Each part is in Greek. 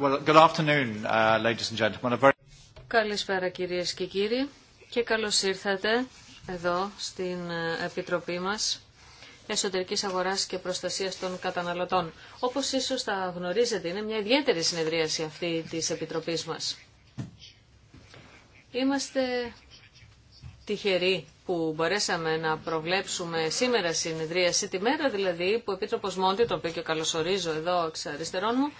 Uh, Καλησπέρα κυρίες και κύριοι και καλώς ήρθατε εδώ στην ε, Επιτροπή μας Εσωτερικής Αγοράς και Προστασίας των Καταναλωτών. Όπως ίσως θα γνωρίζετε, είναι μια ιδιαίτερη συνεδρίαση αυτή της Επιτροπής μας. Είμαστε τυχεροί που μπορέσαμε να προβλέψουμε σήμερα συνεδρίαση, τη μέρα δηλαδή που ο Επίτροπος Μόντι, τον οποίο και καλωσορίζω εδώ εξ αριστερών μου,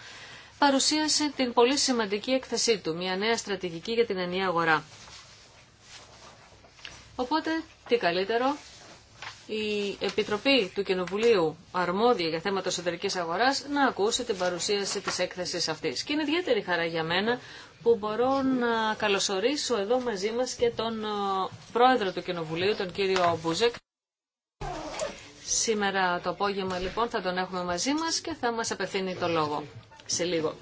παρουσίασε την πολύ σημαντική έκθεσή του, μια νέα στρατηγική για την ενιαία αγορά. Οπότε, τι καλύτερο, η Επιτροπή του Κοινοβουλίου αρμόδια για θέματα εσωτερική αγοράς να ακούσει την παρουσίαση της έκθεση αυτής. Και είναι ιδιαίτερη χαρά για μένα που μπορώ να καλωσορίσω εδώ μαζί μας και τον ε, πρόεδρο του Κοινοβουλίου, τον κύριο Μπούζεκ. Σήμερα το απόγευμα λοιπόν θα τον έχουμε μαζί μας και θα μας απευθύνει το λόγο σε λίγο.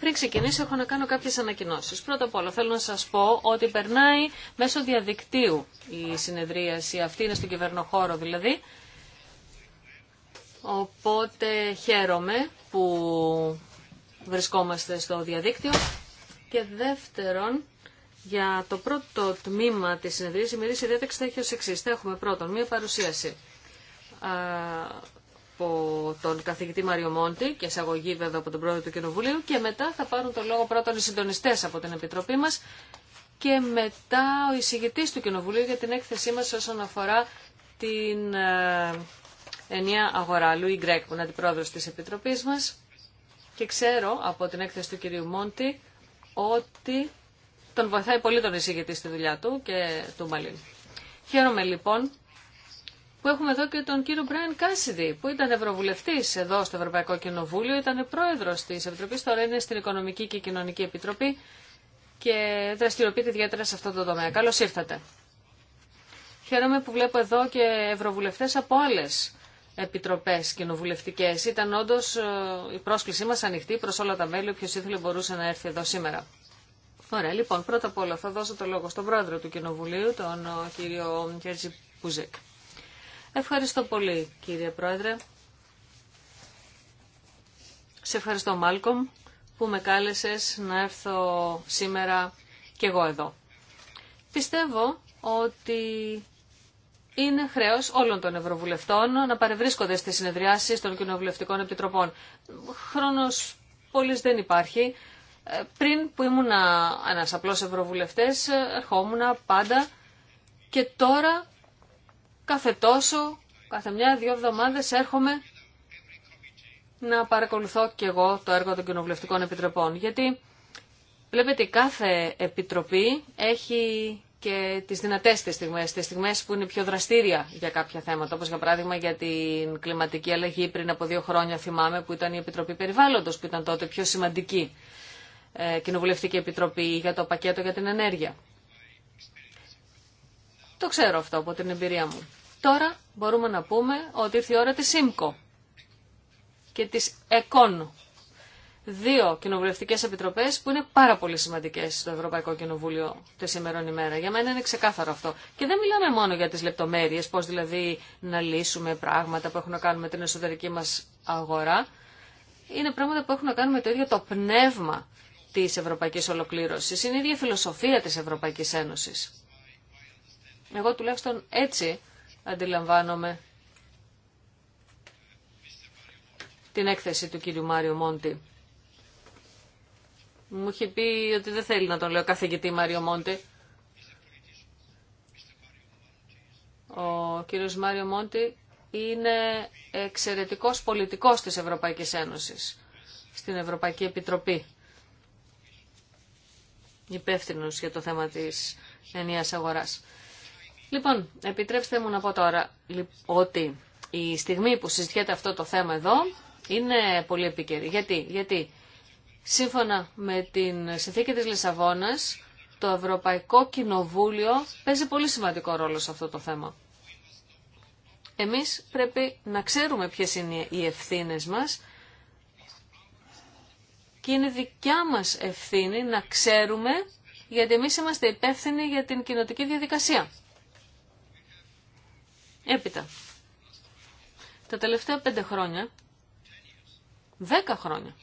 Πριν ξεκινήσω έχω να κάνω κάποιες ανακοινώσεις. Πρώτα απ' όλα θέλω να σας πω ότι περνάει μέσω διαδικτύου η συνεδρίαση αυτή, είναι στον κυβερνοχώρο δηλαδή. Οπότε χαίρομαι που βρισκόμαστε στο διαδίκτυο. Και δεύτερον, για το πρώτο τμήμα της συνεδρίας η μερίσια διάταξη θα έχει ως εξής. έχουμε πρώτον μία παρουσίαση από τον καθηγητή Μαριο Μόντι και εισαγωγή βέβαια από τον πρόεδρο του Κοινοβουλίου και μετά θα πάρουν το λόγο πρώτον οι συντονιστές από την Επιτροπή μας και μετά ο εισηγητής του Κοινοβουλίου για την έκθεσή μας όσον αφορά την ε, ενία αγορά. Λουί Γκρέκ που είναι αντιπρόεδρος της Επιτροπής μας και ξέρω από την έκθεση του κυρίου Μόντι ότι τον βοηθάει πολύ τον εισηγητή στη δουλειά του και του Μαλίν. Χαίρομαι λοιπόν που έχουμε εδώ και τον κύριο Μπράιν Κάσιδη, που ήταν Ευρωβουλευτή εδώ στο Ευρωπαϊκό Κοινοβούλιο, ήταν πρόεδρο τη Επιτροπή, τώρα είναι στην Οικονομική και Κοινωνική Επιτροπή και δραστηριοποιείται ιδιαίτερα σε αυτό το τομέα. Καλώ ήρθατε. Χαίρομαι που βλέπω εδώ και Ευρωβουλευτέ από άλλε επιτροπέ κοινοβουλευτικέ. Ήταν όντω ε, η πρόσκλησή μα ανοιχτή προ όλα τα μέλη, όποιο ήθελε μπορούσε να έρθει εδώ σήμερα. Ωραία, λοιπόν, πρώτα απ' όλα θα δώσω το λόγο στον πρόεδρο του Κοινοβουλίου, τον κύριο Κέρτζι Πουζέκ. Ευχαριστώ πολύ κύριε Πρόεδρε. Σε ευχαριστώ Μάλκομ που με κάλεσες να έρθω σήμερα και εγώ εδώ. Πιστεύω ότι είναι χρέο όλων των Ευρωβουλευτών να παρευρίσκονται στι συνεδριάσει των κοινοβουλευτικών επιτροπών. Χρόνο πολλή δεν υπάρχει. Ε, πριν που ήμουν ένα απλό Ευρωβουλευτέ, ερχόμουν πάντα και τώρα κάθε τόσο, κάθε μια-δυο εβδομάδες έρχομαι να παρακολουθώ και εγώ το έργο των κοινοβουλευτικών επιτροπών. Γιατί βλέπετε κάθε επιτροπή έχει και τις δυνατές τις στιγμές, τις στιγμές που είναι πιο δραστήρια για κάποια θέματα, όπως για παράδειγμα για την κλιματική αλλαγή πριν από δύο χρόνια θυμάμαι που ήταν η Επιτροπή Περιβάλλοντος που ήταν τότε πιο σημαντική ε, κοινοβουλευτική επιτροπή για το πακέτο για την ενέργεια. Το ξέρω αυτό από την εμπειρία μου. Τώρα μπορούμε να πούμε ότι ήρθε η ώρα της ΣΥΜΚΟ και της ΕΚΟΝ. Δύο κοινοβουλευτικέ επιτροπέ που είναι πάρα πολύ σημαντικέ στο Ευρωπαϊκό Κοινοβούλιο τη σήμερον ημέρα. Για μένα είναι ξεκάθαρο αυτό. Και δεν μιλάμε μόνο για τι λεπτομέρειε, πώ δηλαδή να λύσουμε πράγματα που έχουν να κάνουν με την εσωτερική μα αγορά. Είναι πράγματα που έχουν να κάνουν με το ίδιο το πνεύμα τη ευρωπαϊκή ολοκλήρωση. Είναι η ίδια φιλοσοφία τη Ευρωπαϊκή Ένωση. Εγώ τουλάχιστον έτσι αντιλαμβάνομαι την έκθεση του κύριου Μάριο Μόντι. Μου είχε πει ότι δεν θέλει να τον λέω καθηγητή Μάριο Μόντι. Ο κύριος Μάριο Μόντι είναι εξαιρετικός πολιτικός της Ευρωπαϊκής Ένωσης, στην Ευρωπαϊκή Επιτροπή. υπεύθυνος για το θέμα της ενιαίας αγοράς. Λοιπόν, επιτρέψτε μου να πω τώρα ότι η στιγμή που συζητιέται αυτό το θέμα εδώ είναι πολύ επίκαιρη. Γιατί, γιατί σύμφωνα με την συνθήκη της Λισαβόνας, το Ευρωπαϊκό Κοινοβούλιο παίζει πολύ σημαντικό ρόλο σε αυτό το θέμα. Εμείς πρέπει να ξέρουμε ποιες είναι οι ευθύνες μας και είναι δικιά μας ευθύνη να ξέρουμε γιατί εμείς είμαστε υπεύθυνοι για την κοινοτική διαδικασία. Έπειτα, τα τελευταία πέντε χρόνια, δέκα χρόνια,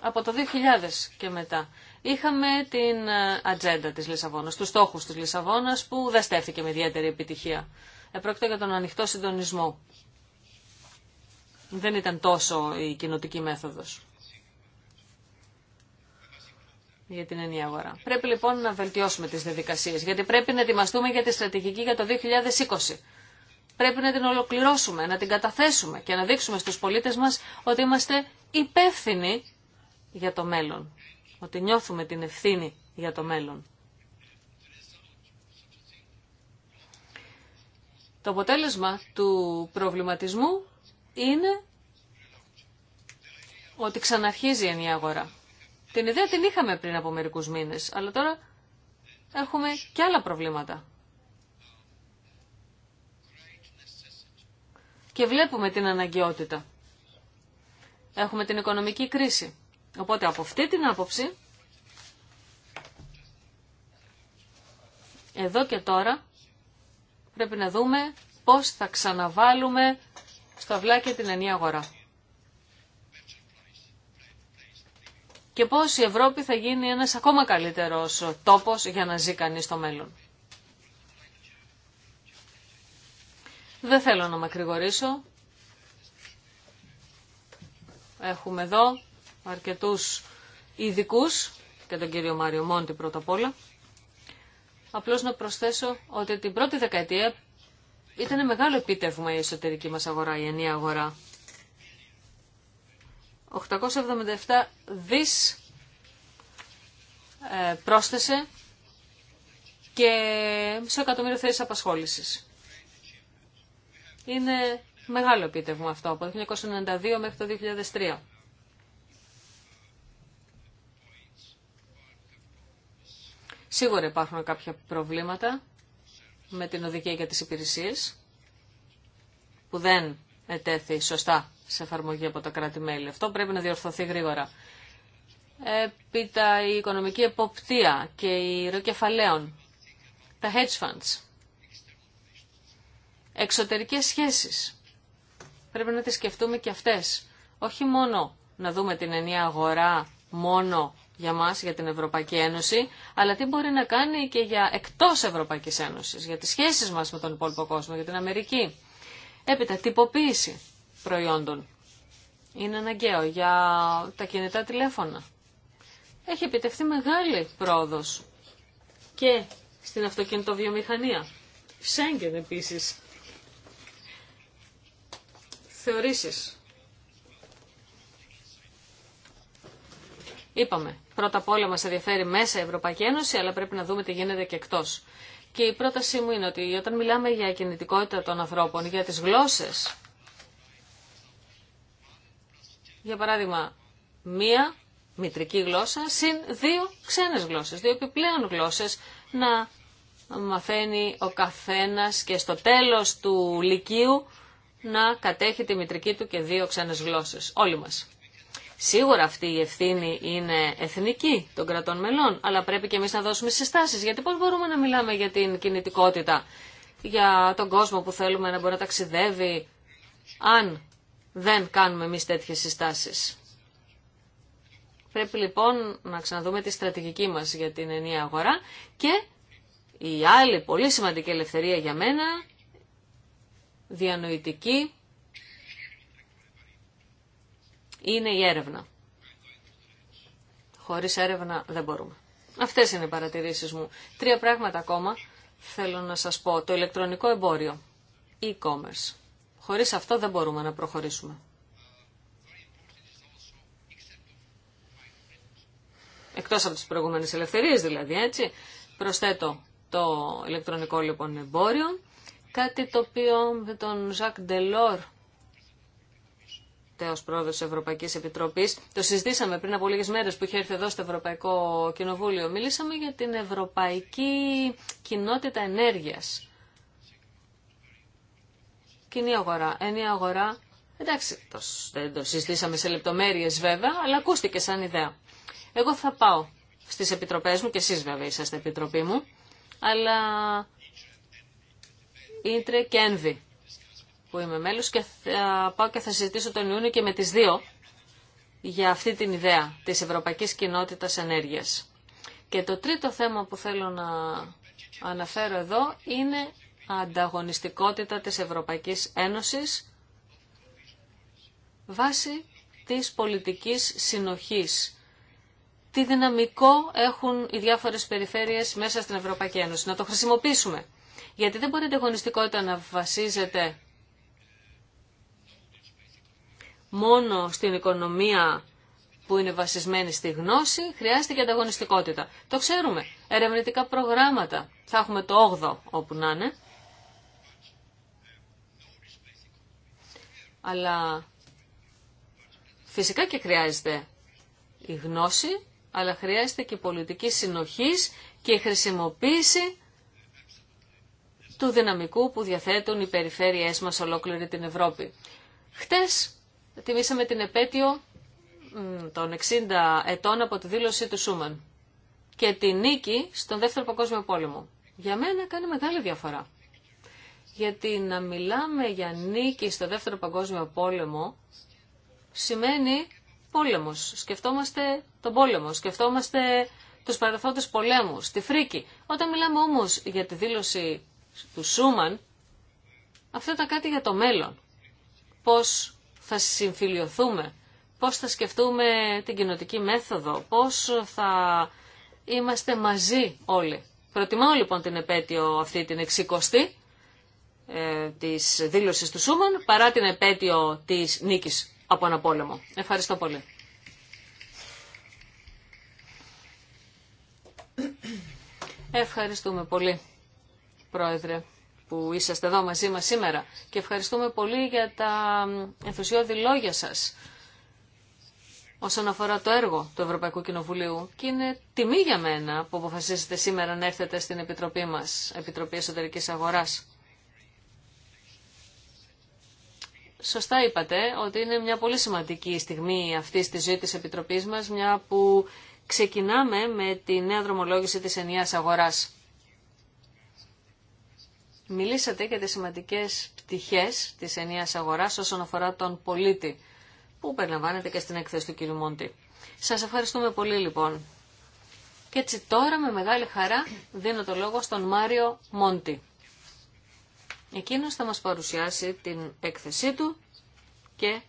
από το 2000 και μετά, είχαμε την ε, ατζέντα της Λισαβόνας, τους στόχους της Λισαβόνας που δεν με ιδιαίτερη επιτυχία. Επρόκειται για τον ανοιχτό συντονισμό. Δεν ήταν τόσο η κοινοτική μέθοδος για την ενιαία αγορά. Πρέπει λοιπόν να βελτιώσουμε τις διαδικασίε γιατί πρέπει να ετοιμαστούμε για τη στρατηγική για το 2020. Πρέπει να την ολοκληρώσουμε, να την καταθέσουμε και να δείξουμε στους πολίτες μας ότι είμαστε υπεύθυνοι για το μέλλον, ότι νιώθουμε την ευθύνη για το μέλλον. Το αποτέλεσμα του προβληματισμού είναι ότι ξαναρχίζει η αγορά. Την ιδέα την είχαμε πριν από μερικούς μήνες, αλλά τώρα έχουμε και άλλα προβλήματα. Και βλέπουμε την αναγκαιότητα. Έχουμε την οικονομική κρίση. Οπότε από αυτή την άποψη, εδώ και τώρα, πρέπει να δούμε πώς θα ξαναβάλουμε στα βλάκια την ενή αγορά. και πώς η Ευρώπη θα γίνει ένας ακόμα καλύτερος τόπος για να ζει κανείς στο μέλλον. Δεν θέλω να μακρηγορήσω. Έχουμε εδώ αρκετούς ειδικού και τον κύριο Μάριο Μόντι πρώτα απ' όλα. Απλώς να προσθέσω ότι την πρώτη δεκαετία ήταν μεγάλο επίτευγμα η εσωτερική μας αγορά, η ενία αγορά. 877 δις ε, πρόσθεσε και μισό εκατομμύριο θέσει απασχόλησης. Είναι μεγάλο επίτευγμα αυτό από το 1992 μέχρι το 2003. Σίγουρα υπάρχουν κάποια προβλήματα με την οδηγία για τις υπηρεσίες που δεν ετέθη σωστά σε εφαρμογή από τα κράτη-μέλη. Αυτό πρέπει να διορθωθεί γρήγορα. Επίτα η οικονομική εποπτεία και η ροκεφαλαίων, τα hedge funds, εξωτερικές σχέσεις. Πρέπει να τις σκεφτούμε και αυτές. Όχι μόνο να δούμε την ενιαία αγορά μόνο για μας, για την Ευρωπαϊκή Ένωση, αλλά τι μπορεί να κάνει και για εκτός Ευρωπαϊκής Ένωσης, για τις σχέσεις μας με τον υπόλοιπο κόσμο, για την Αμερική. Έπειτα, τυποποίηση προϊόντων. Είναι αναγκαίο για τα κινητά τηλέφωνα. Έχει επιτευχθεί μεγάλη πρόοδος και στην αυτοκινητοβιομηχανία. Σέγγεν επίσης. Θεωρήσεις. Είπαμε, πρώτα απ' όλα μας ενδιαφέρει μέσα η Ευρωπαϊκή Ένωση, αλλά πρέπει να δούμε τι γίνεται και εκτός. Και η πρότασή μου είναι ότι όταν μιλάμε για κινητικότητα των ανθρώπων, για τις γλώσσες για παράδειγμα, μία μητρική γλώσσα συν δύο ξένες γλώσσες, δύο επιπλέον γλώσσες να μαθαίνει ο καθένας και στο τέλος του λυκείου να κατέχει τη μητρική του και δύο ξένες γλώσσες, όλοι μας. Σίγουρα αυτή η ευθύνη είναι εθνική των κρατών μελών, αλλά πρέπει και εμείς να δώσουμε συστάσεις, γιατί πώς μπορούμε να μιλάμε για την κινητικότητα, για τον κόσμο που θέλουμε να μπορεί να ταξιδεύει, αν δεν κάνουμε εμεί τέτοιε συστάσεις. Πρέπει λοιπόν να ξαναδούμε τη στρατηγική μας για την ενιαία αγορά και η άλλη πολύ σημαντική ελευθερία για μένα, διανοητική, είναι η έρευνα. Χωρίς έρευνα δεν μπορούμε. Αυτές είναι οι παρατηρήσεις μου. Τρία πράγματα ακόμα θέλω να σας πω. Το ηλεκτρονικό εμπόριο, e-commerce. Χωρίς αυτό δεν μπορούμε να προχωρήσουμε. Εκτός από τις προηγούμενες ελευθερίες δηλαδή, έτσι, προσθέτω το ηλεκτρονικό λοιπόν εμπόριο, κάτι το οποίο με τον Ζακ Ντελόρ, τέος πρόεδρος της Ευρωπαϊκή Επιτροπή. Το συζητήσαμε πριν από λίγες μέρες που είχε έρθει εδώ στο Ευρωπαϊκό Κοινοβούλιο. Μιλήσαμε για την Ευρωπαϊκή Κοινότητα Ενέργειας κοινή αγορά, ενιαία αγορά. Εντάξει, το, δεν το συζητήσαμε σε λεπτομέρειες βέβαια, αλλά ακούστηκε σαν ιδέα. Εγώ θα πάω στι επιτροπέ μου, και εσεί βέβαια είσαστε επιτροπή μου, αλλά Ίντρε και Ένβη που είμαι μέλο, και θα πάω και θα συζητήσω τον Ιούνιο και με τις δύο για αυτή την ιδέα της Ευρωπαϊκής Κοινότητας Ενέργειας. Και το τρίτο θέμα που θέλω να αναφέρω εδώ είναι ανταγωνιστικότητα της Ευρωπαϊκής Ένωσης βάσει της πολιτικής συνοχής. Τι δυναμικό έχουν οι διάφορες περιφέρειες μέσα στην Ευρωπαϊκή Ένωση. Να το χρησιμοποιήσουμε. Γιατί δεν μπορεί η ανταγωνιστικότητα να βασίζεται μόνο στην οικονομία που είναι βασισμένη στη γνώση, χρειάζεται και ανταγωνιστικότητα. Το ξέρουμε. Ερευνητικά προγράμματα. Θα έχουμε το 8ο όπου να είναι. αλλά φυσικά και χρειάζεται η γνώση, αλλά χρειάζεται και η πολιτική συνοχής και η χρησιμοποίηση του δυναμικού που διαθέτουν οι περιφέρειές μας ολόκληρη την Ευρώπη. Χτες τιμήσαμε την επέτειο των 60 ετών από τη δήλωση του Σούμαν και τη νίκη στον Δεύτερο Παγκόσμιο Πόλεμο. Για μένα κάνει μεγάλη διαφορά γιατί να μιλάμε για νίκη στο δεύτερο παγκόσμιο πόλεμο σημαίνει πόλεμος. Σκεφτόμαστε τον πόλεμο, σκεφτόμαστε τους παρελθόντες πολέμους, τη φρίκη. Όταν μιλάμε όμως για τη δήλωση του Σούμαν, αυτό ήταν κάτι για το μέλλον. Πώς θα συμφιλιωθούμε, πώς θα σκεφτούμε την κοινοτική μέθοδο, πώς θα είμαστε μαζί όλοι. Προτιμάω λοιπόν την επέτειο αυτή την εξήκοστη ε, της δήλωσης του Σούμαν παρά την επέτειο της νίκης από ένα πόλεμο. Ευχαριστώ πολύ. Ευχαριστούμε πολύ, Πρόεδρε, που είσαστε εδώ μαζί μας σήμερα και ευχαριστούμε πολύ για τα ενθουσιώδη λόγια σας όσον αφορά το έργο του Ευρωπαϊκού Κοινοβουλίου και είναι τιμή για μένα που αποφασίσετε σήμερα να έρθετε στην Επιτροπή μας, Επιτροπή Εσωτερικής Αγοράς. Σωστά είπατε ότι είναι μια πολύ σημαντική στιγμή αυτή στη ζωή της Επιτροπής μας, μια που ξεκινάμε με τη νέα δρομολόγηση της ενιαίας αγοράς. Μιλήσατε για τις σημαντικές πτυχές της ενιαίας αγοράς όσον αφορά τον πολίτη, που περιλαμβάνεται και στην εκθέση του κ. Μόντι. Σας ευχαριστούμε πολύ λοιπόν. Και έτσι τώρα με μεγάλη χαρά δίνω το λόγο στον Μάριο Μόντι. Εκείνος θα μας παρουσιάσει την έκθεσή του και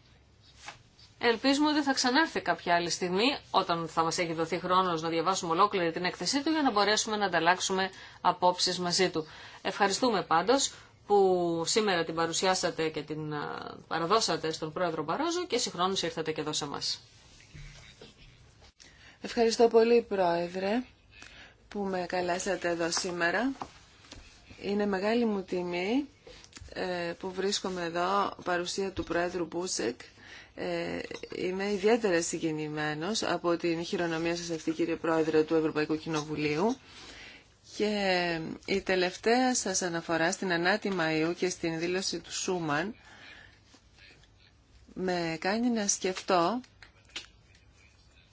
ελπίζουμε ότι θα ξανάρθει κάποια άλλη στιγμή όταν θα μας έχει δοθεί χρόνος να διαβάσουμε ολόκληρη την έκθεσή του για να μπορέσουμε να ανταλλάξουμε απόψεις μαζί του. Ευχαριστούμε πάντως που σήμερα την παρουσιάσατε και την παραδώσατε στον πρόεδρο Μπαρόζο και συγχρόνως ήρθατε και εδώ σε μας. Ευχαριστώ πολύ πρόεδρε που με καλέσατε εδώ σήμερα. Είναι μεγάλη μου τιμή ε, που βρίσκομαι εδώ, παρουσία του Πρόεδρου Μπούσεκ. Ε, είμαι ιδιαίτερα συγκινημένος από την χειρονομία σας αυτή, κύριε Πρόεδρε του Ευρωπαϊκού Κοινοβουλίου. Και η τελευταία σας αναφορά στην ανάτη η Μαΐου και στην δήλωση του Σούμαν με κάνει να σκεφτώ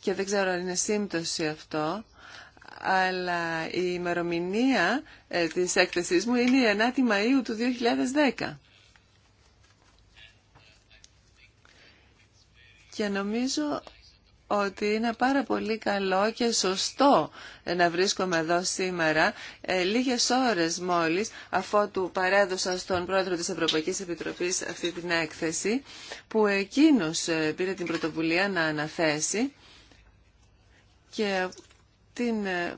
και δεν ξέρω αν είναι σύμπτωση αυτό αλλά η ημερομηνία ε, της έκθεσής μου είναι η 9η Μαΐου του 2010. Και νομίζω ότι είναι πάρα πολύ καλό και σωστό ε, να βρίσκομαι εδώ σήμερα, ε, λίγες ώρες μόλις, αφότου παρέδωσα στον πρόεδρο της Ευρωπαϊκής Επιτροπής αυτή την έκθεση, που εκείνος ε, πήρε την πρωτοβουλία να αναθέσει και την ε,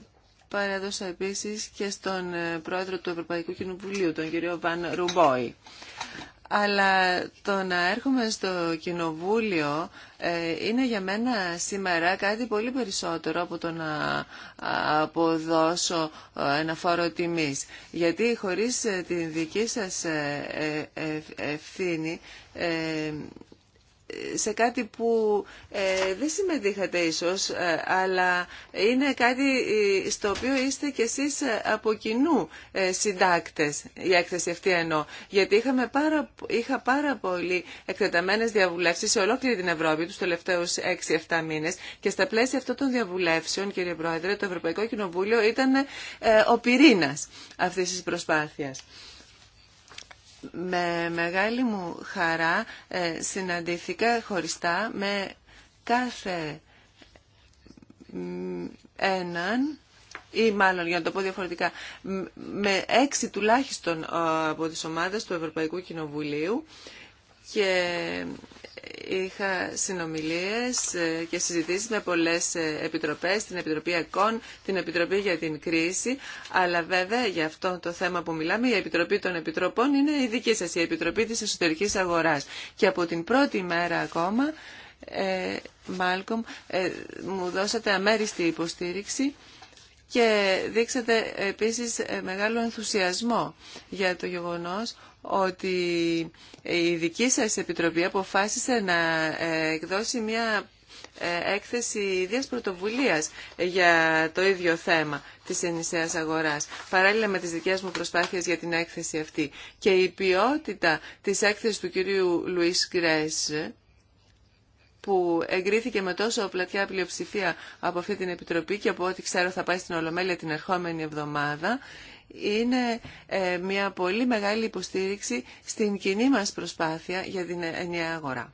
παρέδωσα επίσης και στον ε, πρόεδρο του Ευρωπαϊκού Κοινοβουλίου, τον κύριο Βαν Ρουμπόη. Αλλά το να έρχομαι στο κοινοβούλιο ε, είναι για μένα σήμερα κάτι πολύ περισσότερο από το να αποδώσω ένα φόρο τιμής. Γιατί χωρίς την δική σας ευθύνη σε κάτι που ε, δεν συμμετείχατε ίσως, ε, αλλά είναι κάτι ε, στο οποίο είστε κι εσείς από κοινού συντάκτες, η έκθεση αυτή εννοώ. Γιατί είχαμε πάρα, είχα πάρα πολύ εκτεταμένες διαβουλεύσεις σε ολόκληρη την Ευρώπη τους τελευταίους 6-7 μήνες και στα πλαίσια αυτών των διαβουλεύσεων, κύριε Πρόεδρε, το Ευρωπαϊκό Κοινοβούλιο ήταν ο πυρήνας αυτής της προσπάθειας. Με μεγάλη μου χαρά ε, συναντήθηκα χωριστά με κάθε έναν ή μάλλον για να το πω διαφορετικά με έξι τουλάχιστον ε, από τις ομάδες του Ευρωπαϊκού Κοινοβουλίου και είχα συνομιλίες ε, και συζητήσεις με πολλές ε, επιτροπές, την Επιτροπή ΕΚΟΝ, την Επιτροπή για την Κρίση, αλλά βέβαια για αυτό το θέμα που μιλάμε, η Επιτροπή των Επιτροπών είναι η δική σας, η Επιτροπή της Εσωτερικής Αγοράς. Και από την πρώτη μέρα ακόμα, ε, Μάλκομ, ε, μου δώσατε αμέριστη υποστήριξη και δείξατε επίσης μεγάλο ενθουσιασμό για το γεγονός ότι η δική σας επιτροπή αποφάσισε να ε, εκδώσει μια ε, έκθεση ίδιας πρωτοβουλίας για το ίδιο θέμα της ενισέας αγοράς, παράλληλα με τις δικές μου προσπάθειες για την έκθεση αυτή. Και η ποιότητα της έκθεσης του κυρίου Λουίς Γκρέσ, που εγκρίθηκε με τόσο πλατιά πλειοψηφία από αυτή την Επιτροπή και από ό,τι ξέρω θα πάει στην Ολομέλεια την ερχόμενη εβδομάδα, είναι ε, μια πολύ μεγάλη υποστήριξη στην κοινή μας προσπάθεια για την ενιαία αγορά.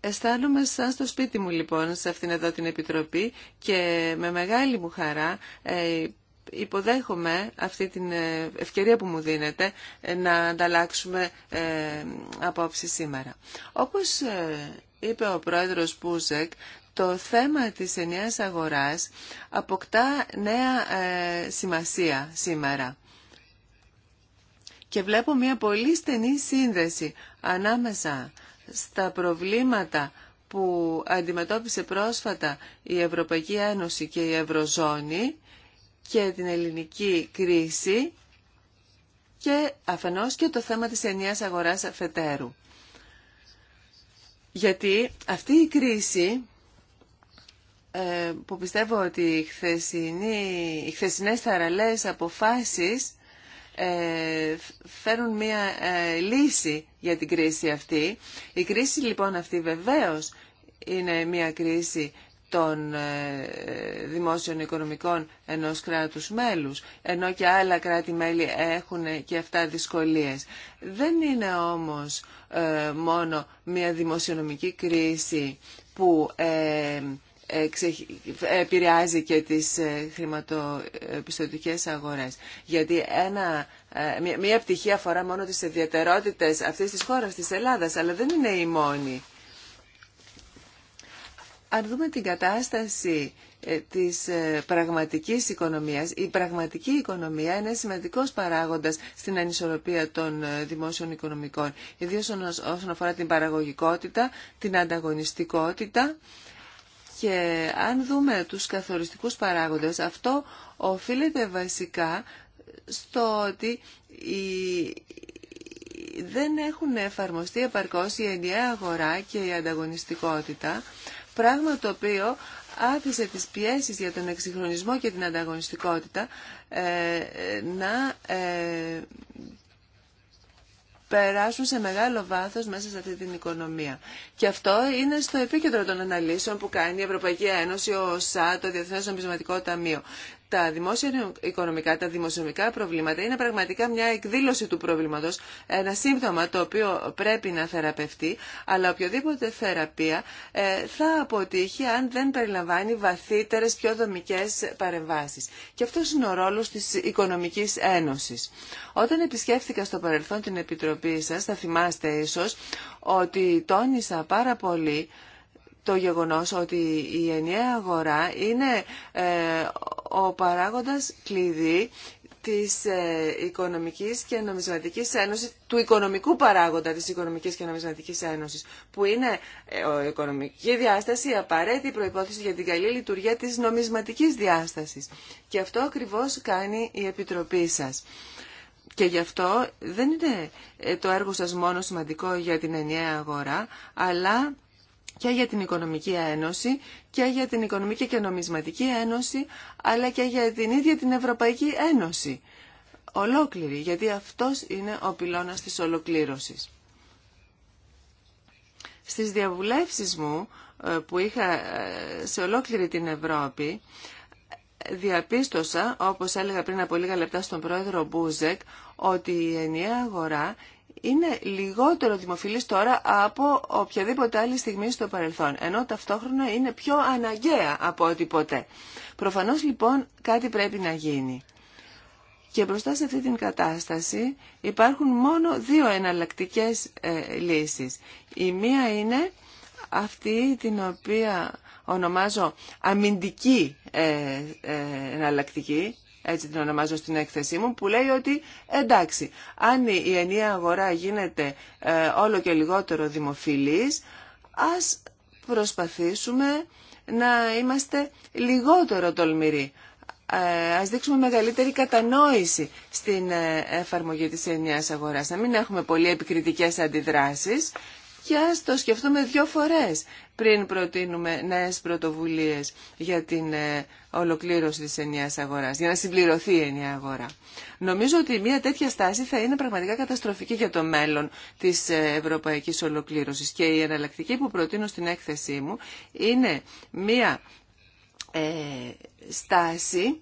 Αισθάνομαι σαν στο σπίτι μου λοιπόν σε αυτήν εδώ την Επιτροπή και με μεγάλη μου χαρά ε, υποδέχομαι αυτή την ε, ευκαιρία που μου δίνεται να ανταλλάξουμε απόψη σήμερα. Όπως είπε ο πρόεδρος Πούζεκ, το θέμα της ενιαίας αγοράς αποκτά νέα ε, σημασία σήμερα. Και βλέπω μια πολύ στενή σύνδεση ανάμεσα στα προβλήματα που αντιμετώπισε πρόσφατα η Ευρωπαϊκή Ένωση και η Ευρωζώνη και την ελληνική κρίση και αφενός και το θέμα της ενιαίας αγοράς αφετέρου. Γιατί αυτή η κρίση ε, που πιστεύω ότι οι, χθεσινοί, οι χθεσινές θαραλές αποφάσεις ε, φέρουν μία ε, λύση για την κρίση αυτή. Η κρίση λοιπόν αυτή βεβαίως είναι μία κρίση των δημόσιων οικονομικών ενός κράτους μέλους, ενώ και άλλα κράτη-μέλη έχουν και αυτά δυσκολίες. Δεν είναι όμως μόνο μία δημοσιονομική κρίση που επηρεάζει και τις ε, χρηματοπιστωτικές αγορές. Γιατί ένα, ε, μία πτυχή αφορά μόνο τις ιδιαιτερότητες αυτής της χώρας, της Ελλάδας, αλλά δεν είναι η μόνη. Αν δούμε την κατάσταση ε, της πραγματικής οικονομίας, η πραγματική οικονομία είναι σημαντικός παράγοντας στην ανισορροπία των δημόσιων οικονομικών, ιδίως όσον αφορά την παραγωγικότητα, την ανταγωνιστικότητα, και αν δούμε τους καθοριστικούς παράγοντες, αυτό οφείλεται βασικά στο ότι δεν έχουν εφαρμοστεί επαρκώς η ενιαία αγορά και η ανταγωνιστικότητα, πράγμα το οποίο άφησε τις πιέσεις για τον εξυγχρονισμό και την ανταγωνιστικότητα ε, ε, να ε, περάσουν σε μεγάλο βάθος μέσα σε αυτή την οικονομία. Και αυτό είναι στο επίκεντρο των αναλύσεων που κάνει η Ευρωπαϊκή Ένωση, ο ΣΑΤ, το Διεθνές Νομισματικό Ταμείο τα δημόσια οικονομικά, τα δημοσιονομικά προβλήματα είναι πραγματικά μια εκδήλωση του προβλήματος, ένα σύμπτωμα το οποίο πρέπει να θεραπευτεί, αλλά οποιοδήποτε θεραπεία ε, θα αποτύχει αν δεν περιλαμβάνει βαθύτερες πιο δομικέ παρεμβάσει. Και αυτό είναι ο ρόλο τη οικονομική Ένωσης. Όταν επισκέφθηκα στο παρελθόν την Επιτροπή σα, θα θυμάστε ίσω ότι τόνισα πάρα πολύ το γεγονός ότι η ενιαία αγορά είναι ε, ο παράγοντας κλειδί της ε, Οικονομικής και Νομισματικής Ένωσης, του οικονομικού παράγοντα της Οικονομικής και Νομισματικής Ένωσης, που είναι η ε, οικονομική διάσταση η απαραίτητη προϋπόθεση για την καλή λειτουργία της νομισματικής διάστασης. Και αυτό ακριβώς κάνει η Επιτροπή σας. Και γι' αυτό δεν είναι το έργο σας μόνο σημαντικό για την ενιαία αγορά, αλλά και για την Οικονομική Ένωση και για την Οικονομική και Νομισματική Ένωση αλλά και για την ίδια την Ευρωπαϊκή Ένωση. Ολόκληρη, γιατί αυτός είναι ο πυλώνας της ολοκλήρωσης. Στις διαβουλεύσεις μου ε, που είχα ε, σε ολόκληρη την Ευρώπη διαπίστωσα, όπως έλεγα πριν από λίγα λεπτά στον πρόεδρο Μπούζεκ, ότι η ενιαία αγορά είναι λιγότερο δημοφιλής τώρα από οποιαδήποτε άλλη στιγμή στο παρελθόν, ενώ ταυτόχρονα είναι πιο αναγκαία από ό,τι ποτέ. Προφανώς λοιπόν κάτι πρέπει να γίνει. Και μπροστά σε αυτή την κατάσταση υπάρχουν μόνο δύο εναλλακτικές ε, λύσεις. Η μία είναι αυτή την οποία ονομάζω αμυντική ε, ε, εναλλακτική, έτσι την ονομάζω στην έκθεσή μου, που λέει ότι εντάξει, αν η ενιαία αγορά γίνεται ε, όλο και λιγότερο δημοφιλής, ας προσπαθήσουμε να είμαστε λιγότερο τολμηροί. Ας δείξουμε μεγαλύτερη κατανόηση στην εφαρμογή της ενιαίας αγοράς. Να μην έχουμε πολύ επικριτικές αντιδράσεις και ας το σκεφτούμε δύο φορές πριν προτείνουμε νέες πρωτοβουλίες για την ε, ολοκλήρωση της ενιαίας αγοράς, για να συμπληρωθεί η ενιαία αγορά. Νομίζω ότι μια τέτοια στάση θα είναι πραγματικά καταστροφική για το μέλλον της ε, ευρωπαϊκής ολοκλήρωσης και η εναλλακτική που προτείνω στην έκθεσή μου είναι μια ε, στάση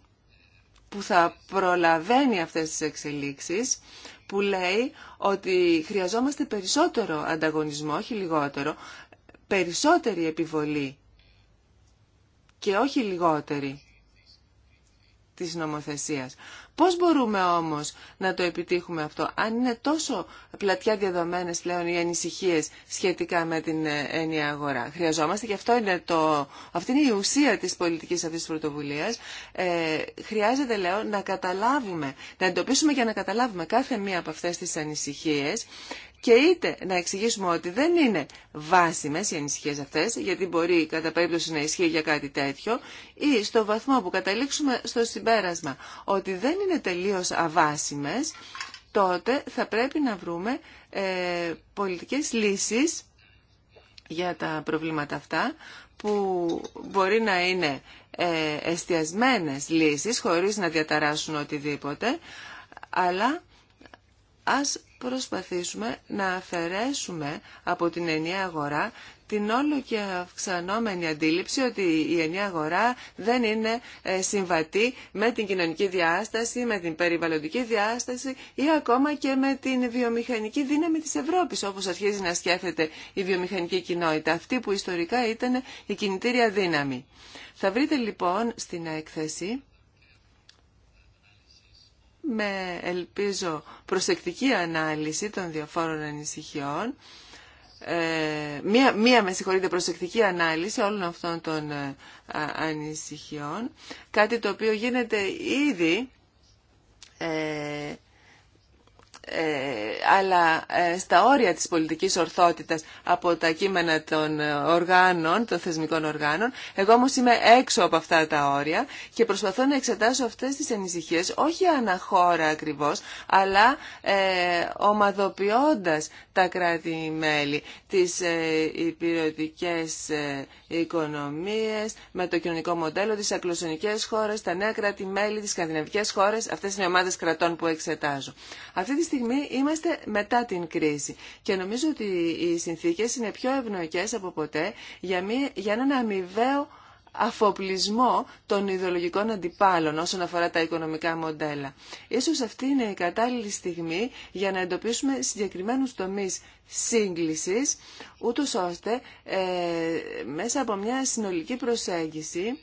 που θα προλαβαίνει αυτές τις εξελίξεις, που λέει ότι χρειαζόμαστε περισσότερο ανταγωνισμό, όχι λιγότερο, περισσότερη επιβολή και όχι λιγότερη της νομοθεσίας. Πώς μπορούμε όμως να το επιτύχουμε αυτό, αν είναι τόσο πλατιά διαδομένες πλέον οι ανησυχίες σχετικά με την έννοια ε, αγορά. Χρειαζόμαστε, και αυτό είναι το, αυτή είναι η ουσία της πολιτικής αυτής της πρωτοβουλίας, ε, χρειάζεται, λέω, να καταλάβουμε, να εντοπίσουμε και να καταλάβουμε κάθε μία από αυτές τις ανησυχίες και είτε να εξηγήσουμε ότι δεν είναι βάσιμες οι ανησυχίες αυτές, γιατί μπορεί κατά περίπτωση να ισχύει για κάτι τέτοιο, ή στο βαθμό που καταλήξουμε στο συμπέρασμα ότι δεν είναι τελείως αβάσιμες, τότε θα πρέπει να βρούμε ε, πολιτικές λύσεις για τα προβλήματα αυτά, που μπορεί να είναι ε, εστιασμένες λύσεις χωρίς να διαταράσουν οτιδήποτε, αλλά Ας προσπαθήσουμε να αφαιρέσουμε από την ενιαία αγορά την όλο και αυξανόμενη αντίληψη ότι η ενιαία αγορά δεν είναι ε, συμβατή με την κοινωνική διάσταση, με την περιβαλλοντική διάσταση ή ακόμα και με την βιομηχανική δύναμη της Ευρώπης, όπως αρχίζει να σκέφτεται η βιομηχανική κοινότητα, αυτή που ιστορικά ήταν η κινητήρια δύναμη. Θα βρείτε λοιπόν στην έκθεση με ελπίζω προσεκτική ανάλυση των διαφόρων ανησυχιών, ε, μία, μία με συγχωρείτε προσεκτική ανάλυση όλων αυτών των ε, α, ανησυχιών, κάτι το οποίο γίνεται ήδη ε, ε, αλλά ε, στα όρια της πολιτικής ορθότητας από τα κείμενα των οργάνων, των θεσμικών οργάνων. Εγώ όμως είμαι έξω από αυτά τα όρια και προσπαθώ να εξετάσω αυτές τις ανησυχίες, όχι αναχώρα ακριβώς, αλλά ε, ομαδοποιώντας τα κράτη-μέλη, τις ε, υπηρετικές ε, οικονομίες, με το κοινωνικό μοντέλο, τις ακλοσονικές χώρες, τα νέα κράτη-μέλη, τις σκανδιναβικές χώρες, αυτές είναι οι ομάδες κρατών που εξετάζω. Αυτή τη στιγμή είμαστε μετά την κρίση και νομίζω ότι οι συνθήκες είναι πιο ευνοϊκές από ποτέ για, μία, για έναν αμοιβαίο αφοπλισμό των ιδεολογικών αντιπάλων όσον αφορά τα οικονομικά μοντέλα. Ίσως αυτή είναι η κατάλληλη στιγμή για να εντοπίσουμε συγκεκριμένους τομείς σύγκλησης, ούτως ώστε ε, μέσα από μια συνολική προσέγγιση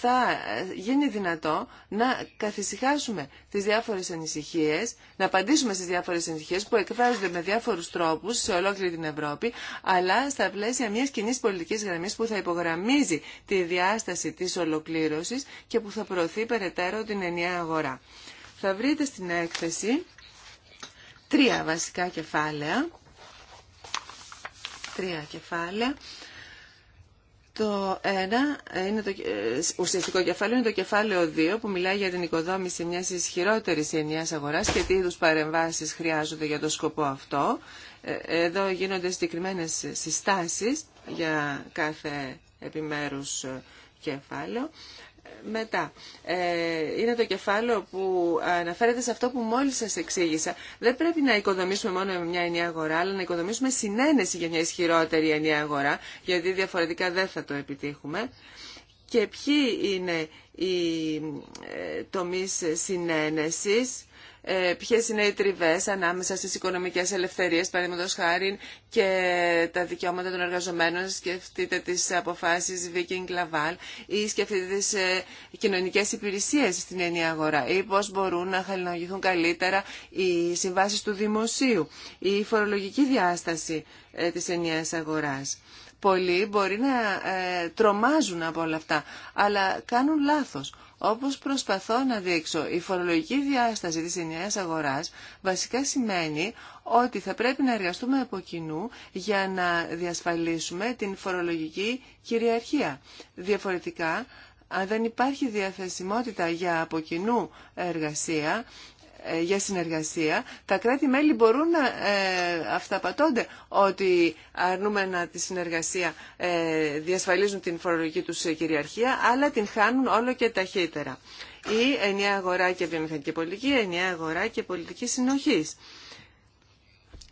θα γίνει δυνατό να καθησυχάσουμε τις διάφορες ανησυχίες, να απαντήσουμε στις διάφορες ανησυχίες που εκφράζονται με διάφορους τρόπους σε ολόκληρη την Ευρώπη, αλλά στα πλαίσια μιας κοινή πολιτικής γραμμής που θα υπογραμμίζει τη διάσταση της ολοκλήρωσης και που θα προωθεί περαιτέρω την ενιαία αγορά. Θα βρείτε στην έκθεση τρία βασικά κεφάλαια, τρία κεφάλαια το ένα είναι το, ε, ουσιαστικό κεφάλαιο είναι το κεφάλαιο 2 που μιλάει για την οικοδόμηση μιας ισχυρότερης ενιαίας αγοράς και τι είδους παρεμβάσεις χρειάζονται για το σκοπό αυτό. Ε, εδώ γίνονται συγκεκριμένε συστάσεις για κάθε επιμέρους ε, κεφάλαιο. Μετά, ε, είναι το κεφάλαιο που αναφέρεται σε αυτό που μόλις σας εξήγησα. Δεν πρέπει να οικοδομήσουμε μόνο μια ενιαία αγορά, αλλά να οικοδομήσουμε συνένεση για μια ισχυρότερη ενιαία αγορά, γιατί διαφορετικά δεν θα το επιτύχουμε. Και ποιοι είναι οι ε, τομείς συνένεσης ε, Ποιε είναι οι τριβές ανάμεσα στις οικονομικές ελευθερίες, παραδείγματο χάρη, και τα δικαιώματα των εργαζομένων. Σκεφτείτε τις αποφάσεις Viking Laval ή σκεφτείτε τις ε, κοινωνικές υπηρεσίες στην ενιαία αγορά ή πώς μπορούν να χαλιναγηθούν καλύτερα οι συμβάσεις του δημοσίου ή η φορολογική διάσταση ε, της ενιαίας αγοράς. Πολλοί μπορεί να χαλινογηθουν καλυτερα οι συμβασει από όλα τη ενιαία αγορα πολλοι αλλά κάνουν λάθος. Όπως προσπαθώ να δείξω, η φορολογική διάσταση της ενιαίας αγοράς βασικά σημαίνει ότι θα πρέπει να εργαστούμε από κοινού για να διασφαλίσουμε την φορολογική κυριαρχία. Διαφορετικά, αν δεν υπάρχει διαθεσιμότητα για από κοινού εργασία, ε, για συνεργασία, τα κράτη-μέλη μπορούν να ε, αυταπατώνται ότι αρνούμενα τη συνεργασία ε, διασφαλίζουν την φορολογική τους κυριαρχία, αλλά την χάνουν όλο και ταχύτερα. Ή ενιαία αγορά και βιομηχανική πολιτική, ενιαία αγορά και πολιτική συνοχής.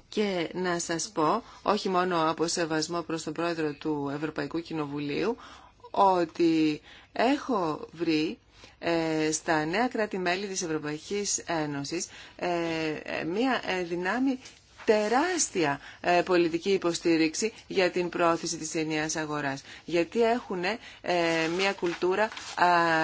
Και να σας πω, όχι μόνο από σεβασμό προς τον πρόεδρο του Ευρωπαϊκού Κοινοβουλίου, ότι έχω βρει ε, στα νέα κράτη-μέλη της Ευρωπαϊκής Ένωσης ε, ε, μια δυνάμει τεράστια πολιτική υποστήριξη για την πρόθεση της ενιαίας αγοράς. Γιατί έχουν μια κουλτούρα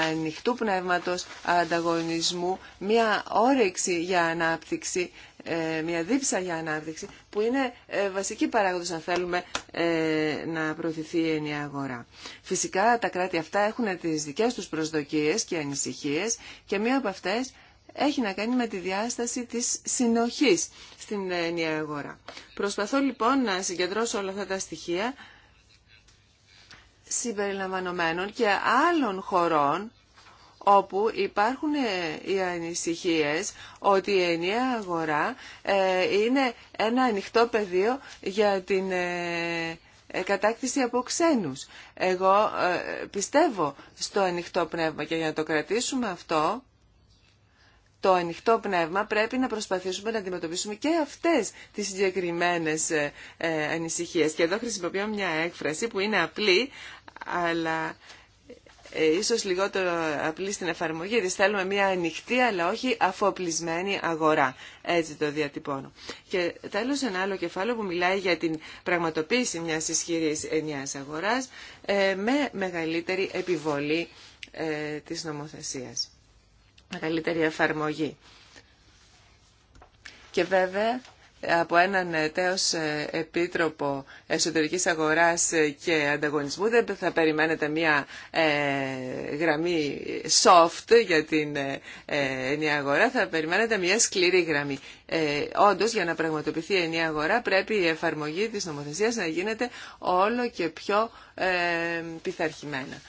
ανοιχτού πνεύματος, ανταγωνισμού, μια όρεξη για ανάπτυξη ε, μια δίψα για ανάπτυξη που είναι ε, βασική παράγοντας αν θέλουμε ε, να προωθηθεί η ενιαία αγορά. Φυσικά τα κράτη αυτά έχουν τις δικές τους προσδοκίες και ανησυχίες και μία από αυτές έχει να κάνει με τη διάσταση της συνοχής στην ενιαία αγορά. Προσπαθώ λοιπόν να συγκεντρώσω όλα αυτά τα στοιχεία συμπεριλαμβανομένων και άλλων χωρών όπου υπάρχουν ε, οι ανησυχίες ότι η ενιαία αγορά ε, είναι ένα ανοιχτό πεδίο για την ε, κατάκτηση από ξένους. Εγώ πιστεύω στο ανοιχτό πνεύμα και για να το κρατήσουμε αυτό, το ανοιχτό πνεύμα πρέπει να προσπαθήσουμε να αντιμετωπίσουμε και αυτές τις συγκεκριμένες ανησυχίες. Και εδώ χρησιμοποιώ μια έκφραση που είναι απλή, αλλά ε, ίσως λιγότερο απλή στην εφαρμογή, γιατί δηλαδή θέλουμε μια ανοιχτή αλλά όχι αφοπλισμένη αγορά. Έτσι το διατυπώνω. Και τέλος ένα άλλο κεφάλαιο που μιλάει για την πραγματοποίηση μιας ισχυρής ενιαίας αγοράς ε, με μεγαλύτερη επιβολή ε, της νομοθεσίας. Μεγαλύτερη εφαρμογή. Και βέβαια από έναν ε, τέος ε, επίτροπο εσωτερικής αγοράς ε, και ανταγωνισμού δεν θα περιμένετε μια γραμμή soft για την ενιαία αγορά, θα περιμένετε μια σκληρή γραμμή. Ε, όντως για να πραγματοποιηθεί η ενιαία αγορά πρέπει η εφαρμογή της νομοθεσίας να γίνεται όλο και πιο ε, πειθαρχημένα.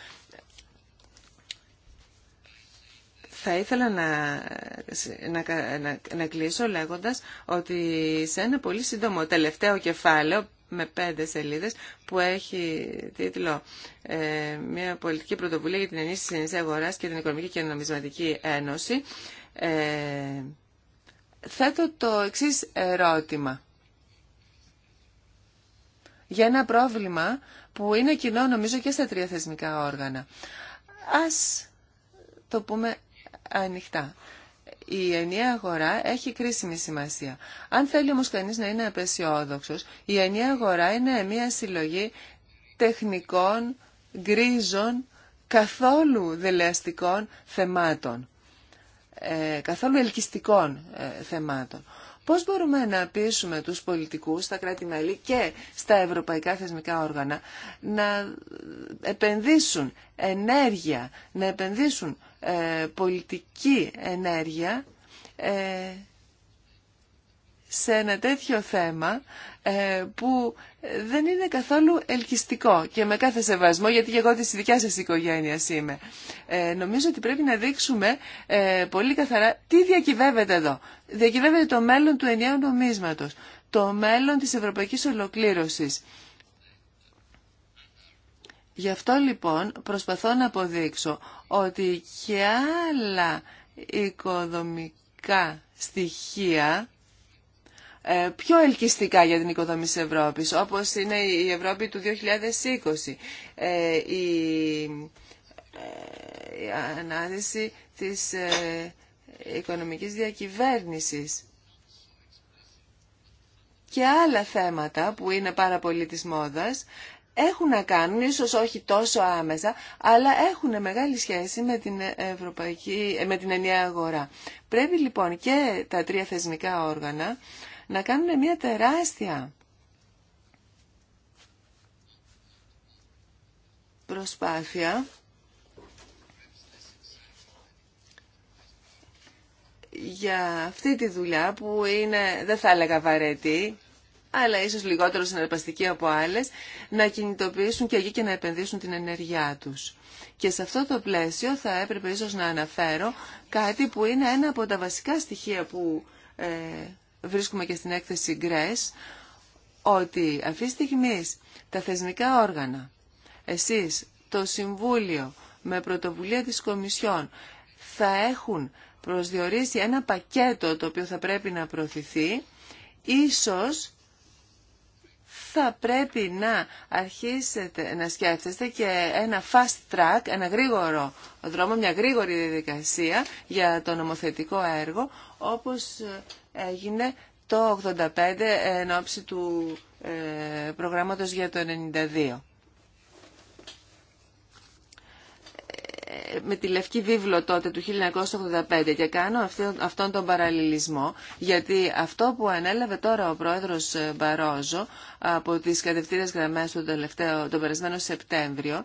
Θα ήθελα να, να, να, να κλείσω λέγοντας ότι σε ένα πολύ σύντομο τελευταίο κεφάλαιο με πέντε σελίδες που έχει τίτλο ε, «Μια πολιτική πρωτοβουλία για την ενίσχυση της αγοράς και την Οικονομική και Νομισματική Ένωση». Ε, θέτω το εξής ερώτημα. Για ένα πρόβλημα που είναι κοινό νομίζω και στα τρία θεσμικά όργανα. Ας το πούμε ανοιχτά. Η ενιαία αγορά έχει κρίσιμη σημασία. Αν θέλει όμως κανείς να είναι απεσιόδοξος, η ενιαία αγορά είναι μια συλλογή τεχνικών, γκρίζων, καθόλου δελεαστικών θεμάτων, ε, καθόλου ελκυστικών ε, θεμάτων. Πώς μπορούμε να πείσουμε τους πολιτικούς στα κράτη-μέλη και στα ευρωπαϊκά θεσμικά όργανα να επενδύσουν ενέργεια, να επενδύσουν ε, πολιτική ενέργεια ε, σε ένα τέτοιο θέμα ε, που δεν είναι καθόλου ελκυστικό και με κάθε σεβασμό, γιατί εγώ της δικιάς σας οικογένειας είμαι. νομίζω ότι πρέπει να δείξουμε πολύ καθαρά τι διακυβεύεται εδώ. Διακυβεύεται το μέλλον του ενιαίου νομίσματος, το μέλλον της ευρωπαϊκής ολοκλήρωσης. Γι' αυτό λοιπόν προσπαθώ να αποδείξω ότι και άλλα οικοδομικά στοιχεία ε, πιο ελκυστικά για την οικοδομή της Ευρώπης, όπως είναι η Ευρώπη του 2020, ε, η ε, ανάδυση της οικονομικής διακυβέρνησης και άλλα θέματα που είναι πάρα πολύ της μόδας έχουν να κάνουν, ίσως όχι τόσο άμεσα, αλλά έχουν μεγάλη σχέση με την, ευρωπαϊκή, ε, με την ενιαία αγορά. Πρέπει λοιπόν και τα τρία θεσμικά όργανα να κάνουν μια τεράστια προσπάθεια για αυτή τη δουλειά που είναι, δεν θα έλεγα βαρέτη, αλλά ίσως λιγότερο συναρπαστική από άλλες, να κινητοποιήσουν και εκεί και να επενδύσουν την ενέργειά τους. Και σε αυτό το πλαίσιο θα έπρεπε ίσως να αναφέρω κάτι που είναι ένα από τα βασικά στοιχεία που ε, βρίσκουμε και στην έκθεση Γκρές, ότι αυτή τη στιγμή τα θεσμικά όργανα, εσείς, το Συμβούλιο, με πρωτοβουλία της Κομισιόν, θα έχουν προσδιορίσει ένα πακέτο το οποίο θα πρέπει να προωθηθεί, ίσως θα πρέπει να αρχίσετε να σκέφτεστε και ένα fast track, ένα γρήγορο δρόμο, μια γρήγορη διαδικασία για το νομοθετικό έργο, όπως έγινε το 85 εν ώψη του ε, προγράμματος για το 92. με τη Λευκή Βίβλο τότε του 1985 και κάνω αυτόν, τον παραλληλισμό γιατί αυτό που ανέλαβε τώρα ο πρόεδρος ε, Μπαρόζο από τις κατευθύνες γραμμές του τελευταίο, τον περασμένο Σεπτέμβριο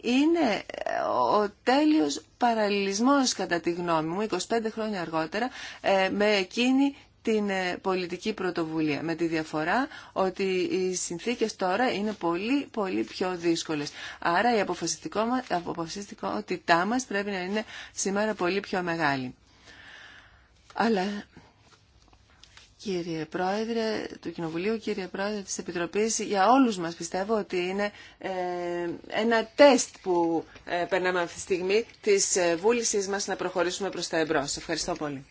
είναι ε, ο τέλειος παραλληλισμός κατά τη γνώμη μου 25 χρόνια αργότερα ε, με εκείνη την ε, πολιτική πρωτοβουλία. Με τη διαφορά ότι οι συνθήκες τώρα είναι πολύ, πολύ πιο δύσκολες. Άρα η αποφασιστικότητά μας πρέπει να είναι σήμερα πολύ πιο μεγάλη. Αλλά Κύριε Πρόεδρε του Κοινοβουλίου, κύριε Πρόεδρε της Επιτροπής, για όλους μας πιστεύω ότι είναι ε, ένα τεστ που ε, περνάμε αυτή τη στιγμή της βούλησης μας να προχωρήσουμε προς τα εμπρός. Ευχαριστώ πολύ.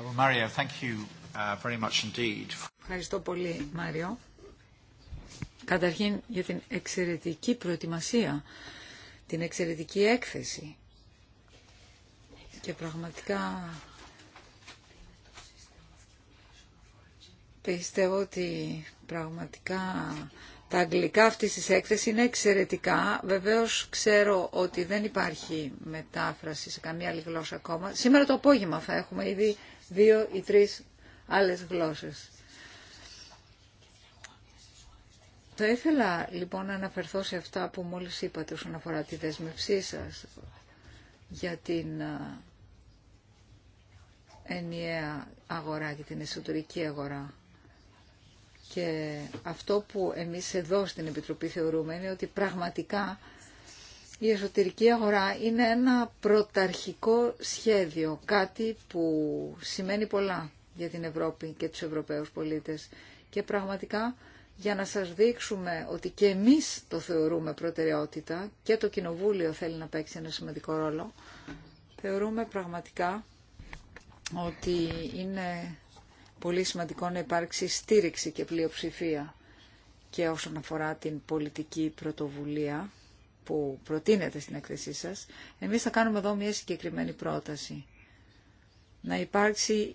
Uh, Ευχαριστώ πολύ, Μάριο. Καταρχήν για την εξαιρετική προετοιμασία, την εξαιρετική έκθεση. Και πραγματικά πιστεύω ότι πραγματικά τα αγγλικά αυτής της έκθεσης είναι εξαιρετικά. Βεβαίως ξέρω ότι δεν υπάρχει μετάφραση σε καμία άλλη γλώσσα ακόμα. Σήμερα το απόγευμα θα έχουμε ήδη δύο ή τρεις άλλες γλώσσες. Θα ήθελα λοιπόν να αναφερθώ σε αυτά που μόλις είπατε όσον αφορά τη δέσμευσή σας για την ενιαία αγορά και την εσωτερική αγορά. Και αυτό που εμείς εδώ στην Επιτροπή θεωρούμε είναι ότι πραγματικά η εσωτερική αγορά είναι ένα πρωταρχικό σχέδιο, κάτι που σημαίνει πολλά για την Ευρώπη και τους Ευρωπαίους πολίτες. Και πραγματικά για να σας δείξουμε ότι και εμείς το θεωρούμε προτεραιότητα και το Κοινοβούλιο θέλει να παίξει ένα σημαντικό ρόλο, θεωρούμε πραγματικά ότι είναι πολύ σημαντικό να υπάρξει στήριξη και πλειοψηφία και όσον αφορά την πολιτική πρωτοβουλία που προτείνετε στην έκθεσή σας, εμείς θα κάνουμε εδώ μια συγκεκριμένη πρόταση. Να υπάρξει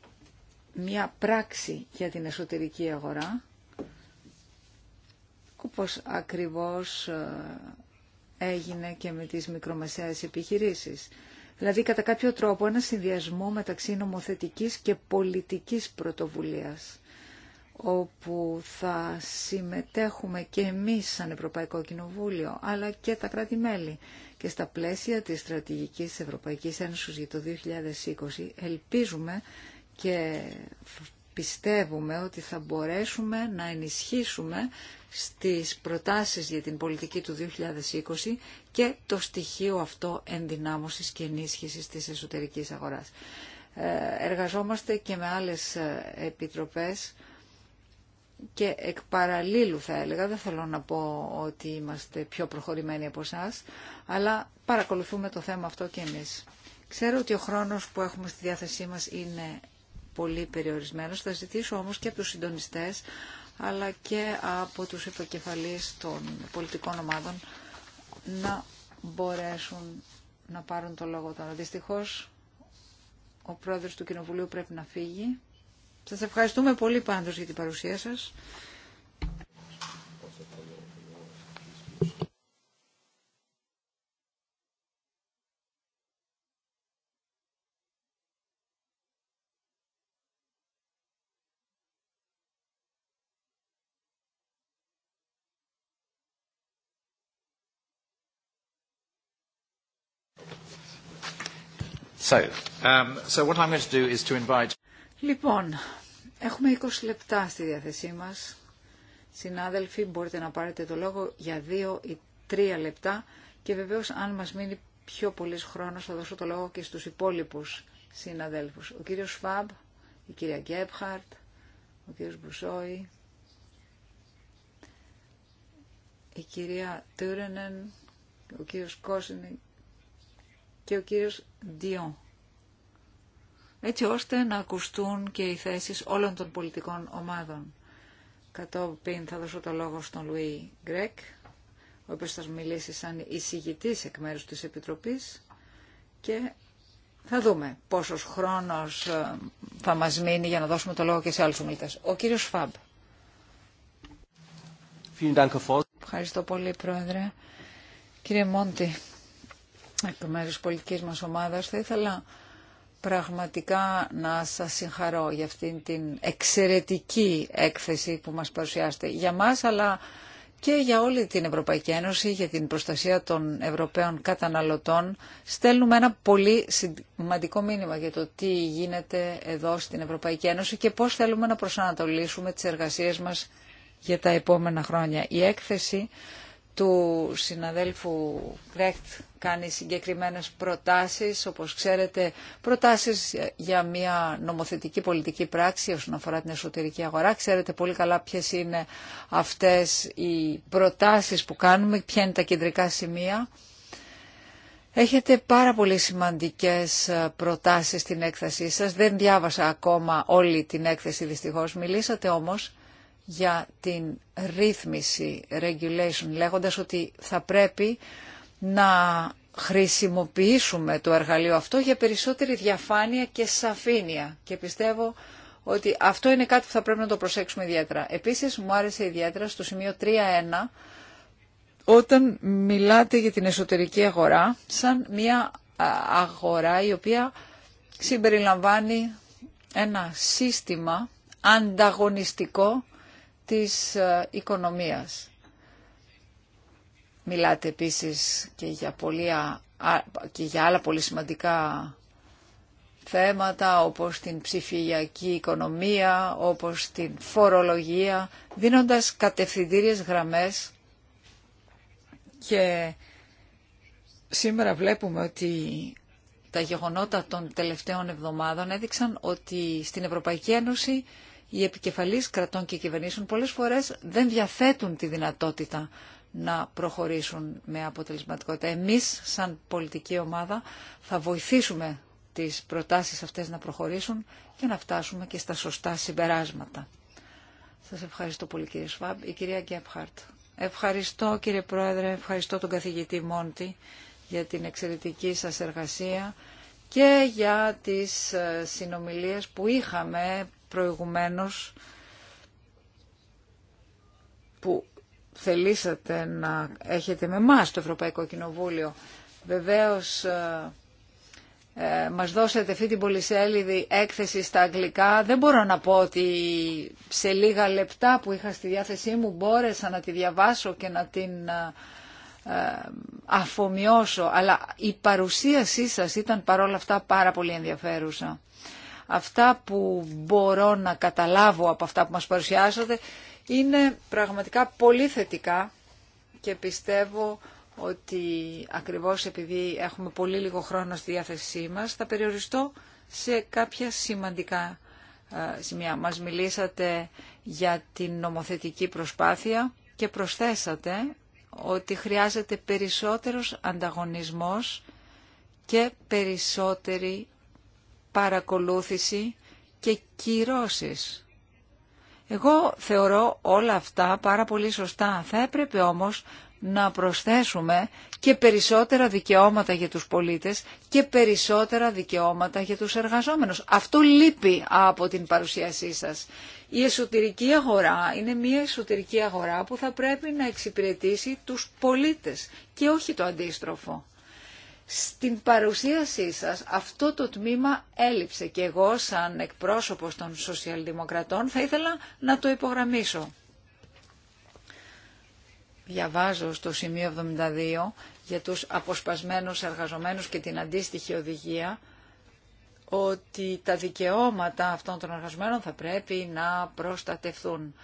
μια πράξη για την εσωτερική αγορά, όπως ακριβώς ε, έγινε και με τις μικρομεσαίες επιχειρήσεις. Δηλαδή, κατά κάποιο τρόπο, ένα συνδυασμό μεταξύ νομοθετικής και πολιτικής πρωτοβουλίας όπου θα συμμετέχουμε και εμείς σαν Ευρωπαϊκό Κοινοβούλιο, αλλά και τα κράτη-μέλη. Και στα πλαίσια της στρατηγικής Ευρωπαϊκής Ένωσης για το 2020 ελπίζουμε και πιστεύουμε ότι θα μπορέσουμε να ενισχύσουμε στις προτάσεις για την πολιτική του 2020 και το στοιχείο αυτό ενδυνάμωσης και ενίσχυσης της εσωτερικής αγοράς. Ε, εργαζόμαστε και με άλλες ε, επιτροπές και εκ παραλίλου θα έλεγα, δεν θέλω να πω ότι είμαστε πιο προχωρημένοι από εσά, αλλά παρακολουθούμε το θέμα αυτό και εμείς. Ξέρω ότι ο χρόνος που έχουμε στη διάθεσή μας είναι πολύ περιορισμένος. Θα ζητήσω όμως και από τους συντονιστές, αλλά και από τους επικεφαλείς των πολιτικών ομάδων να μπορέσουν να πάρουν το λόγο τώρα. Δυστυχώς, ο πρόεδρος του Κοινοβουλίου πρέπει να φύγει. Σας ευχαριστούμε πολύ πάντως για την παρουσία σας. So, um, so what I'm going to do is to invite... Λοιπόν, έχουμε 20 λεπτά στη διάθεσή μας. Συνάδελφοι, μπορείτε να πάρετε το λόγο για 2 ή 3 λεπτά και βεβαίως αν μας μείνει πιο πολύς χρόνος θα δώσω το λόγο και στους υπόλοιπους συναδέλφους. Ο κύριος Σφάμπ, η κυρία Γκέπχαρτ, ο κύριος Μπουσόη, η κυρία Τούρενεν, ο κύριος Κόσινη και ο κύριος Διόν έτσι ώστε να ακουστούν και οι θέσεις όλων των πολιτικών ομάδων. Κατόπιν θα δώσω το λόγο στον Λουί Γκρέκ, ο οποίος θα μιλήσει σαν εισηγητής εκ μέρους της Επιτροπής και θα δούμε πόσος χρόνος ε, θα μας μείνει για να δώσουμε το λόγο και σε άλλους ομιλητές. Ο κύριος Φαμπ. Ευχαριστώ πολύ, Πρόεδρε. Κύριε Μόντι, εκ μέρους πολιτικής μας ομάδας, θα ήθελα πραγματικά να σας συγχαρώ για αυτήν την εξαιρετική έκθεση που μας παρουσιάσετε για μας αλλά και για όλη την Ευρωπαϊκή Ένωση για την προστασία των Ευρωπαίων καταναλωτών στέλνουμε ένα πολύ σημαντικό μήνυμα για το τι γίνεται εδώ στην Ευρωπαϊκή Ένωση και πώς θέλουμε να προσανατολίσουμε τις εργασίες μας για τα επόμενα χρόνια. Η έκθεση του συναδέλφου Κρέχτ κάνει συγκεκριμένες προτάσεις, όπως ξέρετε, προτάσεις για μια νομοθετική πολιτική πράξη όσον αφορά την εσωτερική αγορά. Ξέρετε πολύ καλά ποιες είναι αυτές οι προτάσεις που κάνουμε, ποια είναι τα κεντρικά σημεία. Έχετε πάρα πολύ σημαντικές προτάσεις στην έκθεσή σας. Δεν διάβασα ακόμα όλη την έκθεση δυστυχώς. Μιλήσατε όμως για την ρύθμιση regulation λέγοντας ότι θα πρέπει να χρησιμοποιήσουμε το εργαλείο αυτό για περισσότερη διαφάνεια και σαφήνεια και πιστεύω ότι αυτό είναι κάτι που θα πρέπει να το προσέξουμε ιδιαίτερα. Επίσης μου άρεσε ιδιαίτερα στο σημείο 3.1 όταν μιλάτε για την εσωτερική αγορά σαν μια αγορά η οποία συμπεριλαμβάνει ένα σύστημα ανταγωνιστικό της ε, οικονομίας. Μιλάτε επίσης και για, και για άλλα πολύ σημαντικά θέματα όπως την ψηφιακή οικονομία, όπως την φορολογία, δίνοντας κατευθυντήριες γραμμές και σήμερα βλέπουμε ότι τα γεγονότα των τελευταίων εβδομάδων έδειξαν ότι στην Ευρωπαϊκή Ένωση οι επικεφαλείς κρατών και κυβερνήσεων πολλές φορές δεν διαθέτουν τη δυνατότητα να προχωρήσουν με αποτελεσματικότητα. Εμείς σαν πολιτική ομάδα θα βοηθήσουμε τις προτάσεις αυτές να προχωρήσουν και να φτάσουμε και στα σωστά συμπεράσματα. Σας ευχαριστώ πολύ κύριε Σφάμπ. Η κυρία Γκέπχαρτ. Ευχαριστώ κύριε Πρόεδρε, ευχαριστώ τον καθηγητή Μόντι για την εξαιρετική σας εργασία και για τις ε, συνομιλίες που είχαμε προηγουμένως που θελήσατε να έχετε με μας το Ευρωπαϊκό Κοινοβούλιο. Βεβαίως ε, ε, μας δώσετε αυτή την πολυσέλιδη έκθεση στα αγγλικά. Δεν μπορώ να πω ότι σε λίγα λεπτά που είχα στη διάθεσή μου μπόρεσα να τη διαβάσω και να την ε, ε, αφομοιώσω. Αλλά η παρουσίασή σας ήταν παρόλα αυτά πάρα πολύ ενδιαφέρουσα. Αυτά που μπορώ να καταλάβω από αυτά που μας παρουσιάσατε είναι πραγματικά πολύ θετικά και πιστεύω ότι ακριβώς επειδή έχουμε πολύ λίγο χρόνο στη διάθεσή μας θα περιοριστώ σε κάποια σημαντικά ε, σημεία. Μας μιλήσατε για την νομοθετική προσπάθεια και προσθέσατε ότι χρειάζεται περισσότερος ανταγωνισμός και περισσότερη παρακολούθηση και κυρώσεις. Εγώ θεωρώ όλα αυτά πάρα πολύ σωστά. Θα έπρεπε όμως να προσθέσουμε και περισσότερα δικαιώματα για τους πολίτες και περισσότερα δικαιώματα για τους εργαζόμενους. Αυτό λείπει από την παρουσίασή σας. Η εσωτερική αγορά είναι μια εσωτερική αγορά που θα πρέπει να εξυπηρετήσει τους πολίτες και όχι το αντίστροφο. Στην παρουσίασή σας αυτό το τμήμα έλειψε και εγώ σαν εκπρόσωπος των σοσιαλδημοκρατών θα ήθελα να το υπογραμμίσω. Διαβάζω στο σημείο 72 για τους αποσπασμένους εργαζομένους και την αντίστοιχη οδηγία ότι τα δικαιώματα αυτών των εργαζομένων θα πρέπει να προστατευθούν.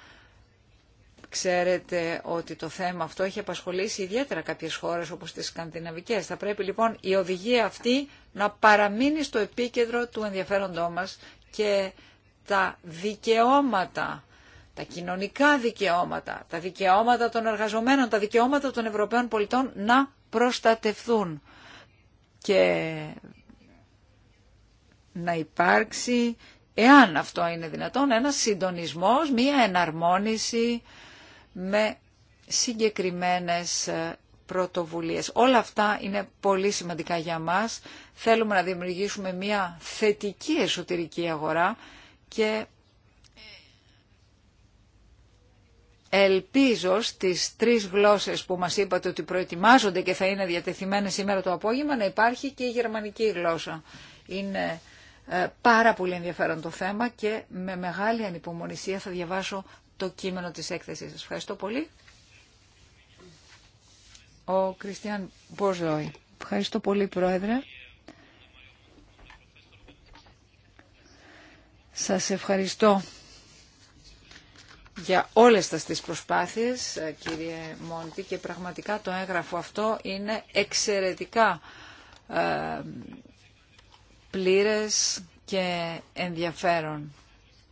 Ξέρετε ότι το θέμα αυτό έχει απασχολήσει ιδιαίτερα κάποιες χώρες όπως τις σκανδιναβικές. Θα πρέπει λοιπόν η οδηγία αυτή να παραμείνει στο επίκεντρο του ενδιαφέροντό μας και τα δικαιώματα, τα κοινωνικά δικαιώματα, τα δικαιώματα των εργαζομένων, τα δικαιώματα των Ευρωπαίων πολιτών να προστατευθούν και να υπάρξει, εάν αυτό είναι δυνατόν, ένας συντονισμός, μία εναρμόνιση με συγκεκριμένες ε, πρωτοβουλίες. Όλα αυτά είναι πολύ σημαντικά για μας. Θέλουμε να δημιουργήσουμε μια θετική εσωτερική αγορά και ελπίζω στις τρεις γλώσσες που μας είπατε ότι προετοιμάζονται και θα είναι διατεθειμένες σήμερα το απόγευμα να υπάρχει και η γερμανική γλώσσα. Είναι ε, πάρα πολύ ενδιαφέρον το θέμα και με μεγάλη ανυπομονησία θα διαβάσω το κείμενο της έκθεσης. Σας ευχαριστώ πολύ. Ο Κριστιαν Μπορζόη. Ευχαριστώ πολύ, Πρόεδρε. Σας ευχαριστώ για όλες τις προσπάθειες, κύριε Μόντι, και πραγματικά το έγγραφο αυτό είναι εξαιρετικά ε, πλήρες και ενδιαφέρον.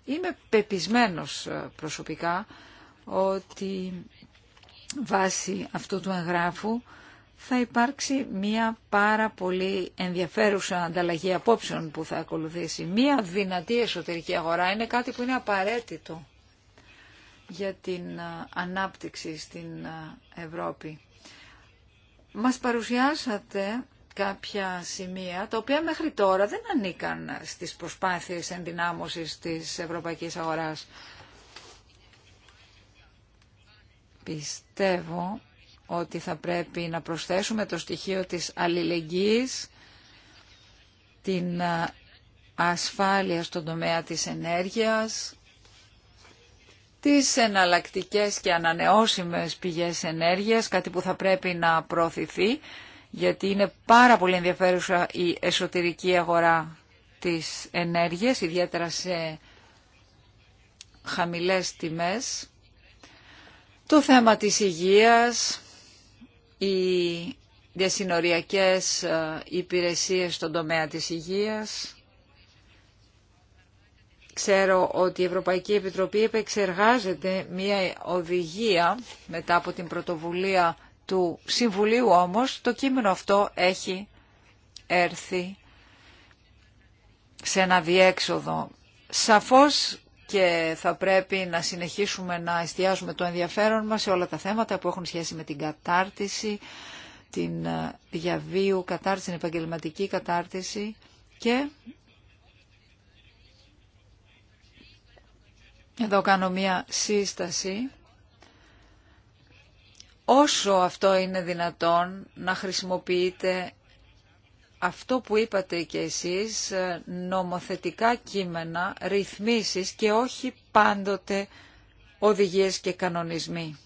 Είμαι πεπισμένος ε, προσωπικά ότι βάσει αυτού του εγγράφου θα υπάρξει μία πάρα πολύ ενδιαφέρουσα ανταλλαγή απόψεων που θα ακολουθήσει. Μία δυνατή εσωτερική αγορά είναι κάτι που είναι απαραίτητο για την ε, ανάπτυξη στην ε, Ευρώπη. Μας παρουσιάσατε κάποια σημεία τα οποία μέχρι τώρα δεν ανήκαν στις προσπάθειες ενδυνάμωσης της ευρωπαϊκής αγοράς. Πιστεύω ότι θα πρέπει να προσθέσουμε το στοιχείο της αλληλεγγύης, την ασφάλεια στον τομέα της ενέργειας, τις εναλλακτικές και ανανεώσιμες πηγές ενέργειας, κάτι που θα πρέπει να προωθηθεί γιατί είναι πάρα πολύ ενδιαφέρουσα η εσωτερική αγορά της ενέργειας, ιδιαίτερα σε χαμηλές τιμές. Το θέμα της υγείας, οι διασυνοριακές ε, υπηρεσίες στον τομέα της υγείας. Ξέρω ότι η Ευρωπαϊκή Επιτροπή επεξεργάζεται μια οδηγία μετά από την πρωτοβουλία του Συμβουλίου όμως το κείμενο αυτό έχει έρθει σε ένα διέξοδο. Σαφώς και θα πρέπει να συνεχίσουμε να εστιάζουμε το ενδιαφέρον μας σε όλα τα θέματα που έχουν σχέση με την κατάρτιση, την ε, διαβίου κατάρτιση, την επαγγελματική κατάρτιση και εδώ κάνω μία σύσταση όσο αυτό είναι δυνατόν να χρησιμοποιείτε αυτό που είπατε και εσείς, ε, νομοθετικά κείμενα, ρυθμίσεις και όχι πάντοτε οδηγίες και κανονισμοί.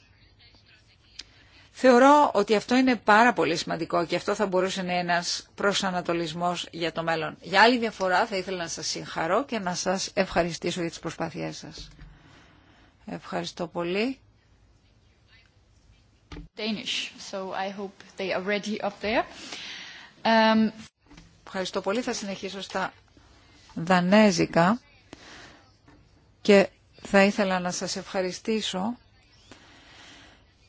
Θεωρώ ότι αυτό είναι πάρα πολύ σημαντικό και αυτό θα μπορούσε να είναι ένας προσανατολισμός για το μέλλον. Για άλλη μια φορά θα ήθελα να σας συγχαρώ και να σας ευχαριστήσω για τις προσπάθειές σας. Ευχαριστώ πολύ. Danish, so I um, Ευχαριστώ πολύ. Θα συνεχίσω στα δανέζικα και θα ήθελα να σας ευχαριστήσω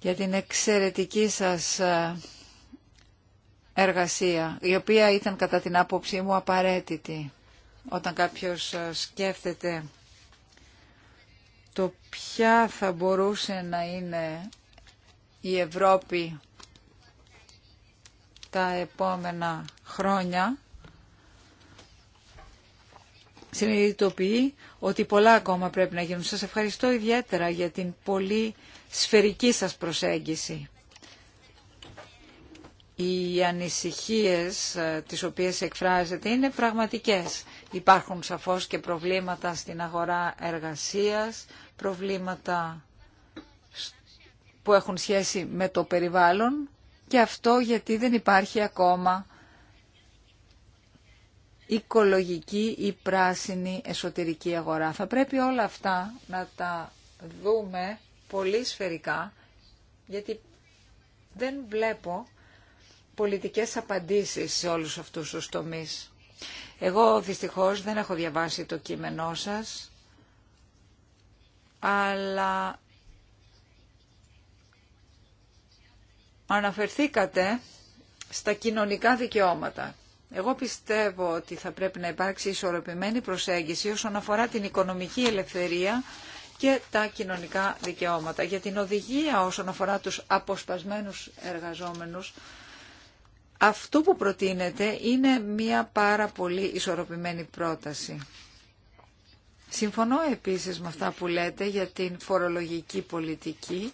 για την εξαιρετική σας ε, εργασία, η οποία ήταν κατά την άποψή μου απαραίτητη. Όταν κάποιος ε, σκέφτεται το ποια θα μπορούσε να είναι η Ευρώπη τα επόμενα χρόνια συνειδητοποιεί ότι πολλά ακόμα πρέπει να γίνουν. Σας ευχαριστώ ιδιαίτερα για την πολύ σφαιρική σας προσέγγιση. Οι ανησυχίες ε, τις οποίες εκφράζετε είναι πραγματικές. Υπάρχουν σαφώς και προβλήματα στην αγορά εργασίας, προβλήματα που έχουν σχέση με το περιβάλλον και αυτό γιατί δεν υπάρχει ακόμα οικολογική ή πράσινη εσωτερική αγορά. Θα πρέπει όλα αυτά να τα δούμε πολύ σφαιρικά γιατί δεν βλέπω πολιτικές απαντήσεις σε όλους αυτούς τους τομείς. Εγώ δυστυχώς δεν έχω διαβάσει το κείμενό σας, αλλά Αναφερθήκατε στα κοινωνικά δικαιώματα. Εγώ πιστεύω ότι θα πρέπει να υπάρξει ισορροπημένη προσέγγιση όσον αφορά την οικονομική ελευθερία και τα κοινωνικά δικαιώματα. Για την οδηγία όσον αφορά τους αποσπασμένους εργαζόμενους, αυτό που προτείνεται είναι μια πάρα πολύ ισορροπημένη πρόταση. Συμφωνώ επίσης με αυτά που λέτε για την φορολογική πολιτική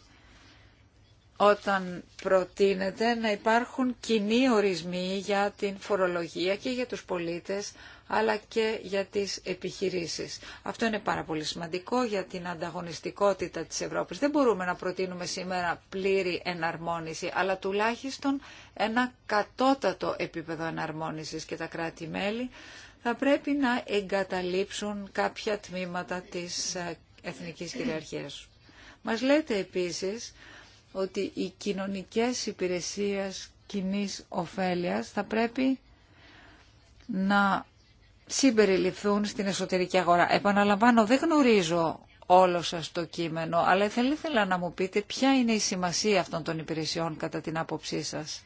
όταν προτείνεται να υπάρχουν κοινοί ορισμοί για την φορολογία και για τους πολίτες αλλά και για τις επιχειρήσεις. Αυτό είναι πάρα πολύ σημαντικό για την ανταγωνιστικότητα της Ευρώπης. Δεν μπορούμε να προτείνουμε σήμερα πλήρη εναρμόνιση, αλλά τουλάχιστον ένα κατώτατο επίπεδο εναρμόνισης και τα κράτη-μέλη θα πρέπει να εγκαταλείψουν κάποια τμήματα της ε, εθνικής κυριαρχίας. Μας λέτε επίσης ότι οι κοινωνικές υπηρεσίες κοινή ωφέλειας θα πρέπει να συμπεριληφθούν στην εσωτερική αγορά. Επαναλαμβάνω, δεν γνωρίζω όλο σας το κείμενο, αλλά θα ήθελα να μου πείτε ποια είναι η σημασία αυτών των υπηρεσιών κατά την άποψή σας.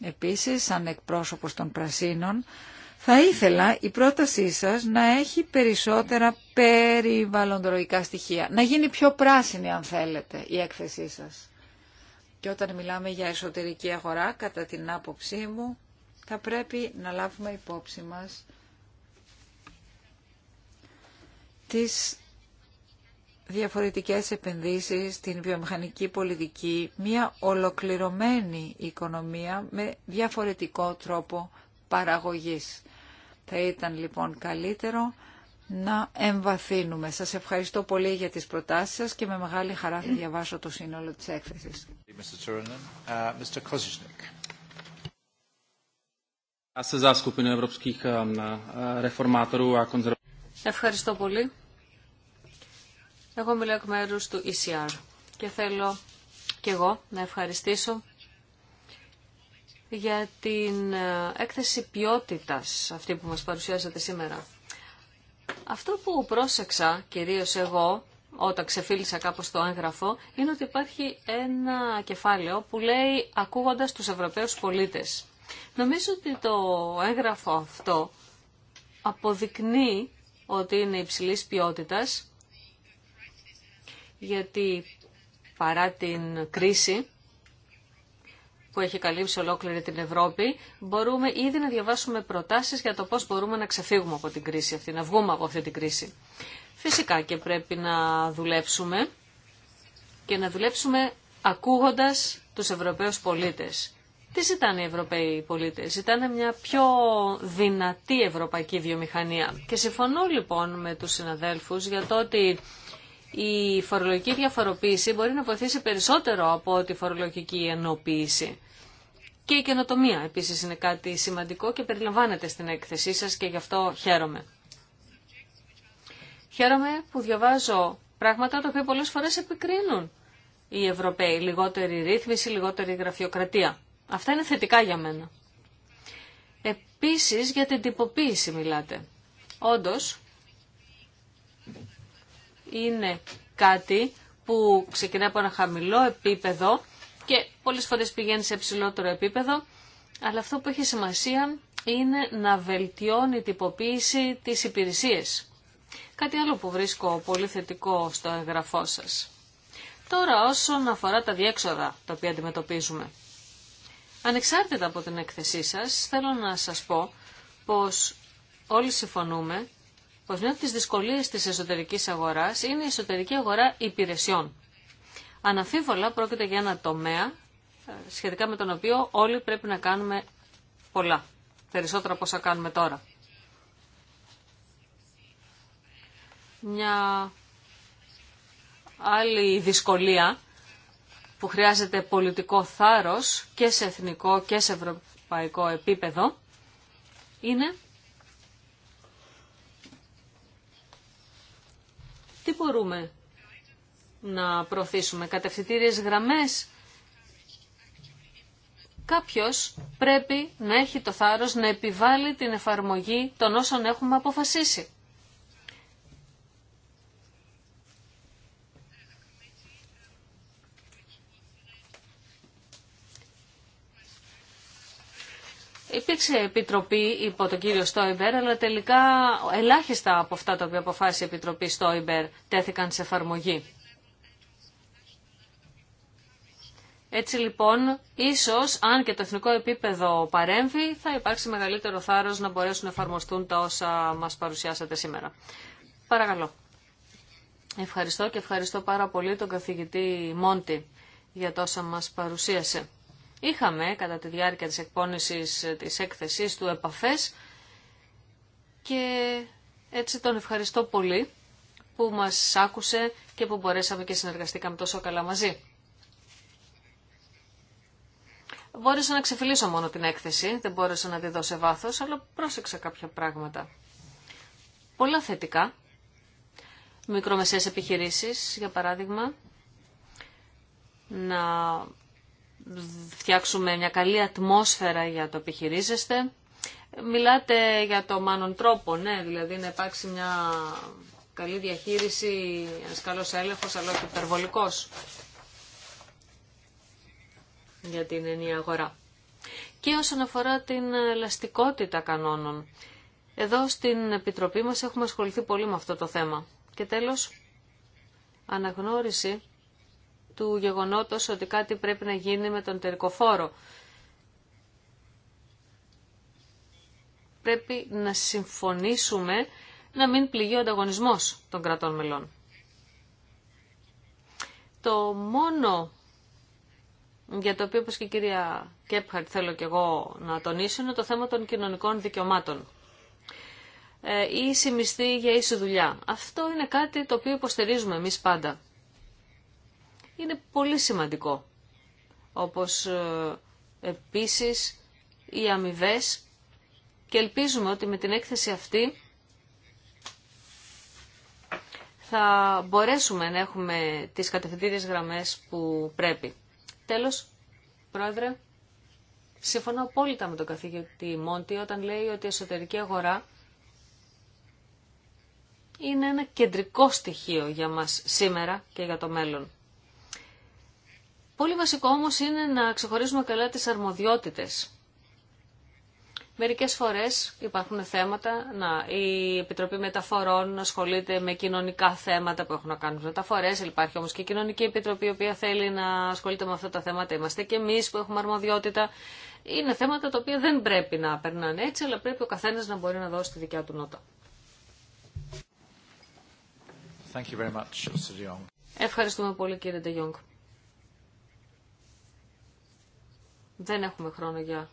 Επίσης, σαν εκπρόσωπος των Πρασίνων, θα ήθελα η πρότασή σας να έχει περισσότερα περιβαλλοντολογικά στοιχεία, να γίνει πιο πράσινη αν θέλετε η έκθεσή σας. Και όταν μιλάμε για εσωτερική αγορά, κατά την άποψή μου, θα πρέπει να λάβουμε υπόψη μας τις διαφορετικές επενδύσεις την βιομηχανική πολιτική, μια ολοκληρωμένη οικονομία με διαφορετικό τρόπο παραγωγής. Θα ήταν λοιπόν καλύτερο να εμβαθύνουμε. Σας ευχαριστώ πολύ για τις προτάσεις σας και με μεγάλη χαρά θα διαβάσω το σύνολο της έκθεσης. Uh, um, uh, ευχαριστώ πολύ. Εγώ μιλάω εκ μέρου του ECR και θέλω και εγώ να ευχαριστήσω για την ε, έκθεση ποιότητας αυτή που μας παρουσιάζεται σήμερα. Αυτό που πρόσεξα, κυρίως εγώ, όταν ξεφίλησα κάπως το έγγραφο, είναι ότι υπάρχει ένα κεφάλαιο που λέει «Ακούγοντας τους Ευρωπαίους πολίτες». Νομίζω ότι το έγγραφο αυτό αποδεικνύει ότι είναι υψηλής ποιότητας, γιατί παρά την κρίση που έχει καλύψει ολόκληρη την Ευρώπη, μπορούμε ήδη να διαβάσουμε προτάσεις για το πώς μπορούμε να ξεφύγουμε από την κρίση αυτή, να βγούμε από αυτή την κρίση. Φυσικά και πρέπει να δουλέψουμε και να δουλέψουμε ακούγοντας τους Ευρωπαίους πολίτες. Τι ζητάνε οι Ευρωπαίοι πολίτες, ζητάνε μια πιο δυνατή ευρωπαϊκή βιομηχανία. Και συμφωνώ λοιπόν με τους συναδέλφους για το ότι η φορολογική διαφοροποίηση μπορεί να βοηθήσει περισσότερο από τη φορολογική ενοποίηση. Και η καινοτομία επίσης είναι κάτι σημαντικό και περιλαμβάνεται στην έκθεσή σας και γι' αυτό χαίρομαι. Χαίρομαι που διαβάζω πράγματα τα οποία πολλές φορές επικρίνουν οι Ευρωπαίοι. Λιγότερη ρύθμιση, λιγότερη γραφειοκρατία. Αυτά είναι θετικά για μένα. Επίσης για την τυποποίηση μιλάτε. Όντως, είναι κάτι που ξεκινάει από ένα χαμηλό επίπεδο και πολλές φορές πηγαίνει σε ψηλότερο επίπεδο, αλλά αυτό που έχει σημασία είναι να βελτιώνει η τυποποίηση της υπηρεσίας. Κάτι άλλο που βρίσκω πολύ θετικό στο εγγραφό σας. Τώρα όσον αφορά τα διέξοδα τα οποία αντιμετωπίζουμε. Ανεξάρτητα από την έκθεσή σας, θέλω να σας πω πως όλοι συμφωνούμε πως μια από τις δυσκολίες της εσωτερικής αγοράς είναι η εσωτερική αγορά υπηρεσιών. Αναφίβολα πρόκειται για ένα τομέα ε, σχετικά με τον οποίο όλοι πρέπει να κάνουμε πολλά, περισσότερα από όσα κάνουμε τώρα. Μια άλλη δυσκολία που χρειάζεται πολιτικό θάρρος και σε εθνικό και σε ευρωπαϊκό επίπεδο είναι τι μπορούμε να προωθήσουμε, κατευθυντήριες γραμμές. Κάποιος πρέπει να έχει το θάρρος να επιβάλλει την εφαρμογή των όσων έχουμε αποφασίσει. Υπήρξε επιτροπή υπό τον κύριο Στόιμπερ, αλλά τελικά ελάχιστα από αυτά τα οποία αποφάσισε η επιτροπή Στόιμπερ τέθηκαν σε εφαρμογή. Έτσι λοιπόν, ίσως αν και το εθνικό επίπεδο παρέμβει, θα υπάρξει μεγαλύτερο θάρρος να μπορέσουν να εφαρμοστούν τα όσα μας παρουσιάσατε σήμερα. Παρακαλώ. Ευχαριστώ και ευχαριστώ πάρα πολύ τον καθηγητή Μόντι για τόσα μας παρουσίασε. Είχαμε κατά τη διάρκεια της εκπόνησης της έκθεσής του επαφές και έτσι τον ευχαριστώ πολύ που μας άκουσε και που μπορέσαμε και συνεργαστήκαμε τόσο καλά μαζί. Μπόρεσα να ξεφυλίσω μόνο την έκθεση, δεν μπόρεσα να τη δω σε βάθος, αλλά πρόσεξα κάποια πράγματα. Πολλά θετικά. Μικρομεσαίες επιχειρήσεις, για παράδειγμα, να φτιάξουμε μια καλή ατμόσφαιρα για το επιχειρήσεστε. Μιλάτε για το μάνον τρόπο, ναι, δηλαδή να υπάρξει μια καλή διαχείριση, ένα καλός έλεγχος, αλλά και υπερβολικός για την ενιαία αγορά. Και όσον αφορά την ελαστικότητα κανόνων, εδώ στην Επιτροπή μας έχουμε ασχοληθεί πολύ με αυτό το θέμα. Και τέλος, αναγνώριση του γεγονότος ότι κάτι πρέπει να γίνει με τον τερικοφόρο Πρέπει να συμφωνήσουμε να μην πληγεί ο ανταγωνισμός των κρατών μελών. Το μόνο για το οποίο, όπως και η κυρία Κέπχαρτ θέλω και εγώ να τονίσω, είναι το θέμα των κοινωνικών δικαιωμάτων. Ε, ή για ίση δουλειά. Αυτό είναι κάτι το οποίο υποστηρίζουμε εμείς πάντα είναι πολύ σημαντικό. Όπως ε, επίσης οι αμοιβέ και ελπίζουμε ότι με την έκθεση αυτή θα μπορέσουμε να έχουμε τις κατευθυντήριες γραμμές που πρέπει. Τέλος, Πρόεδρε, συμφωνώ απόλυτα με τον καθηγητή Μόντι όταν λέει ότι η εσωτερική αγορά είναι ένα κεντρικό στοιχείο για μας σήμερα και για το μέλλον. Πολύ βασικό όμως είναι να ξεχωρίζουμε καλά τις αρμοδιότητες. Μερικές φορές υπάρχουν θέματα, να, η Επιτροπή Μεταφορών ασχολείται με κοινωνικά θέματα που έχουν να κάνουν με μεταφορές, υπάρχει όμως και η Κοινωνική Επιτροπή η οποία θέλει να ασχολείται με αυτά τα θέματα, είμαστε και εμείς που έχουμε αρμοδιότητα. Είναι θέματα τα οποία δεν πρέπει να περνάνε έτσι, αλλά πρέπει ο καθένας να μπορεί να δώσει τη δικιά του νότα. Ευχαριστούμε πολύ κύριε Ντεγιόγκ. Δεν έχουμε χρόνο για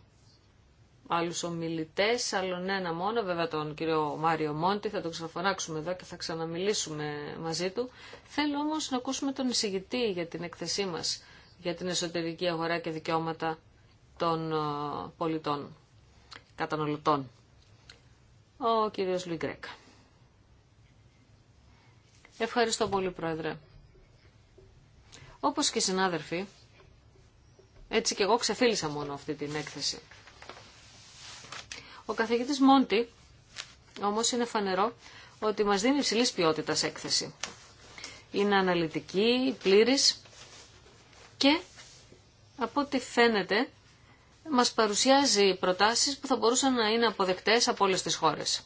άλλους ομιλητές, άλλον ένα μόνο, βέβαια τον κύριο Μάριο Μόντι, θα τον ξαφωνάξουμε εδώ και θα ξαναμιλήσουμε μαζί του. Θέλω όμως να ακούσουμε τον εισηγητή για την εκθεσή μας, για την εσωτερική αγορά και δικαιώματα των ε, πολιτών, καταναλωτών. Ο κύριος Λουιγκρέκ. Ευχαριστώ πολύ, Πρόεδρε. Όπως και οι συνάδελφοι, έτσι και εγώ ξεφίλησα μόνο αυτή την έκθεση. Ο καθηγητής Μόντι όμως είναι φανερό ότι μας δίνει υψηλή ποιότητα έκθεση. Είναι αναλυτική, πλήρης και από ό,τι φαίνεται μας παρουσιάζει προτάσεις που θα μπορούσαν να είναι αποδεκτές από όλες τις χώρες.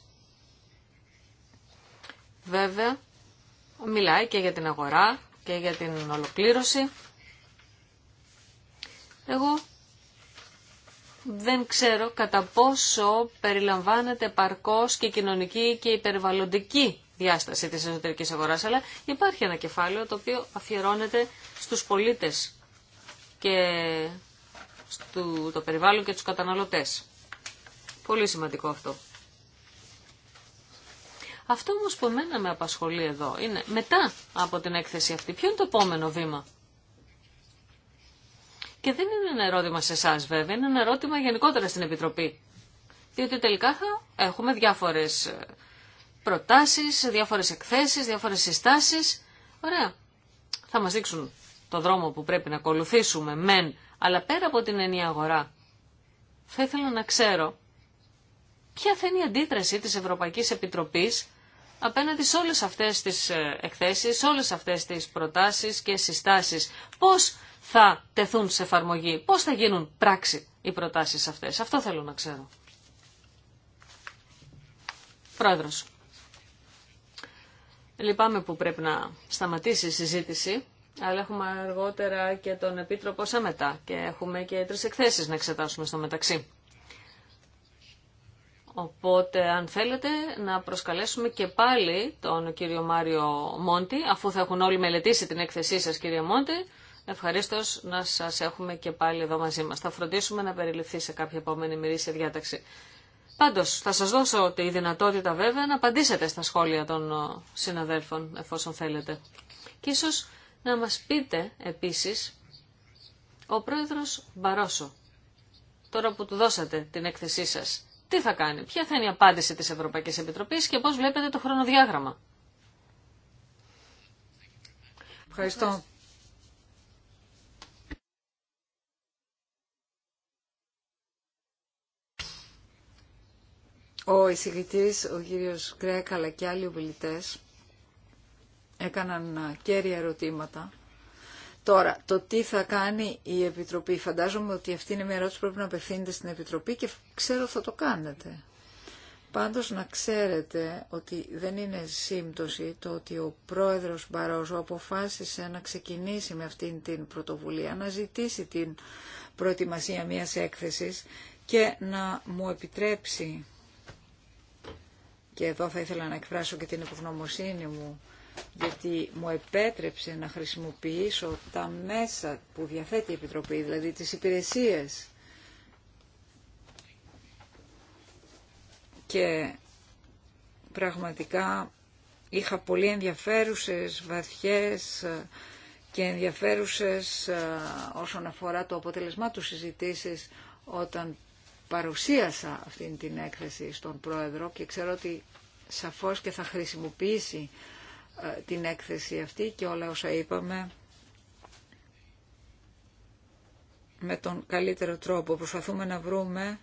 Βέβαια, μιλάει και για την αγορά και για την ολοκλήρωση εγώ δεν ξέρω κατά πόσο περιλαμβάνεται παρκώς και κοινωνική και υπερβαλλοντική διάσταση της εσωτερικής αγοράς, αλλά υπάρχει ένα κεφάλαιο το οποίο αφιερώνεται στους πολίτες και στο το περιβάλλον και τους καταναλωτές. Πολύ σημαντικό αυτό. Αυτό όμως που εμένα με απασχολεί εδώ είναι μετά από την έκθεση αυτή, ποιο είναι το επόμενο βήμα. Και δεν είναι ένα ερώτημα σε εσά βέβαια, είναι ένα ερώτημα γενικότερα στην Επιτροπή. Διότι τελικά θα έχουμε διάφορες ε, προτάσεις, διάφορες εκθέσεις, διάφορες συστάσει. Ωραία. Θα μας δείξουν το δρόμο που πρέπει να ακολουθήσουμε, μεν, αλλά πέρα από την ενιαία αγορά. Θα ήθελα να ξέρω ποια θα είναι η αντίδραση τη Ευρωπαϊκή Επιτροπής απέναντι σε όλες αυτές τις ε, εκθέσεις, σε όλες αυτές τις προτάσεις και συστάσεις. Πώς θα τεθούν σε εφαρμογή, πώς θα γίνουν πράξη οι προτάσεις αυτές. Αυτό θέλω να ξέρω. Πρόεδρος. Λυπάμαι που πρέπει να σταματήσει η συζήτηση, αλλά έχουμε αργότερα και τον Επίτροπο σε μετά και έχουμε και τρεις εκθέσεις να εξετάσουμε στο μεταξύ. Οπότε αν θέλετε να προσκαλέσουμε και πάλι τον κύριο Μάριο Μόντι, αφού θα έχουν όλοι μελετήσει την έκθεσή σας κύριε Μόντι, Ευχαρίστω να σας έχουμε και πάλι εδώ μαζί μας. Θα φροντίσουμε να περιληφθεί σε κάποια επόμενη μυρίσια διάταξη. Πάντως θα σας δώσω τη δυνατότητα βέβαια να απαντήσετε στα σχόλια των ε, συναδέλφων, εφόσον θέλετε. Και ίσως να μας πείτε επίσης ο πρόεδρος Μπαρόσο, τώρα που του δώσατε την έκθεσή σας τι θα κάνει, ποια θα είναι η απάντηση της Ευρωπαϊκής Επιτροπής και πώς βλέπετε το χρονοδιάγραμμα. Ευχαριστώ. Ο εισηγητής, ο κύριος Γκρέκ αλλά και άλλοι ομιλητές έκαναν κέρια ερωτήματα Τώρα, το τι θα κάνει η Επιτροπή. Φαντάζομαι ότι αυτή είναι μια ερώτηση που πρέπει να απευθύνεται στην Επιτροπή και ξέρω θα το κάνετε. Πάντως να ξέρετε ότι δεν είναι σύμπτωση το ότι ο πρόεδρος Μπαρόζο αποφάσισε να ξεκινήσει με αυτήν την πρωτοβουλία, να ζητήσει την προετοιμασία μιας έκθεσης και να μου επιτρέψει, και εδώ θα ήθελα να εκφράσω και την υπογνωμοσύνη μου, γιατί μου επέτρεψε να χρησιμοποιήσω τα μέσα που διαθέτει η Επιτροπή, δηλαδή τις υπηρεσίες. Και πραγματικά είχα πολύ ενδιαφέρουσες, βαθιές και ενδιαφέρουσες ε, όσον αφορά το αποτελεσμά του συζητήσεις όταν παρουσίασα αυτήν την έκθεση στον Πρόεδρο και ξέρω ότι σαφώς και θα χρησιμοποιήσει ε, την έκθεση αυτή και όλα όσα είπαμε με τον καλύτερο τρόπο. Προσπαθούμε να βρούμε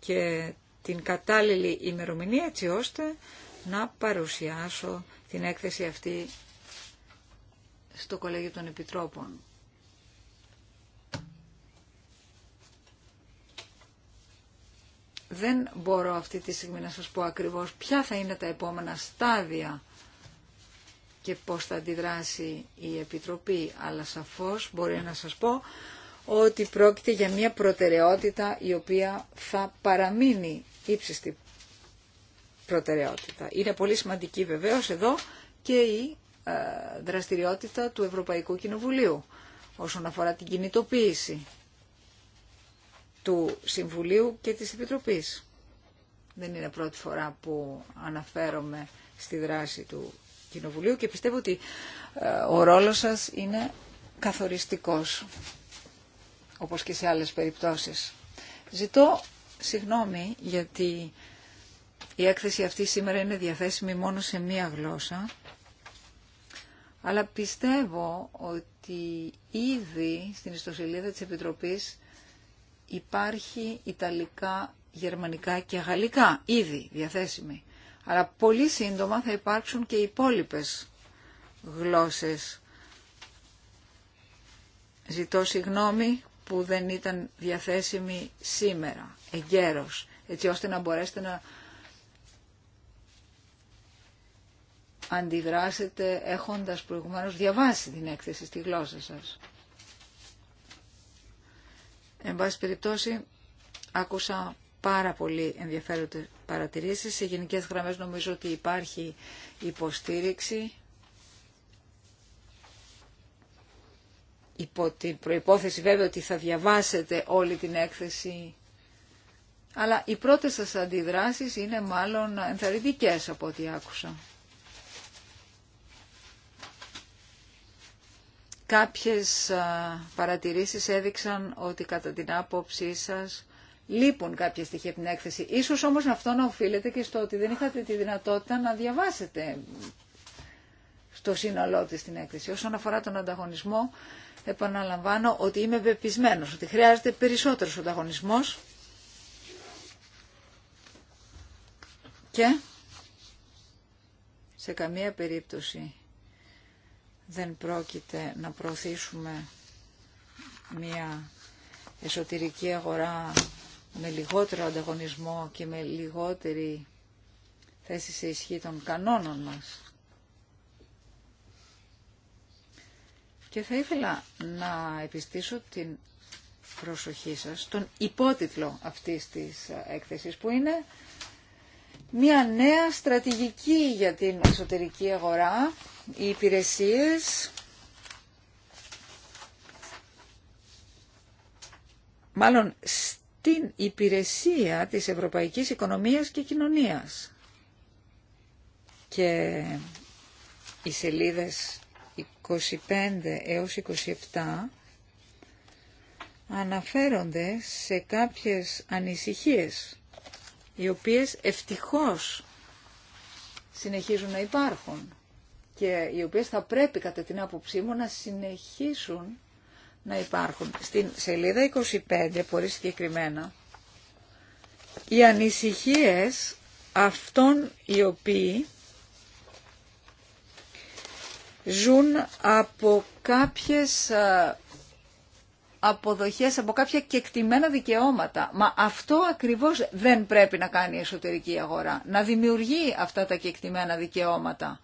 και την κατάλληλη ημερομηνία έτσι ώστε να παρουσιάσω την έκθεση αυτή στο Κολέγιο των Επιτρόπων. Δεν μπορώ αυτή τη στιγμή να σας πω ακριβώς ποια θα είναι τα επόμενα στάδια και πώς θα αντιδράσει η Επιτροπή, αλλά σαφώς μπορεί να σας πω ότι πρόκειται για μια προτεραιότητα η οποία θα παραμείνει ύψιστη προτεραιότητα. Είναι πολύ σημαντική βεβαίως εδώ και η ε, δραστηριότητα του Ευρωπαϊκού Κοινοβουλίου όσον αφορά την κινητοποίηση του Συμβουλίου και της Επιτροπής. Δεν είναι πρώτη φορά που αναφέρομαι στη δράση του Κοινοβουλίου και πιστεύω ότι ε, ο ρόλος σας είναι καθοριστικός, όπως και σε άλλες περιπτώσεις. Ζητώ συγγνώμη γιατί η έκθεση αυτή σήμερα είναι διαθέσιμη μόνο σε μία γλώσσα, αλλά πιστεύω ότι ήδη στην ιστοσελίδα της Επιτροπής Υπάρχει Ιταλικά, Γερμανικά και Γαλλικά ήδη διαθέσιμη. Αλλά πολύ σύντομα θα υπάρξουν και οι υπόλοιπες γλώσσες. Ζητώ συγγνώμη που δεν ήταν διαθέσιμη σήμερα, εγκαίρως, έτσι ώστε να μπορέσετε να αντιδράσετε έχοντας προηγουμένως διαβάσει την έκθεση στη γλώσσα σας. Εν πάση περιπτώσει, άκουσα πάρα πολύ ενδιαφέροντες παρατηρήσεις. Σε γενικές γραμμές νομίζω ότι υπάρχει υποστήριξη υπό την προϋπόθεση βέβαια ότι θα διαβάσετε όλη την έκθεση αλλά οι πρώτες σας αντιδράσεις είναι μάλλον ενθαρρυντικές από ό,τι άκουσα. Κάποιες παρατηρήσεις έδειξαν ότι κατά την άποψή σας λείπουν κάποια στοιχεία από την έκθεση. Ίσως όμως αυτό να οφείλεται και στο ότι δεν είχατε τη δυνατότητα να διαβάσετε στο σύνολό της την έκθεση. Όσον αφορά τον ανταγωνισμό, επαναλαμβάνω ότι είμαι πεπισμένος ότι χρειάζεται περισσότερος ανταγωνισμός και σε καμία περίπτωση δεν πρόκειται να προωθήσουμε μια εσωτερική αγορά με λιγότερο ανταγωνισμό και με λιγότερη θέση σε ισχύ των κανόνων μας. Και θα ήθελα να επιστήσω την προσοχή σας στον υπότιτλο αυτής της έκθεσης που είναι μια νέα στρατηγική για την εσωτερική αγορά οι υπηρεσίες μάλλον στην υπηρεσία της ευρωπαϊκής οικονομίας και κοινωνίας. Και οι σελίδες 25 έως 27 αναφέρονται σε κάποιες ανησυχίες οι οποίες ευτυχώς συνεχίζουν να υπάρχουν και οι οποίες θα πρέπει κατά την άποψή μου να συνεχίσουν να υπάρχουν. Στην σελίδα 25, πολύ συγκεκριμένα, οι ανησυχίες αυτών οι οποίοι ζουν από κάποιες ε, αποδοχές, από κάποια κεκτημένα δικαιώματα. Μα αυτό ακριβώς δεν πρέπει να κάνει η εσωτερική αγορά, να δημιουργεί αυτά τα κεκτημένα δικαιώματα.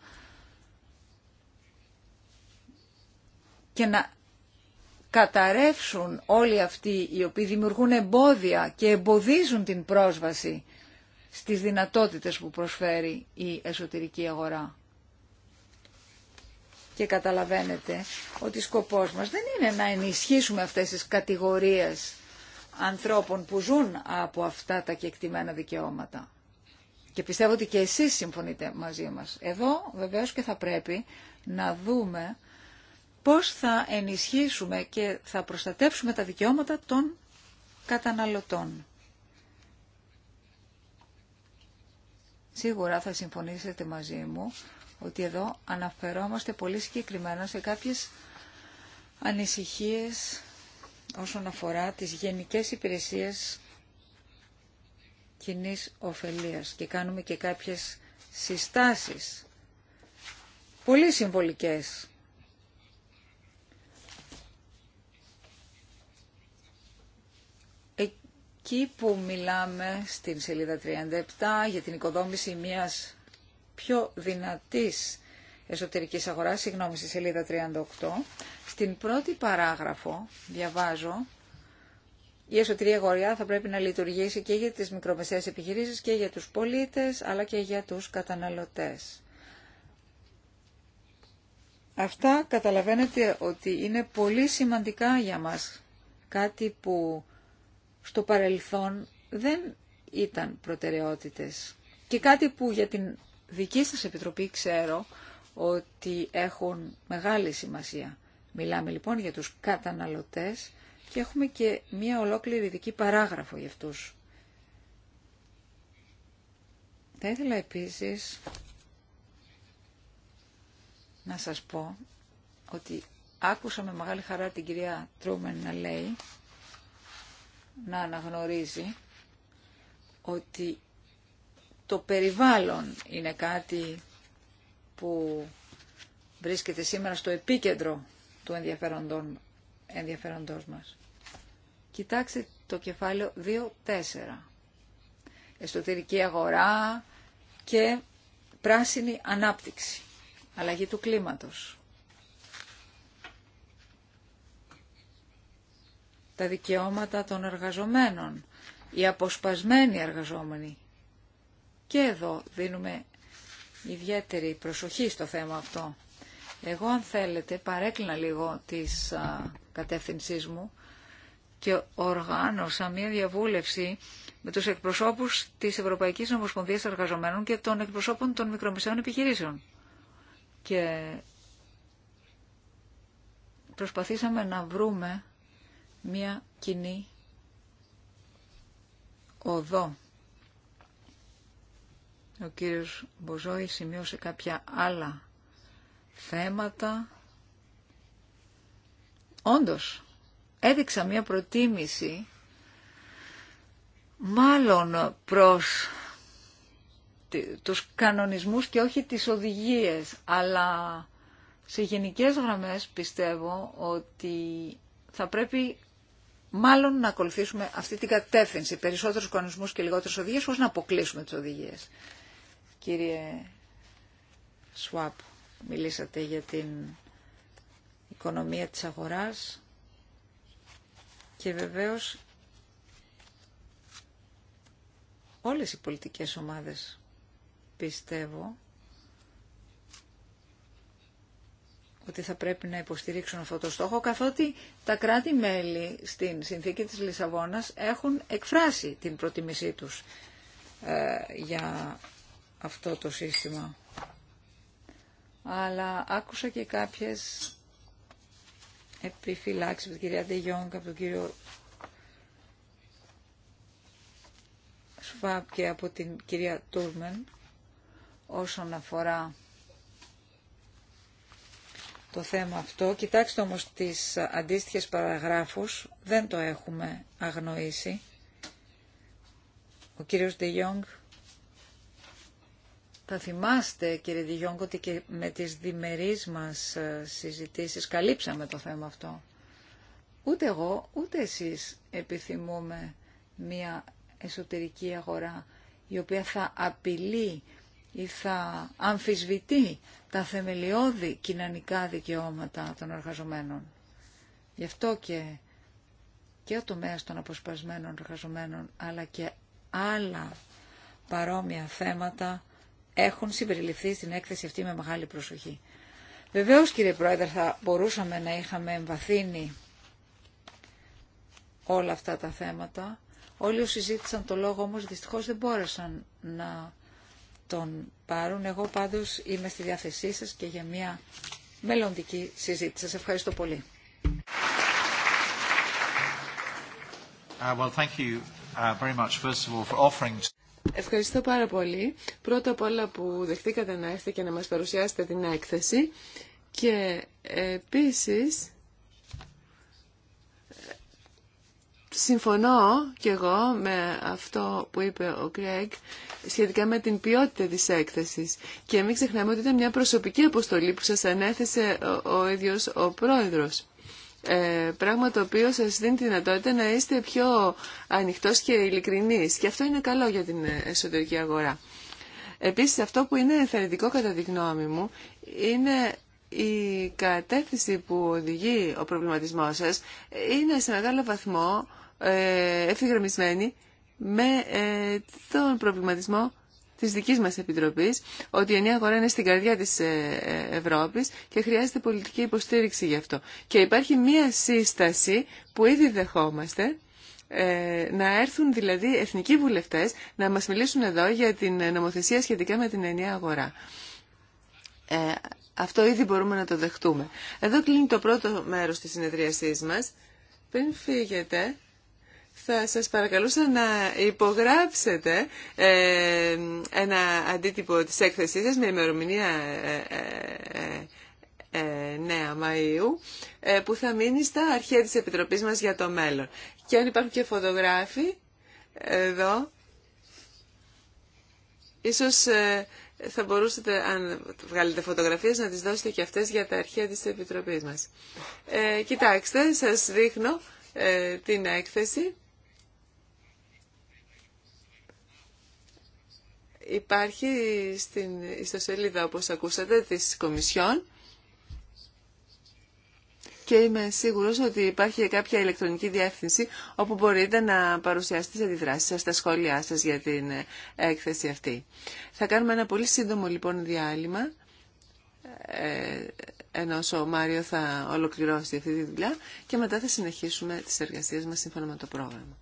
και να καταρρεύσουν όλοι αυτοί οι οποίοι δημιουργούν εμπόδια και εμποδίζουν την πρόσβαση στις δυνατότητες που προσφέρει η εσωτερική αγορά. Και καταλαβαίνετε ότι σκοπός μας δεν είναι να ενισχύσουμε αυτές τις κατηγορίες ανθρώπων που ζουν από αυτά τα κεκτημένα δικαιώματα. Και πιστεύω ότι και εσείς συμφωνείτε μαζί μας. Εδώ βεβαίως και θα πρέπει να δούμε πώς θα ενισχύσουμε και θα προστατεύσουμε τα δικαιώματα των καταναλωτών. Σίγουρα θα συμφωνήσετε μαζί μου ότι εδώ αναφερόμαστε πολύ συγκεκριμένα σε κάποιες ανησυχίες όσον αφορά τις γενικές υπηρεσίες κοινή ωφελία. και κάνουμε και κάποιες συστάσεις πολύ συμβολικές εκεί που μιλάμε στην σελίδα 37 για την οικοδόμηση μιας πιο δυνατής εσωτερικής αγοράς, συγγνώμη, στη σελίδα 38, στην πρώτη παράγραφο διαβάζω η εσωτερική αγορά θα πρέπει να λειτουργήσει και για τις μικρομεσαίες επιχειρήσεις και για τους πολίτες, αλλά και για τους καταναλωτές. Αυτά καταλαβαίνετε ότι είναι πολύ σημαντικά για μας. Κάτι που στο παρελθόν δεν ήταν προτεραιότητες. Και κάτι που για την δική σας Επιτροπή ξέρω ότι έχουν μεγάλη σημασία. Μιλάμε λοιπόν για τους καταναλωτές και έχουμε και μία ολόκληρη ειδική παράγραφο για αυτούς. Θα ήθελα επίσης να σας πω ότι άκουσα με μεγάλη χαρά την κυρία Τρούμεν να λέει να αναγνωρίζει ότι το περιβάλλον είναι κάτι που βρίσκεται σήμερα στο επίκεντρο του ενδιαφέροντός μας. Κοιτάξτε το κεφάλαιο 2-4. Εσωτερική αγορά και πράσινη ανάπτυξη. Αλλαγή του κλίματος. τα δικαιώματα των εργαζομένων, οι αποσπασμένοι εργαζόμενοι. Και εδώ δίνουμε ιδιαίτερη προσοχή στο θέμα αυτό. Εγώ αν θέλετε παρέκλεινα λίγο της κατεύθυνσή μου και οργάνωσα μια διαβούλευση με τους εκπροσώπους της Ευρωπαϊκής Ομοσπονδίας Εργαζομένων και των εκπροσώπων των μικρομεσαίων επιχειρήσεων. Και προσπαθήσαμε να βρούμε μια κοινή οδό. Ο κύριος Μποζόη σημείωσε κάποια άλλα θέματα. Όντως, έδειξα μια προτίμηση μάλλον προς τους κανονισμούς και όχι τις οδηγίες, αλλά σε γενικές γραμμές πιστεύω ότι θα πρέπει μάλλον να ακολουθήσουμε αυτή την κατεύθυνση, περισσότερους κανονισμού και λιγότερε οδηγίε ώστε να αποκλείσουμε τις οδηγίε. Κύριε Σουάπ, μιλήσατε για την οικονομία της αγοράς και βεβαίως όλες οι πολιτικές ομάδες πιστεύω ότι θα πρέπει να υποστηρίξουν αυτό το στόχο, καθότι τα κράτη-μέλη στην συνθήκη της Λισαβόνας έχουν εκφράσει την προτιμήσή τους ε, για αυτό το σύστημα. Αλλά άκουσα και κάποιες επιφυλάξεις από την κυρία και από τον κύριο Σφάπ και από την κυρία Τούρμεν όσον αφορά το θέμα αυτό. Κοιτάξτε όμως τις αντίστοιχες παραγράφους, δεν το έχουμε αγνοήσει. Ο κύριος Ντεγιόγκ, θα θυμάστε κύριε Ντεγιόγκ ότι και με τις διμερείς μας ε, συζητήσεις καλύψαμε το θέμα αυτό. Ούτε εγώ, ούτε εσείς επιθυμούμε μια εσωτερική αγορά η οποία θα απειλεί ή θα αμφισβητεί τα θεμελιώδη κοινωνικά δικαιώματα των εργαζομένων. Γι' αυτό και, και ο τομέας των αποσπασμένων εργαζομένων, αλλά και άλλα παρόμοια θέματα έχουν συμπεριληφθεί στην έκθεση αυτή με μεγάλη προσοχή. Βεβαίως κύριε Πρόεδρε θα μπορούσαμε να είχαμε εμβαθύνει όλα αυτά τα θέματα. Όλοι όσοι ζήτησαν το λόγο όμω, δυστυχώ δεν μπόρεσαν να τον πάρουν. Εγώ πάντως είμαι στη διάθεσή σας και για μια μελλοντική συζήτηση. Σας ευχαριστώ πολύ. Ευχαριστώ πάρα πολύ. Πρώτα απ' όλα που δεχτήκατε να έρθετε και να μας παρουσιάσετε την έκθεση και επίσης Συμφωνώ κι εγώ με αυτό που είπε ο Κρέγκ σχετικά με την ποιότητα της έκθεσης και μην ξεχνάμε ότι ήταν μια προσωπική αποστολή που σας ανέθεσε ο, ο ίδιος ο πρόεδρος. Ε, πράγμα το οποίο σας δίνει τη δυνατότητα να είστε πιο ανοιχτός και ειλικρινής και αυτό είναι καλό για την εσωτερική αγορά. Επίσης αυτό που είναι ενθαρρυντικό κατά τη γνώμη μου είναι η κατεύθυνση που οδηγεί ο προβληματισμός σας είναι σε μεγάλο βαθμό ε, ευθυγραμμισμένη με ε, τον προβληματισμό της δικής μας Επιτροπής ότι η ενιαία αγορά είναι στην καρδιά της ε, Ευρώπης και χρειάζεται πολιτική υποστήριξη γι' αυτό. Και υπάρχει μία σύσταση που ήδη δεχόμαστε να έρθουν δηλαδή εθνικοί βουλευτές να μας μιλήσουν εδώ για την νομοθεσία σχετικά με την ενιαία αγορά. αυτό ήδη μπορούμε να το δεχτούμε. Εδώ κλείνει το πρώτο μέρος της συνεδρίασής μας. Πριν φύγετε, θα σας παρακαλούσα να υπογράψετε ε, ένα αντίτυπο της έκθεσής σας με ημερομηνία 9 ε, ε, Μαΐου που θα μείνει στα αρχαία της Επιτροπής μας για το μέλλον. Και αν υπάρχουν και φωτογράφοι εδώ, ίσως θα μπορούσατε, αν βγάλετε φωτογραφίες, να τις δώσετε και αυτές για τα αρχεία της Επιτροπής μας. κοιτάξτε, σας δείχνω ε, την έκθεση. Υπάρχει στην ιστοσελίδα, όπως ακούσατε, της Κομισιόν και είμαι σίγουρος ότι υπάρχει κάποια ηλεκτρονική διεύθυνση όπου μπορείτε να παρουσιάσετε τις αντιδράσεις σας, τα σχόλιά σας για την έκθεση αυτή. Θα κάνουμε ένα πολύ σύντομο λοιπόν διάλειμμα ε, ενώ ο Μάριο θα ολοκληρώσει αυτή τη δουλειά και μετά θα συνεχίσουμε τις εργασίες μας σύμφωνα με το πρόγραμμα.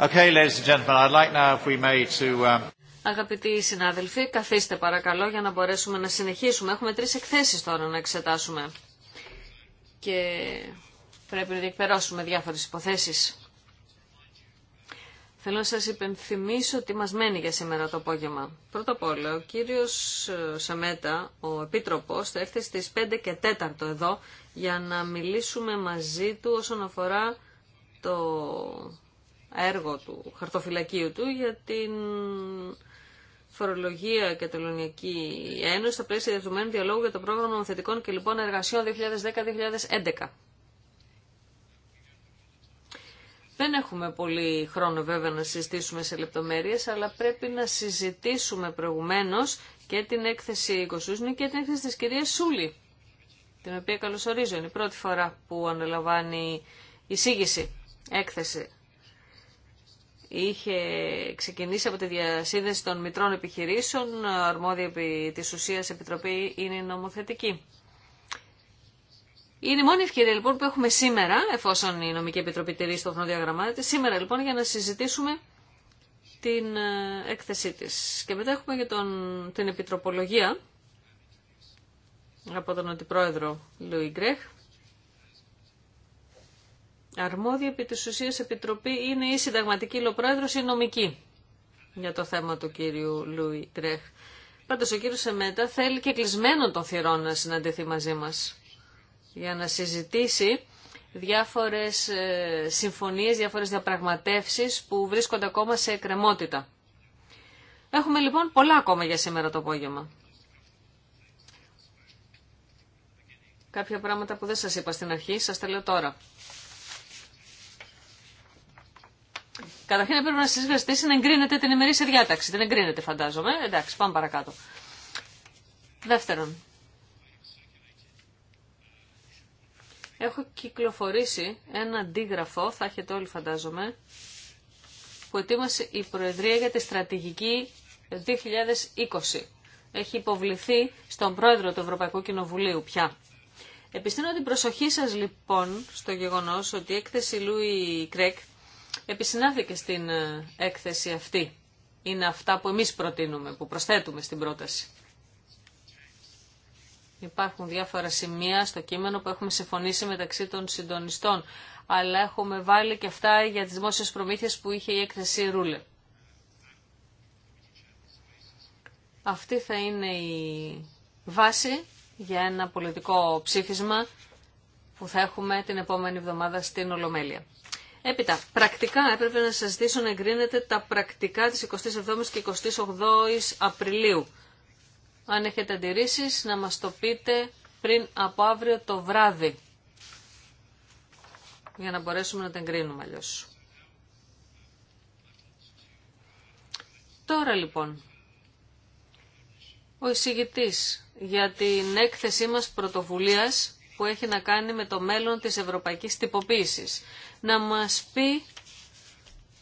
Okay, ladies and gentlemen, I'd like now if we may to... Um, Αγαπητοί συνάδελφοι, καθίστε παρακαλώ για να μπορέσουμε να συνεχίσουμε. Έχουμε τρεις εκθέσεις τώρα να εξετάσουμε και πρέπει να διεκπαιρώσουμε διάφορες υποθέσεις. Θέλω να σας υπενθυμίσω τι μας μένει για σήμερα το απόγευμα. Πρώτα απ' όλα, ο κύριος ε, Σαμέτα, ο Επίτροπος, θα έρθει στις 5 και 4 εδώ για να μιλήσουμε μαζί του όσον αφορά το έργο του, χαρτοφυλακίου του για την φορολογία και τελωνιακή ένωση στα πλαίσια διευθυμένου διαλόγου για το πρόγραμμα νομοθετικών και λοιπόν εργασιών 2010-2011. Δεν έχουμε πολύ χρόνο βέβαια να συζητήσουμε σε λεπτομέρειες, αλλά πρέπει να συζητήσουμε προηγουμένως και την έκθεση Κοσούσνη και την έκθεση της κυρίας Σούλη, την οποία καλωσορίζω. Είναι η πρώτη φορά που αναλαμβάνει εισήγηση, έκθεση είχε ξεκινήσει από τη διασύνδεση των μητρών επιχειρήσεων, αρμόδια επί της ουσίας επιτροπή είναι νομοθετική. Είναι η μόνη ευκαιρία λοιπόν που έχουμε σήμερα, εφόσον η νομική επιτροπή τηρεί στο χρονοδιαγραμμά σήμερα λοιπόν για να συζητήσουμε την ε, έκθεσή της. Και μετά έχουμε για τον, την επιτροπολογία από τον αντιπρόεδρο Λουιγκρέχ αρμόδια επί της ουσίας επιτροπή είναι η συνταγματική υλοπρόεδρος ή νομική για το θέμα του κύριου Λούι Τρέχ. Πάντως ο κύριο Σεμέτα θέλει και κλεισμένο τον θυρών να συναντηθεί μαζί μας για να συζητήσει διάφορες ε, συμφωνίες, διάφορες διαπραγματεύσεις που βρίσκονται ακόμα σε εκκρεμότητα. Έχουμε λοιπόν πολλά ακόμα για σήμερα το απόγευμα. Κάποια πράγματα που δεν σας είπα στην αρχή, σας τα λέω τώρα. Καταρχήν πρέπει να σα να εγκρίνετε την ημερήσια διάταξη. Δεν εγκρίνετε, φαντάζομαι. Εντάξει, πάμε παρακάτω. Δεύτερον, έχω κυκλοφορήσει ένα αντίγραφο, θα έχετε όλοι φαντάζομαι, που ετοίμασε η Προεδρία για τη Στρατηγική 2020. Έχει υποβληθεί στον Πρόεδρο του Ευρωπαϊκού Κοινοβουλίου πια. Επιστήνω την προσοχή σας λοιπόν στο γεγονός ότι η έκθεση Λούι Κρέκ επισυνάθηκε στην ε, έκθεση αυτή. Είναι αυτά που εμείς προτείνουμε, που προσθέτουμε στην πρόταση. Υπάρχουν διάφορα σημεία στο κείμενο που έχουμε συμφωνήσει μεταξύ των συντονιστών, αλλά έχουμε βάλει και αυτά για τις δημόσιες προμήθειες που είχε η έκθεση Ρούλε. Αυτή θα είναι η βάση για ένα πολιτικό ψήφισμα που θα έχουμε την επόμενη εβδομάδα στην Ολομέλεια. Έπειτα, πρακτικά έπρεπε να σας ζητήσω να εγκρίνετε τα πρακτικά της 27ης και 28ης Απριλίου. Αν έχετε αντιρρήσεις, να μας το πείτε πριν από αύριο το βράδυ, για να μπορέσουμε να τα εγκρίνουμε αλλιώ. Τώρα λοιπόν, ο εισηγητής για την έκθεσή μας πρωτοβουλίας που έχει να κάνει με το μέλλον της ευρωπαϊκής τυποποίησης. Να μας πει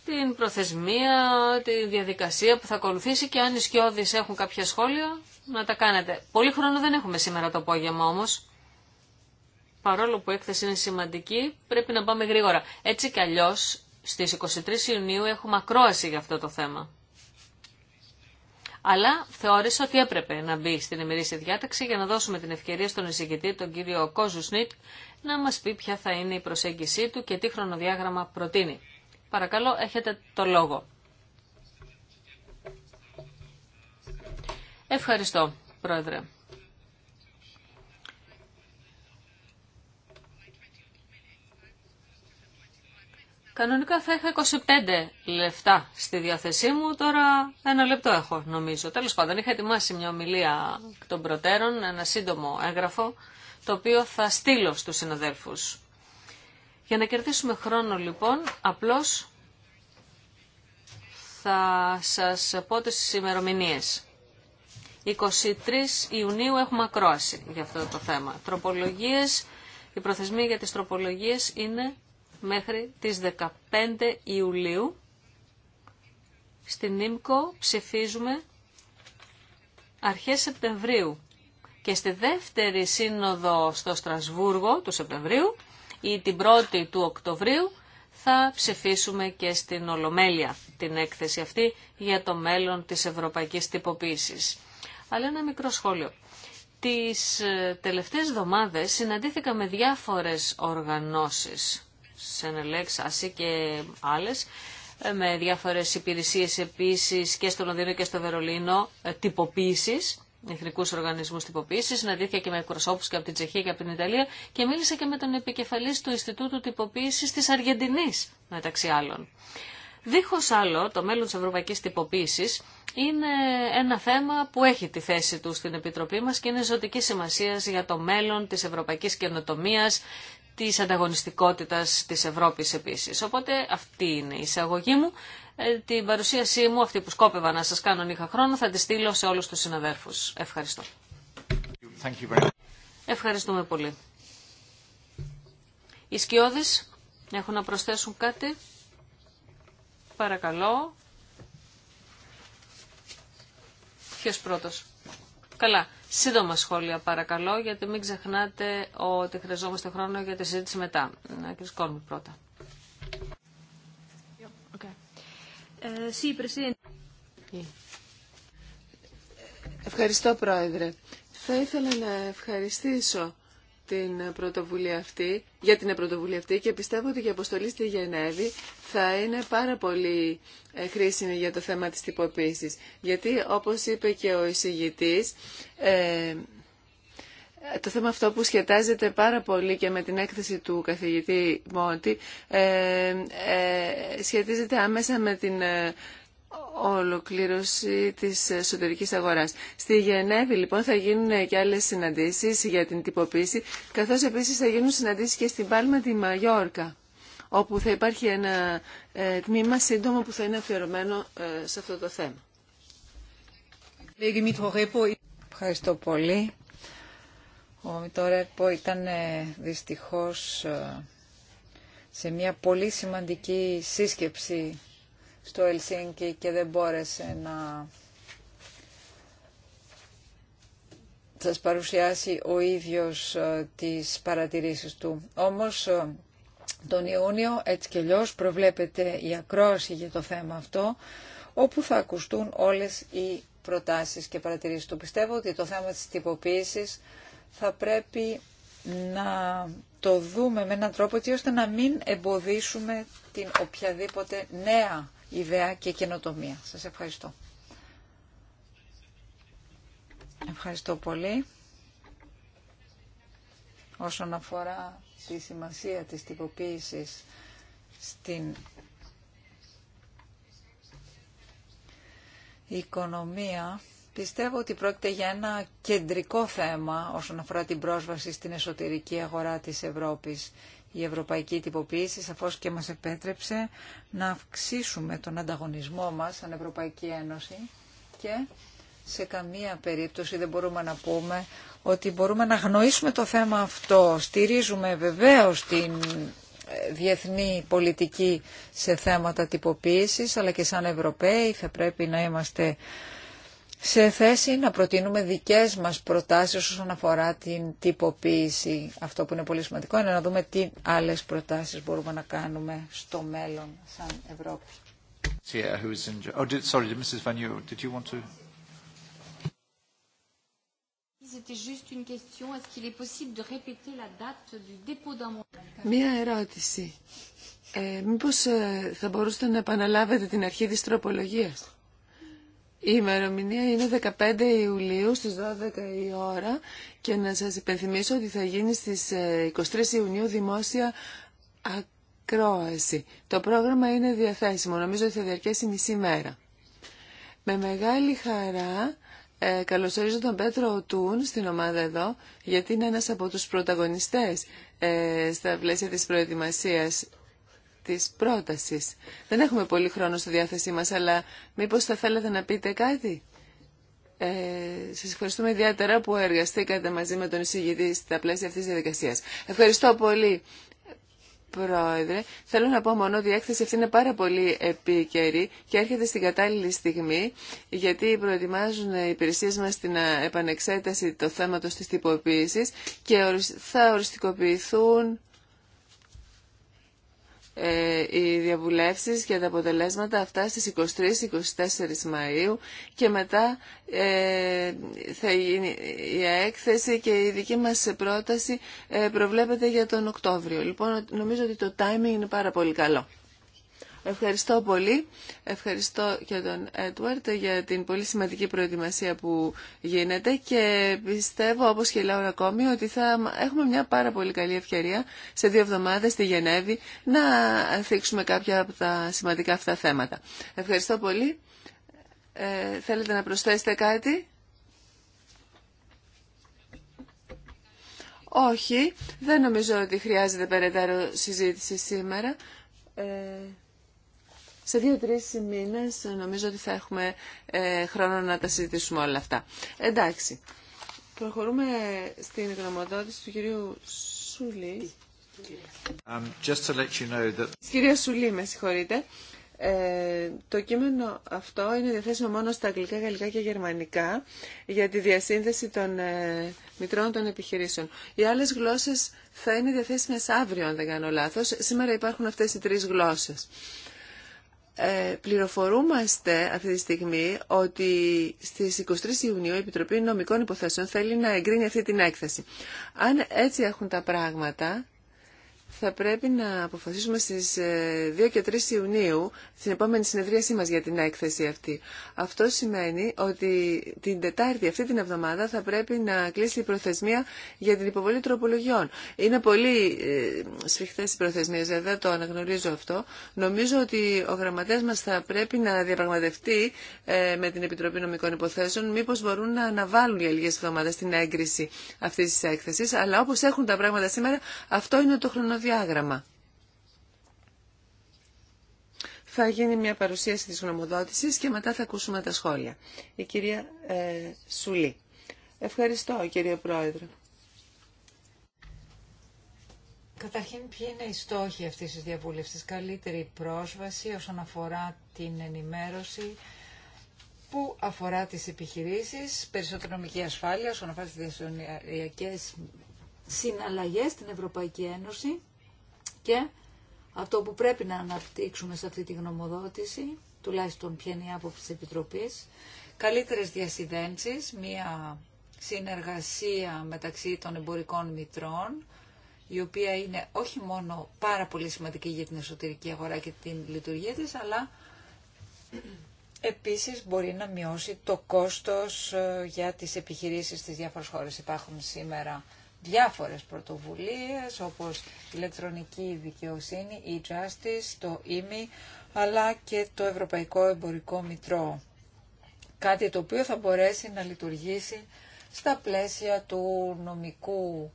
την προθεσμία, τη διαδικασία που θα ακολουθήσει και αν οι σκιώδεις έχουν κάποια σχόλια να τα κάνετε. Πολύ χρόνο δεν έχουμε σήμερα το απόγευμα όμως. Παρόλο που η έκθεση είναι σημαντική, πρέπει να πάμε γρήγορα. Έτσι κι αλλιώς, στις 23 Ιουνίου έχουμε ακρόαση για αυτό το θέμα αλλά θεώρησε ότι έπρεπε να μπει στην ημερήσια διάταξη για να δώσουμε την ευκαιρία στον εισηγητή, τον κύριο Κόζου Σνίτ, να μας πει ποια θα είναι η προσέγγιση του και τι χρονοδιάγραμμα προτείνει. Παρακαλώ, έχετε το λόγο. Ευχαριστώ, Πρόεδρε. Κανονικά θα είχα 25 λεφτά στη διάθεσή μου, τώρα ένα λεπτό έχω νομίζω. Τέλος πάντων είχα ετοιμάσει μια ομιλία των προτέρων, ένα σύντομο έγγραφο, το οποίο θα στείλω στους συναδέλφους. Για να κερδίσουμε χρόνο λοιπόν, απλώς θα σας πω τις ημερομηνίε. 23 Ιουνίου έχουμε ακρόαση για αυτό το θέμα. Τροπολογίες, οι προθεσμοί για τις τροπολογίες είναι μέχρι τις 15 Ιουλίου. Στην ΙΜΚΟ ψηφίζουμε αρχές Σεπτεμβρίου και στη δεύτερη σύνοδο στο Στρασβούργο του Σεπτεμβρίου ή την πρώτη του Οκτωβρίου θα ψηφίσουμε και στην Ολομέλεια την έκθεση αυτή για το μέλλον της ευρωπαϊκής τυποποίησης. Αλλά ένα μικρό σχόλιο. Τις ε, τελευταίες εβδομάδες συναντήθηκα με διάφορες οργανώσεις Σενελέξ, ΑΣΥ και άλλες, ε, με διάφορες υπηρεσίες επίσης και στο Λονδίνο και στο Βερολίνο ε, τυποποίησης εθνικού οργανισμού τυποποίηση, συναντήθηκε και με εκπροσώπου και από την Τσεχία και από την Ιταλία και μίλησε και με τον επικεφαλή του Ινστιτούτου Τυποποίηση τη Αργεντινή, μεταξύ άλλων. Δίχω άλλο, το μέλλον τη ευρωπαϊκή τυποποίηση είναι ένα θέμα που έχει τη θέση του στην Επιτροπή μα και είναι ζωτική σημασία για το μέλλον τη ευρωπαϊκή καινοτομία, της ανταγωνιστικότητας της Ευρώπης επίσης. Οπότε αυτή είναι η εισαγωγή μου. Ε, την παρουσίασή μου, αυτή που σκόπευα να σας κάνω είχα χρόνο, θα τη στείλω σε όλους τους συναδέρφους. Ευχαριστώ. Ευχαριστούμε πολύ. Οι σκιώδεις έχουν να προσθέσουν κάτι. Παρακαλώ. Ποιος πρώτος. Καλά. Σύντομα σχόλια παρακαλώ, γιατί μην ξεχνάτε ότι χρειαζόμαστε χρόνο για τη συζήτηση μετά. Να κρισκώνουμε πρώτα. Ε, ε. Ευχαριστώ, Πρόεδρε. Θα ήθελα να ευχαριστήσω την πρωτοβουλία αυτή, για την πρωτοβουλία αυτή και πιστεύω ότι η αποστολή στη Γενέβη θα είναι πάρα πολύ ε, χρήσιμη για το θέμα της τυποποίησης. Γιατί όπως είπε και ο εισηγητής, ε, το θέμα αυτό που σχετάζεται πάρα πολύ και με την έκθεση του καθηγητή Μόντι ε, σχετίζεται άμεσα με την ολοκλήρωση της εσωτερικής αγοράς. Στη Γενέβη λοιπόν θα γίνουν και άλλες συναντήσεις για την τυποποίηση, καθώς επίσης θα γίνουν συναντήσεις και στην Πάλμα τη Μαγιόρκα, όπου θα υπάρχει ένα ε, τμήμα σύντομο που θα είναι αφιερωμένο ε, σε αυτό το θέμα. Ευχαριστώ πολύ. Ο Μητορέπο ήταν ε, δυστυχώς ε, σε μια πολύ σημαντική σύσκεψη στο Ελσίνκι και δεν μπόρεσε να σας παρουσιάσει ο ίδιος ε, τις παρατηρήσεις του. Όμως ε, τον Ιούνιο έτσι και λιώς προβλέπεται η ακρόαση για το θέμα αυτό όπου θα ακουστούν όλες οι προτάσεις και παρατηρήσεις του. Πιστεύω ότι το θέμα της τυποποίησης θα πρέπει να το δούμε με έναν τρόπο έτσι ώστε να μην εμποδίσουμε την οποιαδήποτε νέα ιδέα και καινοτομία. Σας ευχαριστώ. Ευχαριστώ πολύ. Όσον αφορά τη σημασία της τυποποίησης στην οικονομία, πιστεύω ότι πρόκειται για ένα κεντρικό θέμα όσον αφορά την πρόσβαση στην εσωτερική αγορά της Ευρώπης η ευρωπαϊκή τυποποίηση σαφώς και μας επέτρεψε να αυξήσουμε τον ανταγωνισμό μας σαν Ευρωπαϊκή Ένωση και σε καμία περίπτωση δεν μπορούμε να πούμε ότι μπορούμε να γνωρίσουμε το θέμα αυτό. Στηρίζουμε βεβαίως την ε, διεθνή πολιτική σε θέματα τυποποίησης, αλλά και σαν Ευρωπαίοι θα πρέπει να είμαστε σε θέση να προτείνουμε δικές μας προτάσεις όσον αφορά την τυποποίηση. Αυτό που είναι πολύ σημαντικό είναι να δούμε τι άλλες προτάσεις μπορούμε να κάνουμε στο μέλλον σαν Ευρώπη. Μία ερώτηση. Ε, μήπως ε, θα μπορούσατε να επαναλάβετε την αρχή της τροπολογίας. Η ημερομηνία είναι 15 Ιουλίου στις 12 η ώρα και να σας υπενθυμίσω ότι θα γίνει στις 23 ε, Ιουνίου δημόσια ακρόαση. Το πρόγραμμα είναι διαθέσιμο, νομίζω ότι θα διαρκέσει μισή μέρα. Με μεγάλη χαρά ε, καλωσορίζω τον Πέτρο Οτούν στην ομάδα εδώ, γιατί είναι ένας από τους πρωταγωνιστές ε, στα πλαίσια της προετοιμασίας της πρότασης. Δεν έχουμε πολύ χρόνο στη διάθεσή μας, αλλά μήπως θα θέλατε να πείτε κάτι. Ε, σας ευχαριστούμε ιδιαίτερα που εργαστήκατε μαζί με τον εισηγητή στα πλαίσια αυτής της διαδικασίας. Ευχαριστώ πολύ. Πρόεδρε, θέλω να πω μόνο ότι η έκθεση αυτή είναι πάρα πολύ επίκαιρη και έρχεται στην κατάλληλη στιγμή, γιατί προετοιμάζουν οι υπηρεσίε μα την ε, επανεξέταση το θέματος τη τυποποίηση και θα οριστικοποιηθούν ε, οι διαβουλεύσεις για τα αποτελέσματα αυτά στις 23-24 Μαΐου και μετά ε, θα γίνει η έκθεση και η δική μας πρόταση ε, προβλέπεται για τον Οκτώβριο. Λοιπόν, νομίζω ότι το timing είναι πάρα πολύ καλό. Ευχαριστώ πολύ. Ευχαριστώ και τον Έντουαρτ για την πολύ σημαντική προετοιμασία που γίνεται και πιστεύω όπως και η ακόμη ότι θα έχουμε μια πάρα πολύ καλή ευκαιρία σε δύο εβδομάδες στη Γενέβη να θίξουμε κάποια από τα σημαντικά αυτά θέματα. Ευχαριστώ πολύ. Ε, θέλετε να προσθέσετε κάτι. Όχι, δεν νομίζω ότι χρειάζεται περαιτέρω συζήτηση σήμερα. Ε... Σε δύο-τρεις μήνες νομίζω ότι θα έχουμε ε, χρόνο να τα συζητήσουμε όλα αυτά. Εντάξει. Προχωρούμε στην γνωμοδότηση του κυρίου Σουλή. Um, just to let you know that... Κυρία Σουλή, με συγχωρείτε. Ε, το κείμενο αυτό είναι διαθέσιμο μόνο στα αγγλικά, γαλλικά και γερμανικά για τη διασύνδεση των ε, μητρών των επιχειρήσεων. Οι άλλες γλώσσες θα είναι διαθέσιμες αύριο, αν δεν κάνω λάθος. Σήμερα υπάρχουν αυτές οι τρεις γλώσσες. Ε, πληροφορούμαστε αυτή τη στιγμή ότι στις 23 Ιουνίου η Επιτροπή Νομικών Υποθέσεων θέλει να εγκρίνει αυτή την έκθεση. Αν έτσι έχουν τα πράγματα, θα πρέπει να αποφασίσουμε στις 2 ε, και 3 Ιουνίου στην επόμενη συνεδρίασή μας για την έκθεση αυτή. Αυτό σημαίνει ότι την Τετάρτη αυτή την εβδομάδα θα πρέπει να κλείσει η προθεσμία για την υποβολή τροπολογιών. Είναι πολύ ε, σφιχτές οι προθεσμίες, δεν το αναγνωρίζω αυτό. Νομίζω ότι ο γραμματέας μας θα πρέπει να διαπραγματευτεί ε, με την Επιτροπή Νομικών Υποθέσεων μήπως μπορούν να αναβάλουν για λίγες εβδομάδες την έγκριση αυτής της έκθεσης, αλλά όπως έχουν τα πράγματα σήμερα αυτό είναι το χρονοδιάγραμμα θα γίνει μια παρουσίαση της γνωμοδότησης και μετά θα ακούσουμε τα σχόλια. Η κυρία ε, Σουλή. Ευχαριστώ κύριε Πρόεδρε. Καταρχήν, ποιοι είναι οι στόχοι αυτής της διαβούλευσης. Καλύτερη πρόσβαση όσον αφορά την ενημέρωση που αφορά τις επιχειρήσεις, περισσότερο νομική ασφάλεια όσον αφορά τις διασυνοριακές συναλλαγές στην Ευρωπαϊκή Ένωση και αυτό που πρέπει να αναπτύξουμε σε αυτή τη γνωμοδότηση, τουλάχιστον ποια είναι η άποψη της Επιτροπής, καλύτερες διασυνδένσεις, μία συνεργασία μεταξύ των εμπορικών μητρών, η οποία είναι όχι μόνο πάρα πολύ σημαντική για την εσωτερική αγορά και την λειτουργία της, αλλά επίσης μπορεί να μειώσει το κόστος ε, για τις επιχειρήσεις στις διάφορες χώρες. Υπάρχουν σήμερα διάφορες πρωτοβουλίες όπως ηλεκτρονική δικαιοσύνη, η Justice, το ΙΜΗ, αλλά και το Ευρωπαϊκό Εμπορικό Μητρό. Κάτι το οποίο θα μπορέσει να λειτουργήσει στα πλαίσια του νομικού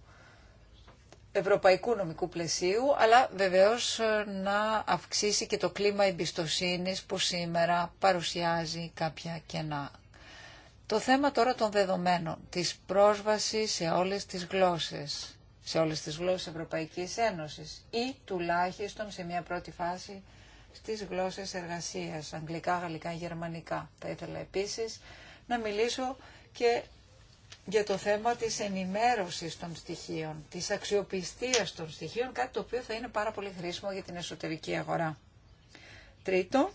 ευρωπαϊκού νομικού πλαισίου, αλλά βεβαίως ε, να αυξήσει και το κλίμα εμπιστοσύνης που σήμερα παρουσιάζει κάποια κενά. Το θέμα τώρα των δεδομένων, της πρόσβασης σε όλες τις γλώσσες, σε όλες τις γλώσσες Ευρωπαϊκής Ένωσης ή τουλάχιστον σε μια πρώτη φάση στις γλώσσες εργασίας, αγγλικά, γαλλικά, γερμανικά. Θα ήθελα επίσης να μιλήσω και για το θέμα της ενημέρωσης των στοιχείων, της αξιοπιστίας των στοιχείων, κάτι το οποίο θα είναι πάρα πολύ χρήσιμο για την εσωτερική αγορά. Τρίτο,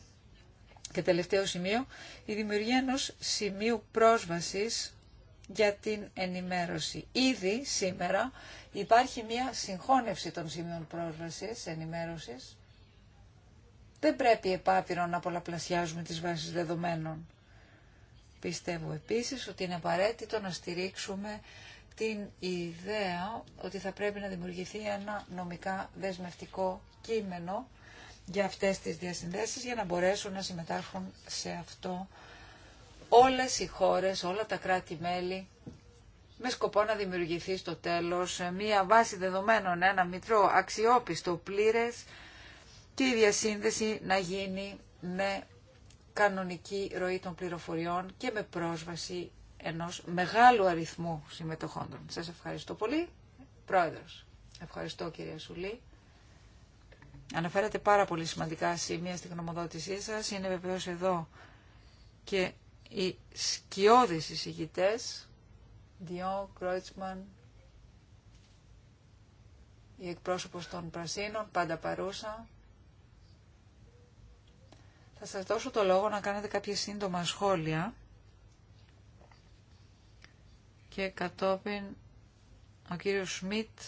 και τελευταίο σημείο, η δημιουργία ενός σημείου πρόσβασης για την ενημέρωση. Ήδη σήμερα υπάρχει μια συγχώνευση των σημείων πρόσβασης, ενημέρωσης. Δεν πρέπει επάπειρο να πολλαπλασιάζουμε τις βάσεις δεδομένων. Πιστεύω επίσης ότι είναι απαραίτητο να στηρίξουμε την ιδέα ότι θα πρέπει να δημιουργηθεί ένα νομικά δεσμευτικό κείμενο για αυτές τις διασυνδέσεις για να μπορέσουν να συμμετάσχουν σε αυτό όλες οι χώρες, όλα τα κράτη-μέλη με σκοπό να δημιουργηθεί στο τέλος μία βάση δεδομένων, ένα μητρό αξιόπιστο πλήρες και η διασύνδεση να γίνει με κανονική ροή των πληροφοριών και με πρόσβαση ενός μεγάλου αριθμού συμμετοχόντων. Σας ευχαριστώ πολύ. Πρόεδρος, ευχαριστώ κυρία Σουλή. Αναφέρατε πάρα πολύ σημαντικά σημεία στην γνωμοδότησή σας. Είναι βεβαίως εδώ και οι σκιώδεις εισηγητές, Διό, Κρόιτσμαν, η εκπρόσωπος των Πρασίνων, πάντα παρούσα. Θα σας δώσω το λόγο να κάνετε κάποια σύντομα σχόλια και κατόπιν ο κύριος Σμιτ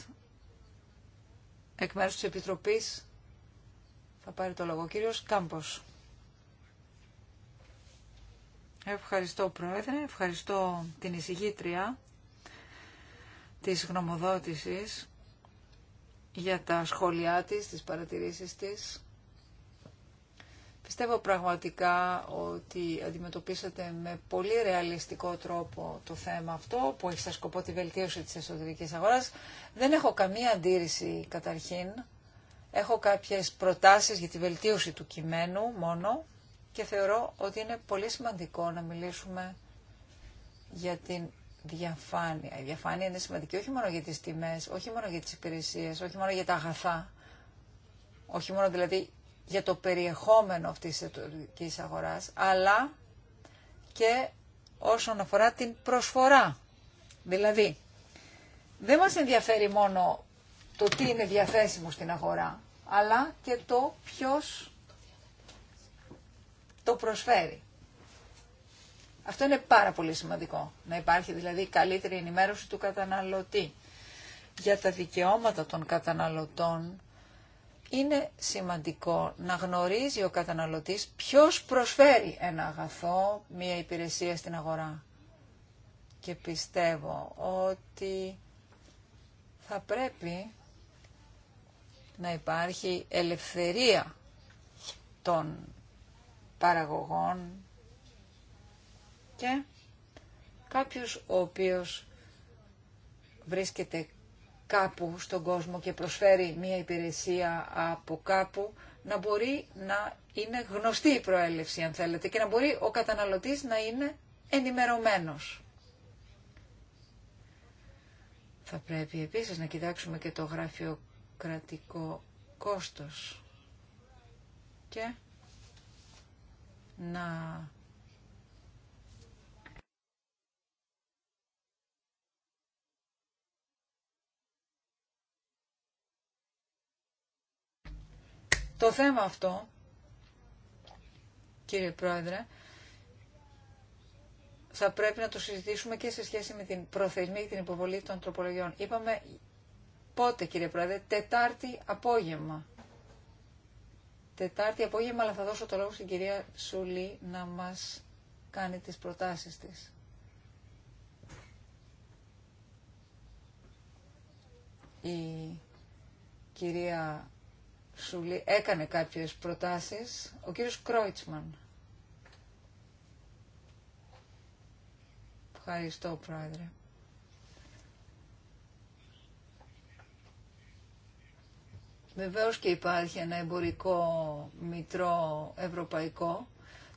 εκ μέρους της Επιτροπής θα πάρει το λόγο. Ο κύριος Κάμπος. Ευχαριστώ Πρόεδρε, ευχαριστώ την εισηγήτρια της γνωμοδότησης για τα σχόλιά της, τις παρατηρήσεις της. Πιστεύω πραγματικά ότι αντιμετωπίσατε με πολύ ρεαλιστικό τρόπο το θέμα αυτό που έχει σαν σκοπό τη βελτίωση της εσωτερικής αγοράς. Δεν έχω καμία αντίρρηση καταρχήν Έχω κάποιες προτάσεις για τη βελτίωση του κειμένου μόνο και θεωρώ ότι είναι πολύ σημαντικό να μιλήσουμε για την διαφάνεια. Η διαφάνεια είναι σημαντική όχι μόνο για τις τιμές, όχι μόνο για τις υπηρεσίες, όχι μόνο για τα αγαθά, όχι μόνο δηλαδή για το περιεχόμενο αυτής της αγοράς, αλλά και όσον αφορά την προσφορά. Δηλαδή, δεν μας ενδιαφέρει μόνο το τι είναι διαθέσιμο στην αγορά, αλλά και το ποιος το προσφέρει. Αυτό είναι πάρα πολύ σημαντικό, να υπάρχει δηλαδή καλύτερη ενημέρωση του καταναλωτή. Για τα δικαιώματα των καταναλωτών είναι σημαντικό να γνωρίζει ο καταναλωτής ποιος προσφέρει ένα αγαθό, μία υπηρεσία στην αγορά. Και πιστεύω ότι θα πρέπει να υπάρχει ελευθερία των παραγωγών και κάποιος ο οποίος βρίσκεται κάπου στον κόσμο και προσφέρει μία υπηρεσία από κάπου, να μπορεί να είναι γνωστή η προέλευση, αν θέλετε, και να μπορεί ο καταναλωτής να είναι ενημερωμένος. Θα πρέπει επίσης να κοιτάξουμε και το γραφείο κρατικό κόστος και να Το θέμα αυτό, κύριε Πρόεδρε, θα πρέπει να το συζητήσουμε και σε σχέση με την προθεσμία και την υποβολή των τροπολογιών. Είπαμε Πότε κύριε Πρόεδρε, Τετάρτη απόγευμα. Τετάρτη απόγευμα, αλλά θα δώσω το λόγο στην κυρία Σούλη να μας κάνει τις προτάσεις της. Η κυρία Σούλη έκανε κάποιες προτάσεις. Ο κύριος Κρόιτσμαν. Ευχαριστώ, Πρόεδρε. Βεβαίως και υπάρχει ένα εμπορικό μητρό ευρωπαϊκό.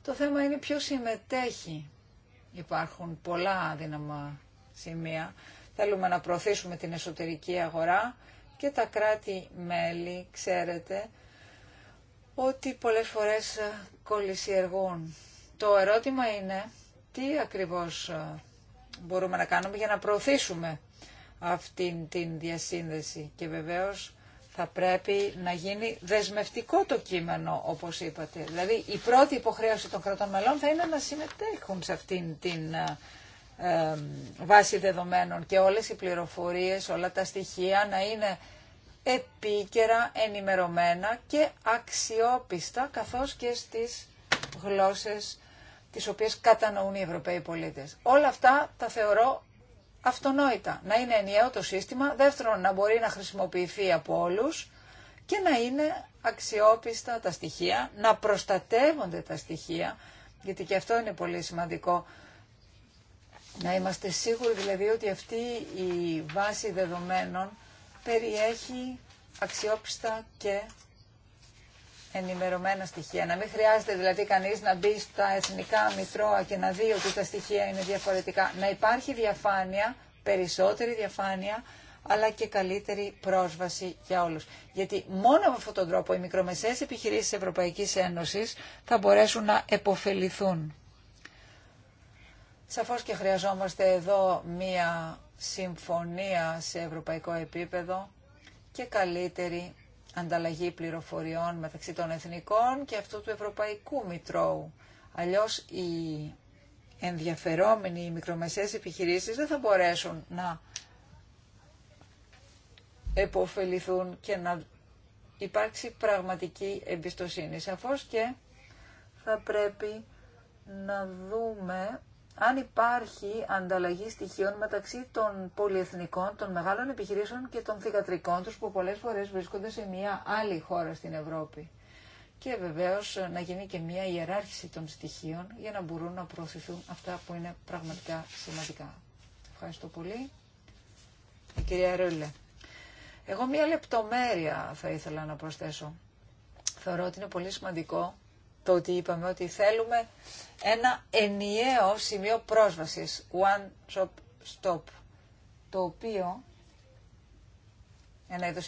Το θέμα είναι ποιο συμμετέχει. Υπάρχουν πολλά αδύναμα σημεία. Θέλουμε να προωθήσουμε την εσωτερική αγορά και τα κράτη-μέλη, ξέρετε, ότι πολλές φορές κολλησιεργούν. Το ερώτημα είναι τι ακριβώς μπορούμε να κάνουμε για να προωθήσουμε αυτήν την διασύνδεση και βεβαίως θα πρέπει να γίνει δεσμευτικό το κείμενο, όπως είπατε. Δηλαδή, η πρώτη υποχρέωση των κρατών μελών θα είναι να συμμετέχουν σε αυτήν την ε, ε, βάση δεδομένων και όλες οι πληροφορίες, όλα τα στοιχεία να είναι επίκαιρα, ενημερωμένα και αξιόπιστα, καθώς και στις γλώσσες τις οποίες κατανοούν οι Ευρωπαίοι πολίτες. Όλα αυτά τα θεωρώ αυτονόητα. Να είναι ενιαίο το σύστημα, δεύτερον να μπορεί να χρησιμοποιηθεί από όλους και να είναι αξιόπιστα τα στοιχεία, να προστατεύονται τα στοιχεία, γιατί και αυτό είναι πολύ σημαντικό. Να είμαστε σίγουροι δηλαδή ότι αυτή η βάση δεδομένων περιέχει αξιόπιστα και ενημερωμένα στοιχεία. Να μην χρειάζεται δηλαδή κανείς να μπει στα εθνικά μητρώα και να δει ότι τα στοιχεία είναι διαφορετικά. Να υπάρχει διαφάνεια, περισσότερη διαφάνεια, αλλά και καλύτερη πρόσβαση για όλους. Γιατί μόνο με αυτόν τον τρόπο οι μικρομεσαίες επιχειρήσεις της Ευρωπαϊκής Ένωσης θα μπορέσουν να επωφεληθούν. Σαφώς και χρειαζόμαστε εδώ μία συμφωνία σε ευρωπαϊκό επίπεδο και καλύτερη ανταλλαγή πληροφοριών μεταξύ των εθνικών και αυτού του Ευρωπαϊκού Μητρώου. Αλλιώς οι ενδιαφερόμενοι, οι μικρομεσαίες επιχειρήσεις δεν θα μπορέσουν να επωφεληθούν και να υπάρξει πραγματική εμπιστοσύνη. Σαφώς και θα πρέπει να δούμε αν υπάρχει ανταλλαγή στοιχείων μεταξύ των πολυεθνικών, των μεγάλων επιχειρήσεων και των θηγατρικών τους που πολλές φορές βρίσκονται σε μια άλλη χώρα στην Ευρώπη. Και βεβαίως ε, να γίνει και μια ιεράρχηση των στοιχείων για να μπορούν να προωθηθούν αυτά που είναι πραγματικά σημαντικά. Ευχαριστώ πολύ. Η κυρία Ρούλε. Εγώ μια λεπτομέρεια θα ήθελα να προσθέσω. Θεωρώ ότι είναι πολύ σημαντικό το ότι είπαμε ότι θέλουμε ένα ενιαίο σημείο πρόσβασης, one shop stop, το οποίο, ένα είδος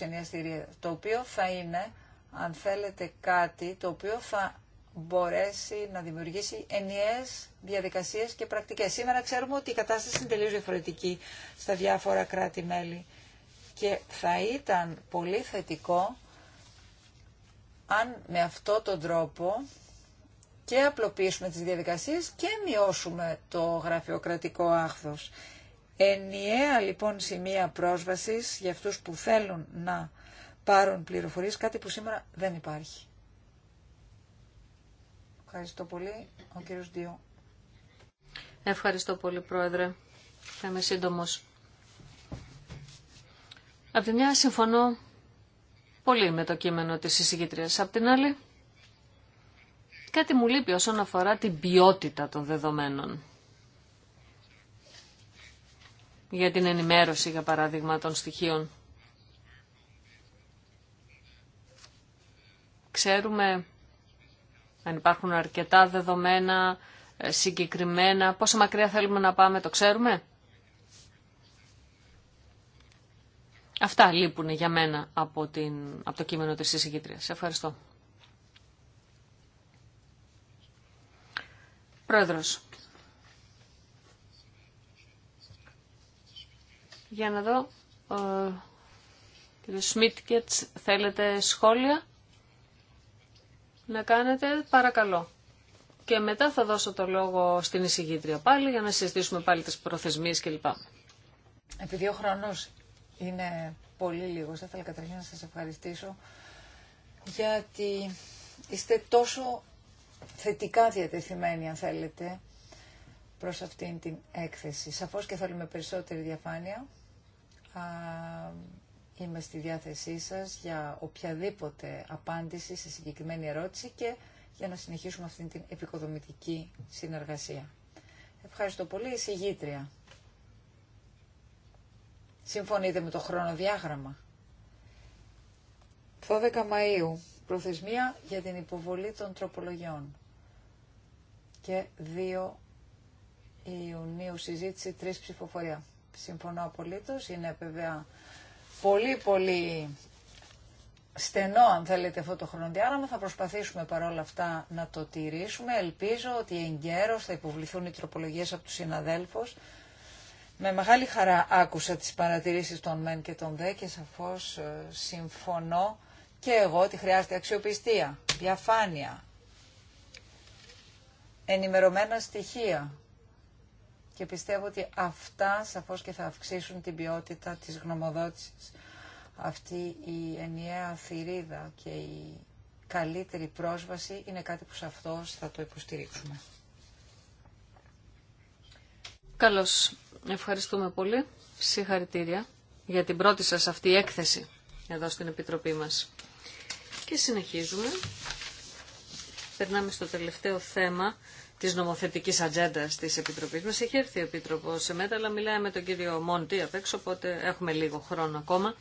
το οποίο θα είναι, αν θέλετε, κάτι το οποίο θα μπορέσει να δημιουργήσει ενιαίες διαδικασίες και πρακτικές. Σήμερα ξέρουμε ότι η κατάσταση είναι τελείως διαφορετική στα διάφορα κράτη-μέλη και θα ήταν πολύ θετικό αν με αυτό τον τρόπο και απλοποιήσουμε τις διαδικασίες και μειώσουμε το γραφειοκρατικό άχθος. Ενιαία λοιπόν σημεία πρόσβασης για αυτούς που θέλουν να πάρουν πληροφορίες, κάτι που σήμερα δεν υπάρχει. Ευχαριστώ πολύ, ο κύριος Διο. Ευχαριστώ πολύ, Πρόεδρε. Θα είμαι σύντομος. Απ' τη μια συμφωνώ πολύ με το κείμενο της εισηγήτριας. Απ' την άλλη κάτι μου λείπει όσον αφορά την ποιότητα των δεδομένων. Για την ενημέρωση, για παράδειγμα, των στοιχείων. Ξέρουμε αν υπάρχουν αρκετά δεδομένα, ε, συγκεκριμένα, πόσο μακριά θέλουμε να πάμε, το ξέρουμε. Αυτά λείπουν για μένα από, την, από το κείμενο της εισηγήτριας. Ευχαριστώ. Πρόεδρος. Για να δω, Ο ε, κύριε Σμίτκετς, θέλετε σχόλια να κάνετε, παρακαλώ. Και μετά θα δώσω το λόγο στην εισηγήτρια πάλι για να συζητήσουμε πάλι τις προθεσμίες κλπ. Επειδή ο χρόνος είναι πολύ λίγος, θα ήθελα καταρχήν να σας ευχαριστήσω γιατί είστε τόσο θετικά διατεθειμένοι, αν θέλετε, προς αυτήν την έκθεση. Σαφώς και θέλουμε περισσότερη διαφάνεια. Α, είμαι στη διάθεσή σας για οποιαδήποτε απάντηση σε συγκεκριμένη ερώτηση και για να συνεχίσουμε αυτήν την επικοδομητική συνεργασία. Ευχαριστώ πολύ, εισηγήτρια. Συμφωνείτε με το χρονοδιάγραμμα. 12 Μαΐου προθεσμία για την υποβολή των τροπολογιών. Και 2 Ιουνίου συζήτηση, 3 ψηφοφορία. Συμφωνώ απολύτως, είναι βέβαια πολύ πολύ στενό αν θέλετε αυτό το χρονοδιάγραμμα. Θα προσπαθήσουμε παρόλα αυτά να το τηρήσουμε. Ελπίζω ότι εγκαίρως θα υποβληθούν οι τροπολογίες από τους συναδέλφους. Με μεγάλη χαρά άκουσα τις παρατηρήσεις των ΜΕΝ και των ΔΕ και σαφώς ε, συμφωνώ και εγώ ότι χρειάζεται αξιοπιστία, διαφάνεια, ενημερωμένα στοιχεία. Και πιστεύω ότι αυτά σαφώς και θα αυξήσουν την ποιότητα της γνωμοδότησης. Αυτή η ενιαία θηρίδα και η καλύτερη πρόσβαση είναι κάτι που σε αυτό θα το υποστηρίξουμε. Καλώς. Ευχαριστούμε πολύ. Συγχαρητήρια για την πρώτη σας αυτή έκθεση εδώ στην Επιτροπή μας. Και συνεχίζουμε. Περνάμε στο τελευταίο θέμα της νομοθετικής ατζέντα τη Επιτροπής μας. Έχει έρθει ο Επίτροπο σε μέτα, αλλά μιλάμε με τον κύριο Μόντι απ' έξω, οπότε έχουμε λίγο χρόνο ακόμα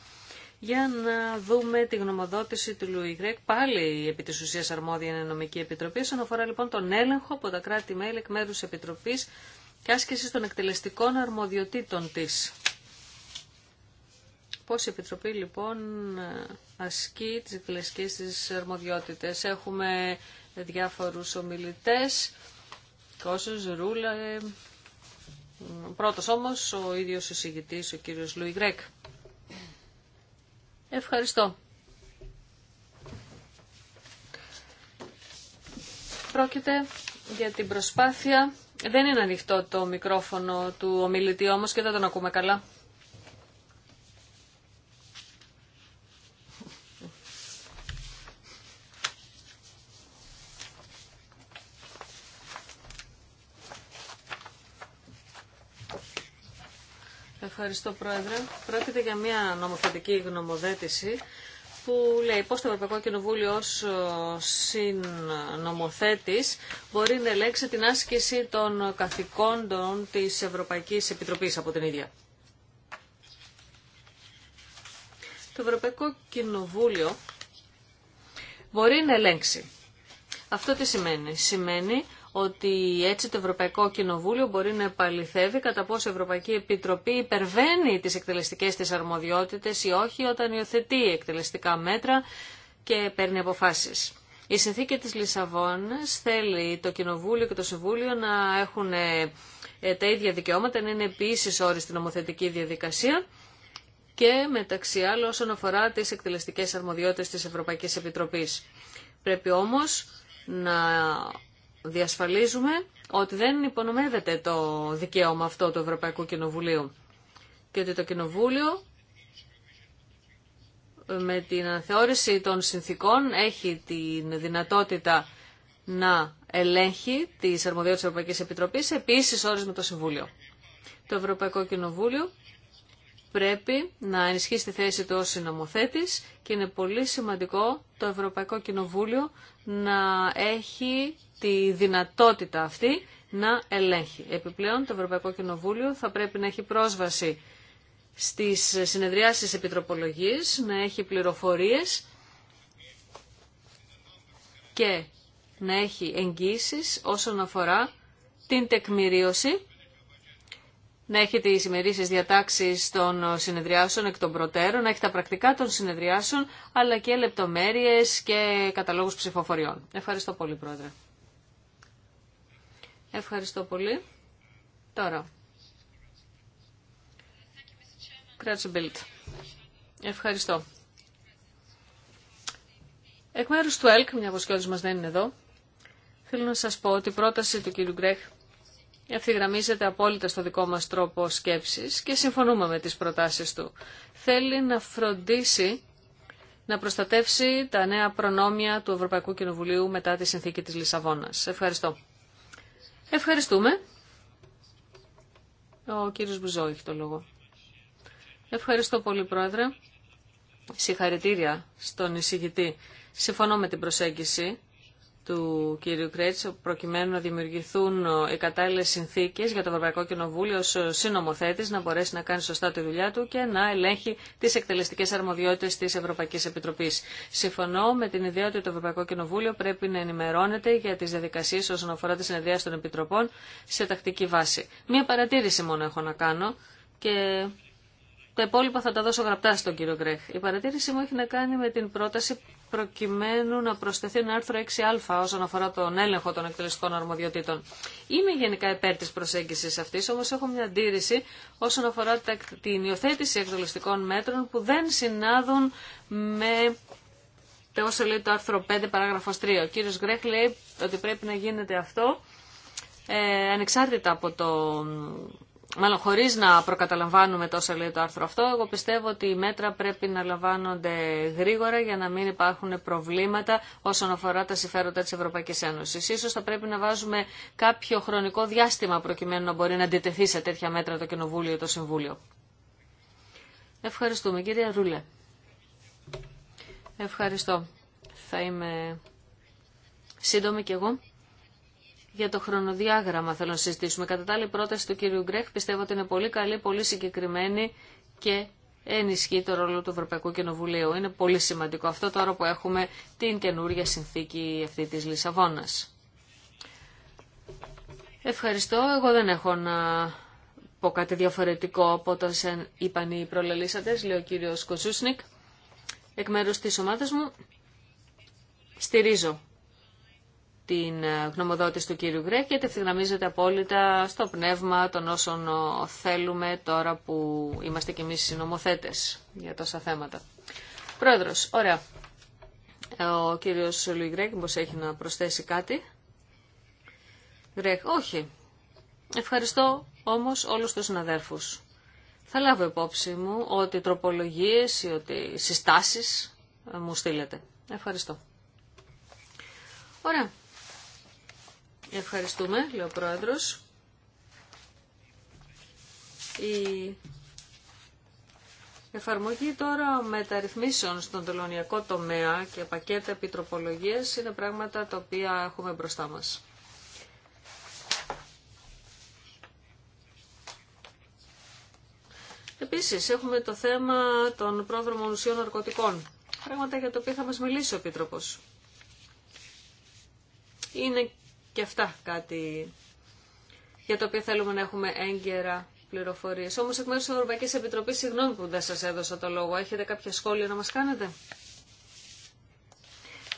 για να δούμε τη γνωμοδότηση του Λουί πάλι επί τη ουσία αρμόδια είναι νομική επιτροπή, όσον αφορά λοιπόν τον έλεγχο από τα κράτη-μέλη εκ μέρους επιτροπή και άσκηση των εκτελεστικών αρμοδιοτήτων της. Πώς η Επιτροπή λοιπόν ασκεί τις εκκλησικές της αρμοδιότητες. Έχουμε διάφορους ομιλητές, Κώσος, Ρούλα, πρώτος όμως ο ίδιος ο συγητής, ο κύριος Λουι Γκρέκ. Ευχαριστώ. Πρόκειται για την προσπάθεια. Δεν είναι ανοιχτό το μικρόφωνο του ομιλητή όμως και δεν τον ακούμε καλά. Ευχαριστώ, Πρόεδρε. Πρόκειται για μια νομοθετική γνωμοδέτηση που λέει πώς το Ευρωπαϊκό Κοινοβούλιο ως ε, συνομοθέτης μπορεί να ελέγξει την άσκηση των καθηκόντων της Ευρωπαϊκής Επιτροπής από την ίδια. Το Ευρωπαϊκό Κοινοβούλιο μπορεί να ελέγξει. Αυτό τι σημαίνει. Σημαίνει ότι έτσι το Ευρωπαϊκό Κοινοβούλιο μπορεί να επαληθεύει κατά πόσο η Ευρωπαϊκή Επιτροπή υπερβαίνει τις εκτελεστικές της αρμοδιότητες ή όχι όταν υιοθετεί εκτελεστικά μέτρα και παίρνει αποφάσεις. Η συνθήκη της Λισαβόνας θέλει το Κοινοβούλιο και το Συμβούλιο να έχουν ε, ε, τα ίδια δικαιώματα, να είναι επίση όροι στην νομοθετική διαδικασία και μεταξύ άλλων όσον αφορά τις εκτελεστικές αρμοδιότητες της Ευρωπαϊκής Επιτροπής. Πρέπει όμως να διασφαλίζουμε ότι δεν υπονομεύεται το δικαίωμα αυτό του Ευρωπαϊκού Κοινοβουλίου και ότι το Κοινοβούλιο με την αναθεώρηση των συνθήκων έχει την δυνατότητα να ελέγχει τις αρμοδιότητες της Ευρωπαϊκής Επιτροπής επίσης όρισμα το Συμβούλιο. Το Ευρωπαϊκό Κοινοβούλιο πρέπει να ενισχύσει τη θέση του ως συνομοθέτης και είναι πολύ σημαντικό το Ευρωπαϊκό Κοινοβούλιο να έχει τη δυνατότητα αυτή να ελέγχει. Επιπλέον το Ευρωπαϊκό Κοινοβούλιο θα πρέπει να έχει πρόσβαση στις συνεδριάσεις επιτροπολογής, να έχει πληροφορίες και να έχει εγγύσεις όσον αφορά την τεκμηρίωση να έχετε τις ημερήσεις διατάξεις των συνεδριάσεων εκ των προτέρων, να έχετε τα πρακτικά των συνεδριάσεων, αλλά και λεπτομέρειες και καταλόγους ψηφοφοριών. Ευχαριστώ πολύ, Πρόεδρε. Ευχαριστώ πολύ. Τώρα. Ευχαριστώ. Εκ μέρους του ΕΛΚ, μια βοσκιώτης μας δεν είναι εδώ, θέλω να σας πω ότι η πρόταση του κύριου Γκρέχ ευθυγραμμίζεται απόλυτα στο δικό μας τρόπο σκέψης και συμφωνούμε με τις προτάσεις του. Θέλει να φροντίσει να προστατεύσει τα νέα προνόμια του Ευρωπαϊκού Κοινοβουλίου μετά τη συνθήκη της Λισαβόνας. Ευχαριστώ. Ευχαριστούμε. Ο κύριος Μπουζό έχει το λόγο. Ευχαριστώ πολύ, Πρόεδρε. Συγχαρητήρια στον εισηγητή. Συμφωνώ με την προσέγγιση του κ. Κρέτς, προκειμένου να δημιουργηθούν ε, οι κατάλληλες συνθήκες για το Ευρωπαϊκό Κοινοβούλιο ως ε, συνομοθέτης να μπορέσει να κάνει σωστά τη δουλειά του και να ελέγχει τις εκτελεστικές αρμοδιότητες της Ευρωπαϊκής Επιτροπής. Συμφωνώ με την ιδέα ότι το Ευρωπαϊκό Κοινοβούλιο πρέπει να ενημερώνεται για τις διαδικασίες όσον αφορά τη συνεδρία των Επιτροπών σε τακτική βάση. Μία παρατήρηση μόνο έχω να κάνω και τα υπόλοιπα θα τα δώσω γραπτά στον κύριο Γκρέχ. Η παρατήρηση μου έχει να κάνει με την πρόταση προκειμένου να προσθεθεί ένα άρθρο 6α όσον αφορά τον έλεγχο των εκτελεστικών αρμοδιοτήτων. Είμαι γενικά υπέρ τη προσέγγισης αυτής, όμως έχω μια αντίρρηση όσον αφορά την υιοθέτηση εκτελεστικών μέτρων που δεν συνάδουν με το όσο λέει το άρθρο 5 παράγραφος 3. Ο κύριο Γκρέχ λέει ότι πρέπει να γίνεται αυτό ε, ανεξάρτητα από το μάλλον χωρίς να προκαταλαμβάνουμε τόσα λέει το άρθρο αυτό, εγώ πιστεύω ότι οι μέτρα πρέπει να λαμβάνονται γρήγορα για να μην υπάρχουν προβλήματα όσον αφορά τα συμφέροντα τη Ευρωπαϊκή Ένωσης. Σω θα πρέπει να βάζουμε κάποιο χρονικό διάστημα προκειμένου να μπορεί να αντιτεθεί σε τέτοια μέτρα το Κοινοβούλιο ή το Συμβούλιο. Ευχαριστούμε. Κυρία Ρούλε. Ευχαριστώ. Θα είμαι σύντομη κι εγώ για το χρονοδιάγραμμα θέλω να συζητήσουμε. Κατά τα άλλη, η πρόταση του κύριου Γκρέχ πιστεύω ότι είναι πολύ καλή, πολύ συγκεκριμένη και ενισχύει το ρόλο του Ευρωπαϊκού Κοινοβουλίου. Είναι πολύ σημαντικό αυτό τώρα που έχουμε την καινούργια συνθήκη αυτή της Λισαβόνας. Ευχαριστώ. Εγώ δεν έχω να πω κάτι διαφορετικό από το είπαν οι προλαλήσαντες, λέει ο κύριος Κοζούσνικ. Εκ μέρους της ομάδας μου στηρίζω την ε, γνωμοδότηση του κύριου Γκρέκ γιατί ευθυγραμμίζεται απόλυτα στο πνεύμα των όσων ε, θέλουμε τώρα που είμαστε κι εμείς συνομοθέτες για τόσα θέματα. Πρόεδρος, ωραία. Ε, ο κύριος Λουί Γκρέκ μήπως έχει να προσθέσει κάτι. Γκρέκ, όχι. Ευχαριστώ όμως όλους τους συναδέρφους. Θα λάβω υπόψη μου ότι τροπολογίες ή ότι συστάσεις μου στείλετε. Ευχαριστώ. Ωραία. Ευχαριστούμε, λέει ο Πρόεδρος. Η εφαρμογή τώρα μεταρρυθμίσεων στον τελωνιακό τομέα και πακέτα επιτροπολογίας είναι πράγματα τα οποία έχουμε μπροστά μας. Επίσης έχουμε το θέμα των πρόδρομων ουσιών ναρκωτικών, πράγματα για τα οποία θα μας μιλήσει ο Επίτροπος. Είναι και αυτά κάτι για το οποίο θέλουμε να έχουμε έγκαιρα πληροφορίες. Όμως εκ μέρου τη Ευρωπαϊκή Επιτροπή συγγνώμη που δεν σα έδωσα το λόγο. Έχετε κάποια σχόλια να μας κάνετε.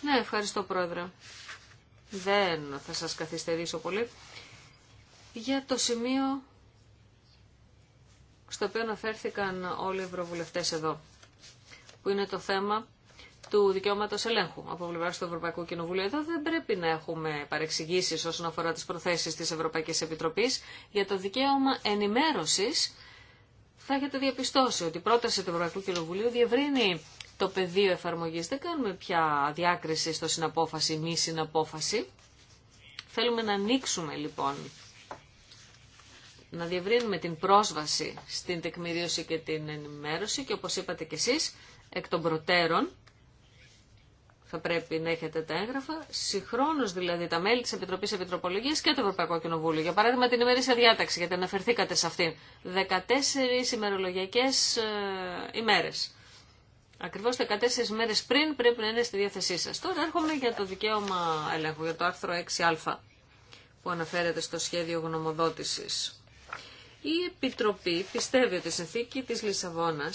Ναι, ευχαριστώ πρόεδρε. Δεν θα σας καθυστερήσω πολύ. Για το σημείο στο οποίο αναφέρθηκαν όλοι οι ευρωβουλευτές εδώ, που είναι το θέμα του δικαιώματο ελέγχου από πλευρά του Ευρωπαϊκού Κοινοβουλίου. Εδώ δεν πρέπει να έχουμε παρεξηγήσει όσον αφορά τι προθέσει τη Ευρωπαϊκή Επιτροπή, για το δικαίωμα ενημέρωση Θα έχετε διαπιστώσει ότι η πρόταση του Ευρωπαϊκού Κοινοβουλίου διευρύνει το πεδίο εφαρμογή. Δεν κάνουμε πια διάκριση στο συναπόφαση, μη συναπόφαση. Θέλουμε να ανοίξουμε λοιπόν να διευρύνουμε την πρόσβαση στην τεκμηρίωση και την ενημέρωση και όπως είπατε και εσείς, εκ των προτέρων θα πρέπει να έχετε τα έγγραφα, συγχρόνω δηλαδή τα μέλη τη Επιτροπή Επιτροπολογίας και του Ευρωπαϊκό Κοινοβούλιο. Για παράδειγμα την ημερήσια διάταξη, γιατί αναφερθήκατε σε αυτήν. 14 ημερολογικές ημέρε. Ακριβώ 14 ημέρες πριν πρέπει να είναι στη διάθεσή σα. Τώρα έρχομαι για το δικαίωμα ελέγχου, για το άρθρο 6α που αναφέρεται στο σχέδιο γνωμοδότηση. Η Επιτροπή πιστεύει ότι η συνθήκη τη Λισαβόνα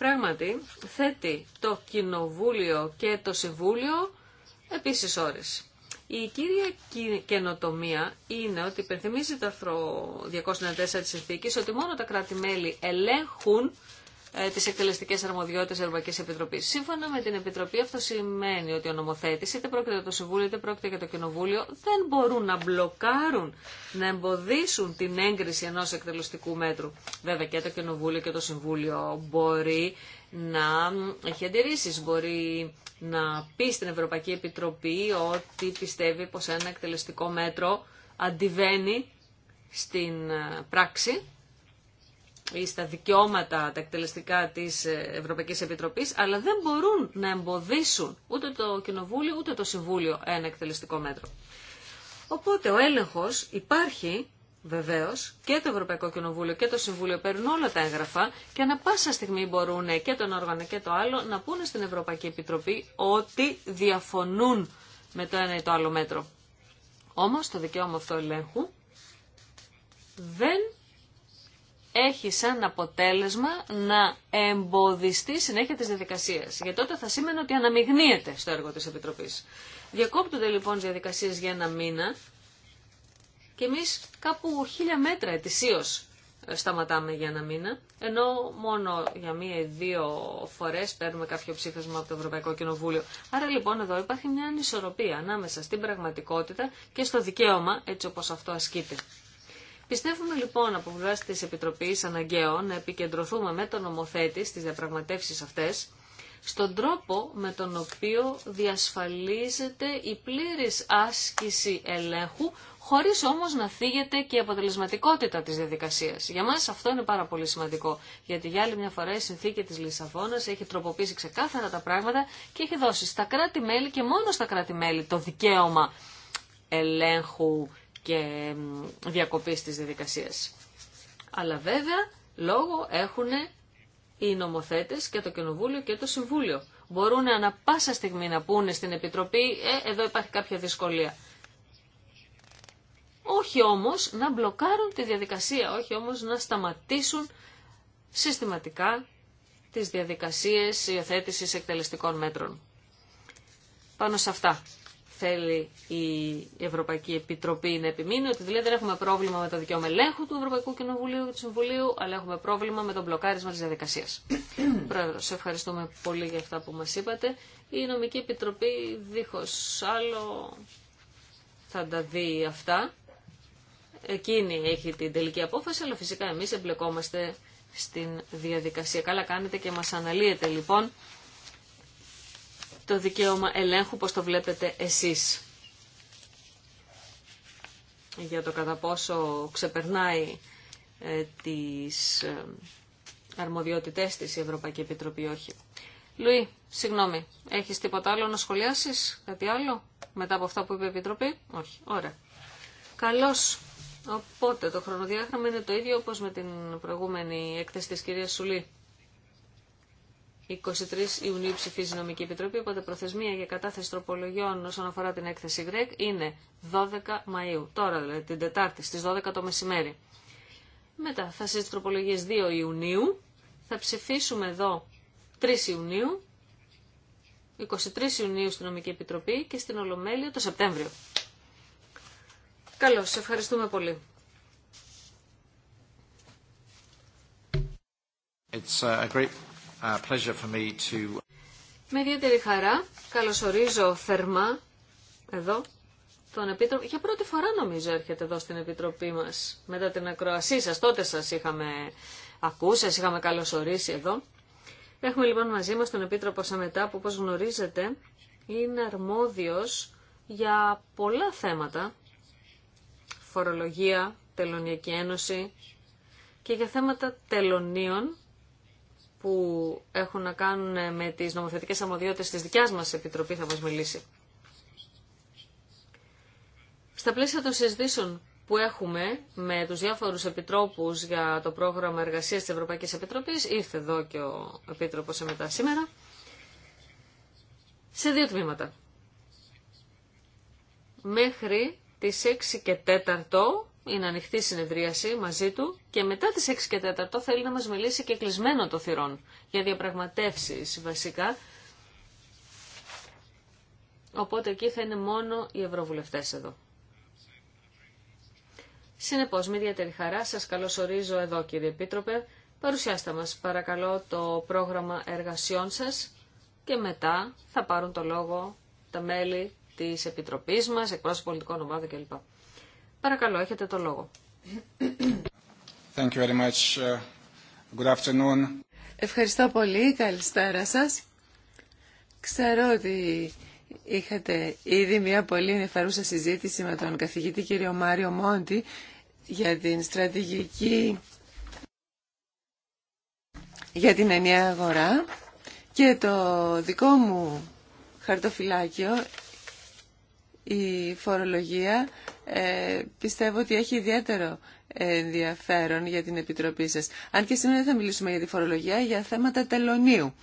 πράγματι θέτει το Κοινοβούλιο και το Συμβούλιο επίσης ώρες. Η κύρια καινοτομία είναι ότι υπενθυμίζει το άρθρο 294 της συνθήκης ότι μόνο τα κράτη-μέλη ελέγχουν ε, τις εκτελεστικές αρμοδιότητες τη Ευρωπαϊκής Επιτροπής. Σύμφωνα με την Επιτροπή αυτό σημαίνει ότι ο νομοθέτης, είτε πρόκειται για το Συμβούλιο είτε πρόκειται για το Κοινοβούλιο, δεν μπορούν να μπλοκάρουν, να εμποδίσουν την έγκριση ενός εκτελεστικού μέτρου. Βέβαια και το Κοινοβούλιο και το Συμβούλιο μπορεί να έχει αντιρρήσει, μπορεί να πει στην Ευρωπαϊκή Επιτροπή ότι πιστεύει πω ένα εκτελεστικό μέτρο αντιβαίνει στην ε, πράξη ή στα δικαιώματα τα εκτελεστικά της Ευρωπαϊκής Επιτροπής, αλλά δεν μπορούν να εμποδίσουν ούτε το Κοινοβούλιο ούτε το Συμβούλιο ένα εκτελεστικό μέτρο. Οπότε ο έλεγχος υπάρχει Βεβαίω και το Ευρωπαϊκό Κοινοβούλιο και το Συμβούλιο παίρνουν όλα τα έγγραφα και ανα πάσα στιγμή μπορούν και τον όργανο και το άλλο να πούνε στην Ευρωπαϊκή Επιτροπή ότι διαφωνούν με το ένα ή το άλλο μέτρο. Όμως το δικαίωμα αυτό ελέγχου δεν έχει σαν αποτέλεσμα να εμποδιστεί συνέχεια τη διαδικασία. Γιατί τότε θα σήμαινε ότι αναμειγνύεται στο έργο τη Επιτροπή. Διακόπτονται λοιπόν διαδικασίε για ένα μήνα και εμεί κάπου χίλια μέτρα ετησίω ε, σταματάμε για ένα μήνα, ενώ μόνο για μία ή δύο φορές παίρνουμε κάποιο ψήφισμα από το Ευρωπαϊκό Κοινοβούλιο. Άρα λοιπόν εδώ υπάρχει μια η δυο φορε παιρνουμε καποιο ψηφισμα απο το ευρωπαικο ανάμεσα στην πραγματικότητα και στο δικαίωμα έτσι όπω αυτό ασκείται. Πιστεύουμε λοιπόν από πλευρά τη Επιτροπή αναγκαίο να επικεντρωθούμε με τον νομοθέτη στι διαπραγματεύσει αυτέ στον τρόπο με τον οποίο διασφαλίζεται η πλήρης άσκηση ελέγχου, χωρίς όμως να θίγεται και η αποτελεσματικότητα της διαδικασίας. Για μας αυτό είναι πάρα πολύ σημαντικό, γιατί για άλλη μια φορά η συνθήκη της Λισαβόνας έχει τροποποιήσει ξεκάθαρα τα πράγματα και έχει δώσει στα κράτη-μέλη και μόνο στα κράτη-μέλη το δικαίωμα ελέγχου και διακοπής της διαδικασίας. Αλλά βέβαια λόγο έχουν οι νομοθέτες και το Κοινοβούλιο και το Συμβούλιο. Μπορούν ανα πάσα στιγμή να πούνε στην Επιτροπή ε, εδώ υπάρχει κάποια δυσκολία. Όχι όμως να μπλοκάρουν τη διαδικασία, όχι όμως να σταματήσουν συστηματικά τις διαδικασίες υιοθέτηση εκτελεστικών μέτρων. Πάνω σε αυτά θέλει η Ευρωπαϊκή Επιτροπή να επιμείνει, ότι δηλαδή δεν έχουμε πρόβλημα με το δικαίωμα ελέγχου του Ευρωπαϊκού Κοινοβουλίου και του Συμβουλίου, αλλά έχουμε πρόβλημα με τον μπλοκάρισμα της διαδικασίας. Πρόεδρο, σε ευχαριστούμε πολύ για αυτά που μα είπατε. Η Νομική Επιτροπή δίχως άλλο θα τα δει αυτά. Εκείνη έχει την τελική απόφαση, αλλά φυσικά εμεί εμπλεκόμαστε στην διαδικασία. Καλά κάνετε και μα αναλύετε λοιπόν το δικαίωμα ελέγχου, πώς το βλέπετε εσείς. Για το κατά πόσο ξεπερνάει ε, τις ε, αρμοδιότητές της η Ευρωπαϊκή Επιτροπή, όχι. Λουί, συγγνώμη, έχεις τίποτα άλλο να σχολιάσεις, κάτι άλλο, μετά από αυτά που είπε η Επιτροπή, όχι, ωραία. Καλώς, οπότε το χρονοδιάγραμμα είναι το ίδιο όπως με την προηγούμενη έκθεση της κυρίας Σουλή. 23 Ιουνίου ψηφίζει η Νομική Επιτροπή, οπότε προθεσμία για κατάθεση τροπολογιών όσον αφορά την έκθεση ΓΡΕΚ είναι 12 Μαΐου. Τώρα δηλαδή την Τετάρτη στις 12 το μεσημέρι. Μετά θα συζητήσουμε τροπολογίες 2 Ιουνίου, θα ψηφίσουμε εδώ 3 Ιουνίου, 23 Ιουνίου στην Νομική Επιτροπή και στην Ολομέλεια το Σεπτέμβριο. Καλώς, ευχαριστούμε πολύ. Uh, με ιδιαίτερη χαρά καλωσορίζω θερμά εδώ τον Επίτροπο. Για πρώτη φορά νομίζω έρχεται εδώ στην Επιτροπή μας μετά την ακροασή σας. Τότε σας είχαμε ακούσει, σας είχαμε καλωσορίσει εδώ. Έχουμε λοιπόν μαζί μας τον Επίτροπο Σαμετά που όπως γνωρίζετε είναι αρμόδιος για πολλά θέματα. Φορολογία, τελωνιακή ένωση και για θέματα τελωνίων που έχουν να κάνουν με τις νομοθετικές αμμοδιότητες της δικιάς μας Επιτροπή θα μας μιλήσει. Στα πλαίσια των συζητήσεων που έχουμε με τους διάφορους επιτρόπους για το πρόγραμμα εργασίας της Ευρωπαϊκής Επιτροπής, ήρθε εδώ και ο Επίτροπος μετά σήμερα, σε δύο τμήματα. Μέχρι τις 6 και 4 είναι ανοιχτή συνεδρίαση μαζί του και μετά τις 6 και 4 θέλει να μας μιλήσει και κλεισμένο το θυρών για διαπραγματεύσεις βασικά. Οπότε εκεί θα είναι μόνο οι ευρωβουλευτές εδώ. Συνεπώς, με ιδιαίτερη χαρά σας καλωσορίζω εδώ κύριε Επίτροπε. Παρουσιάστε μας παρακαλώ το πρόγραμμα εργασιών σας και μετά θα πάρουν το λόγο τα μέλη της Επιτροπής μας, εκπρόσωπο πολιτικών ομάδων κλπ. Παρακαλώ, έχετε το λόγο. Thank you very much. Uh, good afternoon. Ευχαριστώ πολύ. Καλησπέρα σας. Ξέρω ότι είχατε ήδη μια πολύ ενδιαφέρουσα συζήτηση με τον καθηγητή κύριο Μάριο Μόντι για την στρατηγική για την ενιαία αγορά και το δικό μου χαρτοφυλάκιο η φορολογία ε, πιστεύω ότι έχει ιδιαίτερο ενδιαφέρον για την Επιτροπή σας. Αν και σήμερα δεν θα μιλήσουμε για τη φορολογία, για θέματα τελωνίου.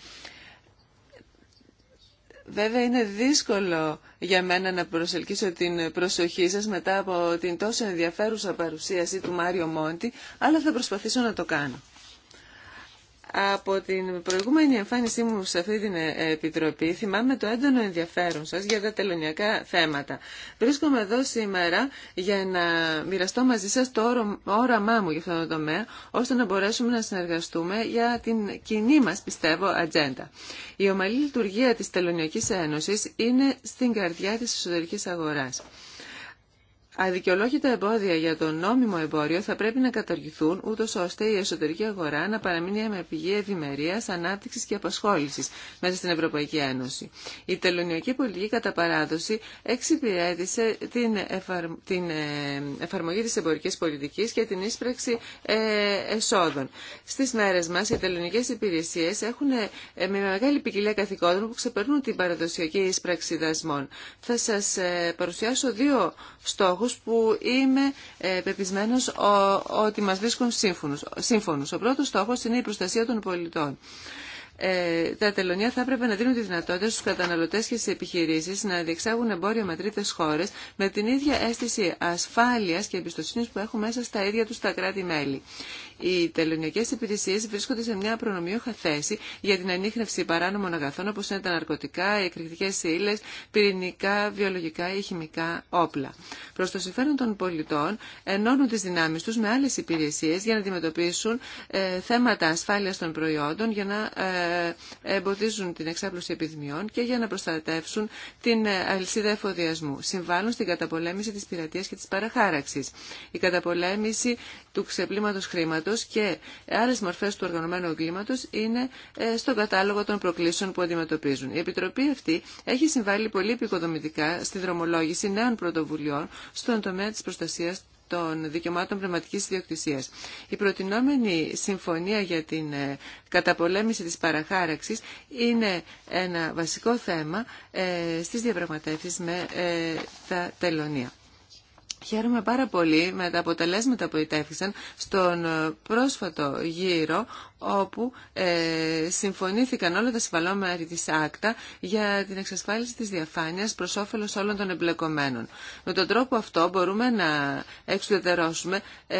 Βέβαια είναι δύσκολο για μένα να προσελκύσω την προσοχή σας μετά από την τόσο ενδιαφέρουσα παρουσίαση του Μάριο Μόντι, αλλά θα προσπαθήσω να το κάνω. Από την προηγούμενη εμφάνισή μου σε αυτή την ε, επιτροπή θυμάμαι το έντονο ενδιαφέρον σας για τα τελωνιακά θέματα. Βρίσκομαι εδώ σήμερα για να μοιραστώ μαζί σας το όραμά μου για αυτό το τομέα, ώστε να μπορέσουμε να συνεργαστούμε για την κοινή μας, πιστεύω, ατζέντα. Η ομαλή λειτουργία της Τελωνιακής Ένωσης είναι στην καρδιά της εσωτερικής αγοράς. Αδικαιολόγητα εμπόδια για το νόμιμο εμπόριο θα πρέπει να καταργηθούν, ούτω ώστε η εσωτερική αγορά να παραμείνει με πηγή ευημερία, ανάπτυξη και απασχόληση μέσα στην Ευρωπαϊκή Ένωση. Η τελωνιακή πολιτική κατά παράδοση εξυπηρέτησε την, την ε, εφαρμογή τη εμπορική πολιτική και την ίσπραξη ε, εσόδων. Στι μέρε μα, οι τελωνικέ υπηρεσίε έχουν ε, με μεγάλη ποικιλία καθηκόντων που ξεπερνούν την παραδοσιακή ίσπραξη δασμών. Θα σα παρουσιάσω δύο στόχου που είμαι ε, πεπισμένος ότι μας βρίσκουν σύμφωνος. Ο πρώτος στόχος είναι η προστασία των πολιτών. Ε, τα τελωνία θα έπρεπε να δίνουν τη δυνατότητα στους καταναλωτές και στις επιχειρήσεις να διεξάγουν εμπόριο με τρίτες χώρες με την ίδια αίσθηση ασφάλειας και εμπιστοσύνης που έχουν μέσα στα ίδια τους τα κράτη-μέλη. Οι τελωνιακέ υπηρεσίε βρίσκονται σε μια προνομιούχα θέση για την ανείχνευση παράνομων αγαθών όπω είναι τα ναρκωτικά, οι εκρηκτικέ ύλε, πυρηνικά, βιολογικά ή χημικά όπλα. Προ το συμφέρον των πολιτών ενώνουν τι δυνάμει του με άλλε υπηρεσίε για να αντιμετωπίσουν ε, θέματα ασφάλεια των προϊόντων, για να ε, εμποδίζουν την εξάπλωση επιδημιών και για να προστατεύσουν την ε, αλυσίδα εφοδιασμού. Συμβάλλουν στην καταπολέμηση τη πειρατεία και τη παραχάραξη. Η καταπολέμηση του ξεπλήματο χρήματο και άλλες μορφές του οργανωμένου κλίματος είναι ε, στον κατάλογο των προκλήσεων που αντιμετωπίζουν. Η Επιτροπή αυτή έχει συμβάλει πολύ επικοδομητικά στη δρομολόγηση νέων πρωτοβουλειών στον τομέα της προστασίας των δικαιωμάτων πνευματικής ιδιοκτησίας. Η προτινόμενη συμφωνία για την ε, καταπολέμηση της παραχάραξης είναι ένα βασικό θέμα ε, στις διαπραγματεύσεις με τα τελωνία. Χαίρομαι πάρα πολύ με τα αποτελέσματα που ετέφησαν στον ε, πρόσφατο γύρο όπου ε, συμφωνήθηκαν όλα τα συμβαλόμερη της ΑΚΤΑ για την εξασφάλιση της διαφάνειας προς όφελος όλων των εμπλεκομένων. Με τον τρόπο αυτό μπορούμε να εξουδετερώσουμε ε,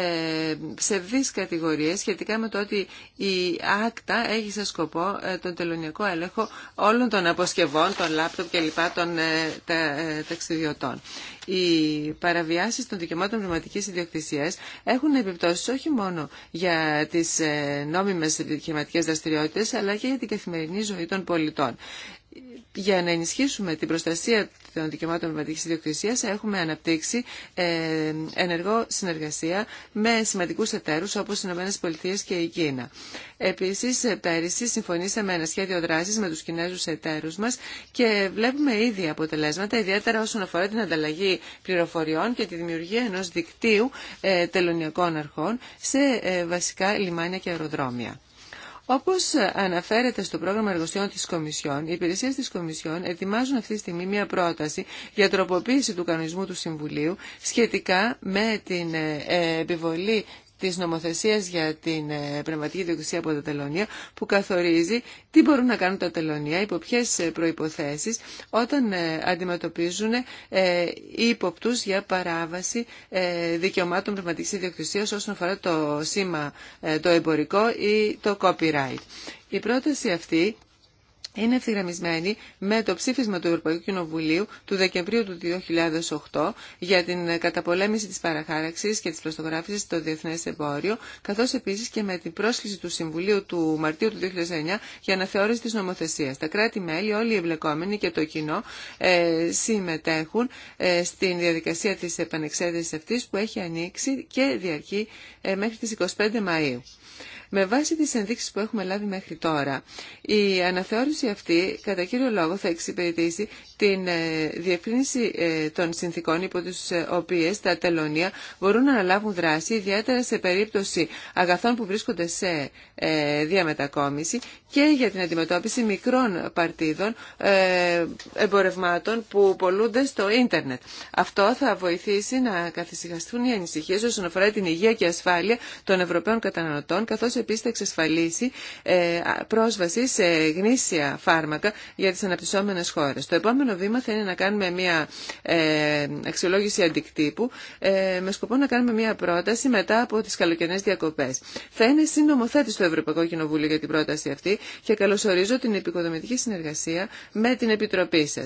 ψευδείς κατηγορίες σχετικά με το ότι η ΑΚΤΑ έχει σε σκοπό ε, τον τελωνιακό έλεγχο όλων των αποσκευών, των λάπτοπ λοιπά των ε, τα, ταξιδιωτών οι παραβιάσεις των δικαιωμάτων πνευματικής ιδιοκτησίας έχουν επιπτώσεις όχι μόνο για τις ε, νόμιμες δικαιωματικές δραστηριότητες αλλά και για την καθημερινή ζωή των πολιτών. Για να ενισχύσουμε την προστασία των δικαιωμάτων πνευματικής ιδιοκτησίας έχουμε αναπτύξει ε, ενεργό συνεργασία με σημαντικούς εταίρους όπως οι ΗΠΑ και η Κίνα. Επίση, ε, πέρυσι συμφωνήσαμε ένα σχέδιο δράση με του Κινέζου εταίρου μα και βλέπουμε ήδη αποτελέσματα, ιδιαίτερα όσον αφορά την ανταλλαγή πληροφοριών και τη δημιουργία ενό δικτύου ε, τελωνιακών αρχών σε βασικά λιμάνια και αεροδρόμια. Όπω αναφέρεται στο πρόγραμμα εργοσιών τη Κομισιόν, οι υπηρεσίε τη Κομισιόν ετοιμάζουν αυτή τη στιγμή μια πρόταση για τροποποίηση του κανονισμού του Συμβουλίου σχετικά με την ε, επιβολή της νομοθεσίας για την ε, πνευματική ιδιοκτησία από τα τελωνία που καθορίζει τι μπορούν να κάνουν τα τελωνία, υπό ποιε ε, προϋποθέσεις όταν ε, αντιμετωπίζουν ύποπτους για παράβαση δικαιωμάτων πνευματικής ιδιοκτησίας όσον αφορά το σήμα το εμπορικό ή το copyright. Η πρόταση αυτή είναι ευθυγραμμισμένη με το ψήφισμα του Ευρωπαϊκού Κοινοβουλίου του Δεκεμβρίου του 2008 για την καταπολέμηση της παραχάραξης και της προστογράφηση στο διεθνές εμπόριο, καθώς επίσης και με την πρόσκληση του Συμβουλίου του Μαρτίου του 2009 για αναθεώρηση της νομοθεσίας. Τα κράτη-μέλη, όλοι οι εμπλεκόμενοι και το κοινό ε, συμμετέχουν ε, στην διαδικασία της επανεξέδεσης αυτής που έχει ανοίξει και διαρκεί ε, μέχρι τις 25 Μαΐου. Με βάση τις ενδείξεις που έχουμε λάβει μέχρι τώρα, η αναθεώρηση αυτή κατά κύριο λόγο θα εξυπηρετήσει την ε, διευκρίνηση ε, των συνθήκων υπό τις ε, οποίες τα τελωνία μπορούν να αναλάβουν δράση, ιδιαίτερα σε περίπτωση αγαθών που βρίσκονται σε διαμετακόμιση και για την αντιμετώπιση μικρών παρτίδων εμπορευμάτων που πολλούνται στο ίντερνετ. Αυτό θα βοηθήσει να καθησυχαστούν οι ανησυχίες όσον αφορά την υγεία και ασφάλεια των Ευρωπαίων καταναλωτών, καθώς Επίση θα εξασφαλίσει ε, πρόσβαση σε γνήσια φάρμακα για τι αναπτυσσόμενες χώρε. Το επόμενο βήμα θα είναι να κάνουμε μια ε, αξιολόγηση αντικτύπου ε, με σκοπό να κάνουμε μια πρόταση μετά από τι καλοκαιρινές διακοπέ. Θα είναι συνομοθέτη στο Ευρωπαϊκό Κοινοβούλιο για την πρόταση αυτή και καλωσορίζω την επικοδομητική συνεργασία με την Επιτροπή σα.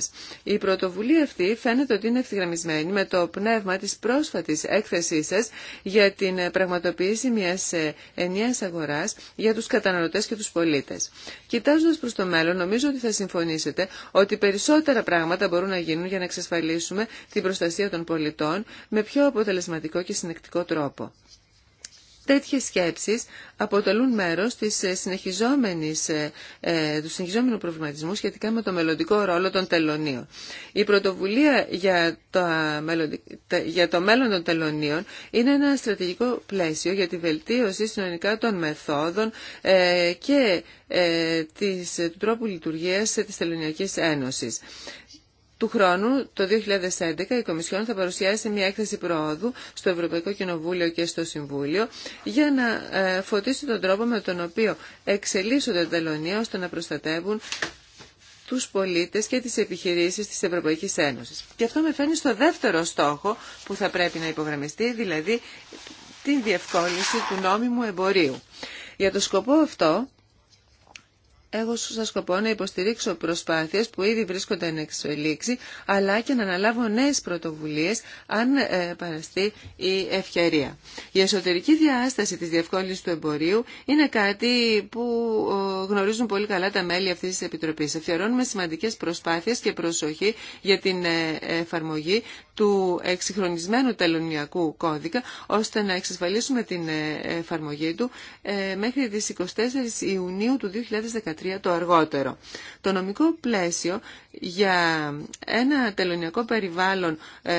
Η πρωτοβουλία αυτή φαίνεται ότι είναι ευθυγραμμισμένη με το πνεύμα τη πρόσφατη έκθεσή σα για την πραγματοποίηση μια ενιαίας για τους καταναλωτές και τους πολίτες. Κοιτάζοντα προς το μέλλον, νομίζω ότι θα συμφωνήσετε ότι περισσότερα πράγματα μπορούν να γίνουν για να εξασφαλίσουμε την προστασία των πολιτών με πιο αποτελεσματικό και συνεκτικό τρόπο. Τέτοιες σκέψεις αποτελούν μέρος της ε, συνεχιζόμενης, ε, ε, του συνεχιζόμενου προβληματισμού σχετικά με το μελλοντικό ρόλο των τελωνίων. Η πρωτοβουλία για το, για το μέλλον των τελωνίων είναι ένα στρατηγικό πλαίσιο για τη βελτίωση συνολικά των μεθόδων και της, του τρόπου λειτουργίας της Τελωνιακής Ένωσης. Του χρόνου, το 2011, η Κομισιόν θα παρουσιάσει μια έκθεση προόδου στο Ευρωπαϊκό Κοινοβούλιο και στο Συμβούλιο για να ε, φωτίσει τον τρόπο με τον οποίο εξελίσσονται τα τελωνία ώστε να προστατεύουν τους πολίτες και τις επιχειρήσεις της Ευρωπαϊκής Ένωσης. Και αυτό με φέρνει στο δεύτερο στόχο που θα πρέπει να υπογραμμιστεί, δηλαδή την διευκόλυνση του νόμιμου εμπορίου. Για το σκοπό αυτό έχω σαν σκοπό να υποστηρίξω προσπάθειες που ήδη βρίσκονται εν εξελίξη, αλλά και να αναλάβω νέες πρωτοβουλίες αν ε, παραστεί η ευκαιρία. Η εσωτερική διάσταση της διευκόλυνσης του εμπορίου είναι κάτι που γνωρίζουν πολύ καλά τα μέλη αυτής της Επιτροπής. Αφιερώνουμε σημαντικές προσπάθειες και προσοχή για την ε, εφαρμογή του εξυγχρονισμένου τελωνιακού κώδικα, ώστε να εξασφαλίσουμε την ε, εφαρμογή του μέχρι τις 24 Ιουνίου του 2013 το αργότερο. Το νομικό πλαίσιο για ένα τελωνιακό περιβάλλον ε,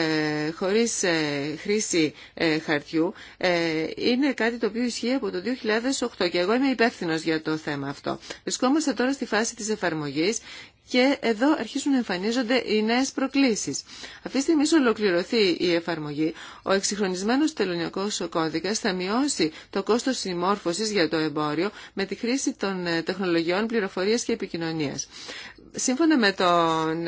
χωρίς ε, χρήση ε, χαρτιού ε, είναι κάτι το οποίο ισχύει από το 2008 και εγώ είμαι υπεύθυνο για το θέμα αυτό. Βρισκόμαστε τώρα στη φάση της εφαρμογής και εδώ αρχίζουν να εμφανίζονται οι νέες προκλήσεις. Αυτή τη στιγμή ολοκληρωθεί η εφαρμογή. Ο εξυγχρονισμένος τελωνιακός κώδικας θα μειώσει το κόστος συμμόρφωσης για το εμπόριο με τη χρήση των ε, τεχνολογιών πληροφορίας και επικοινωνίας. Σύμφωνα με τον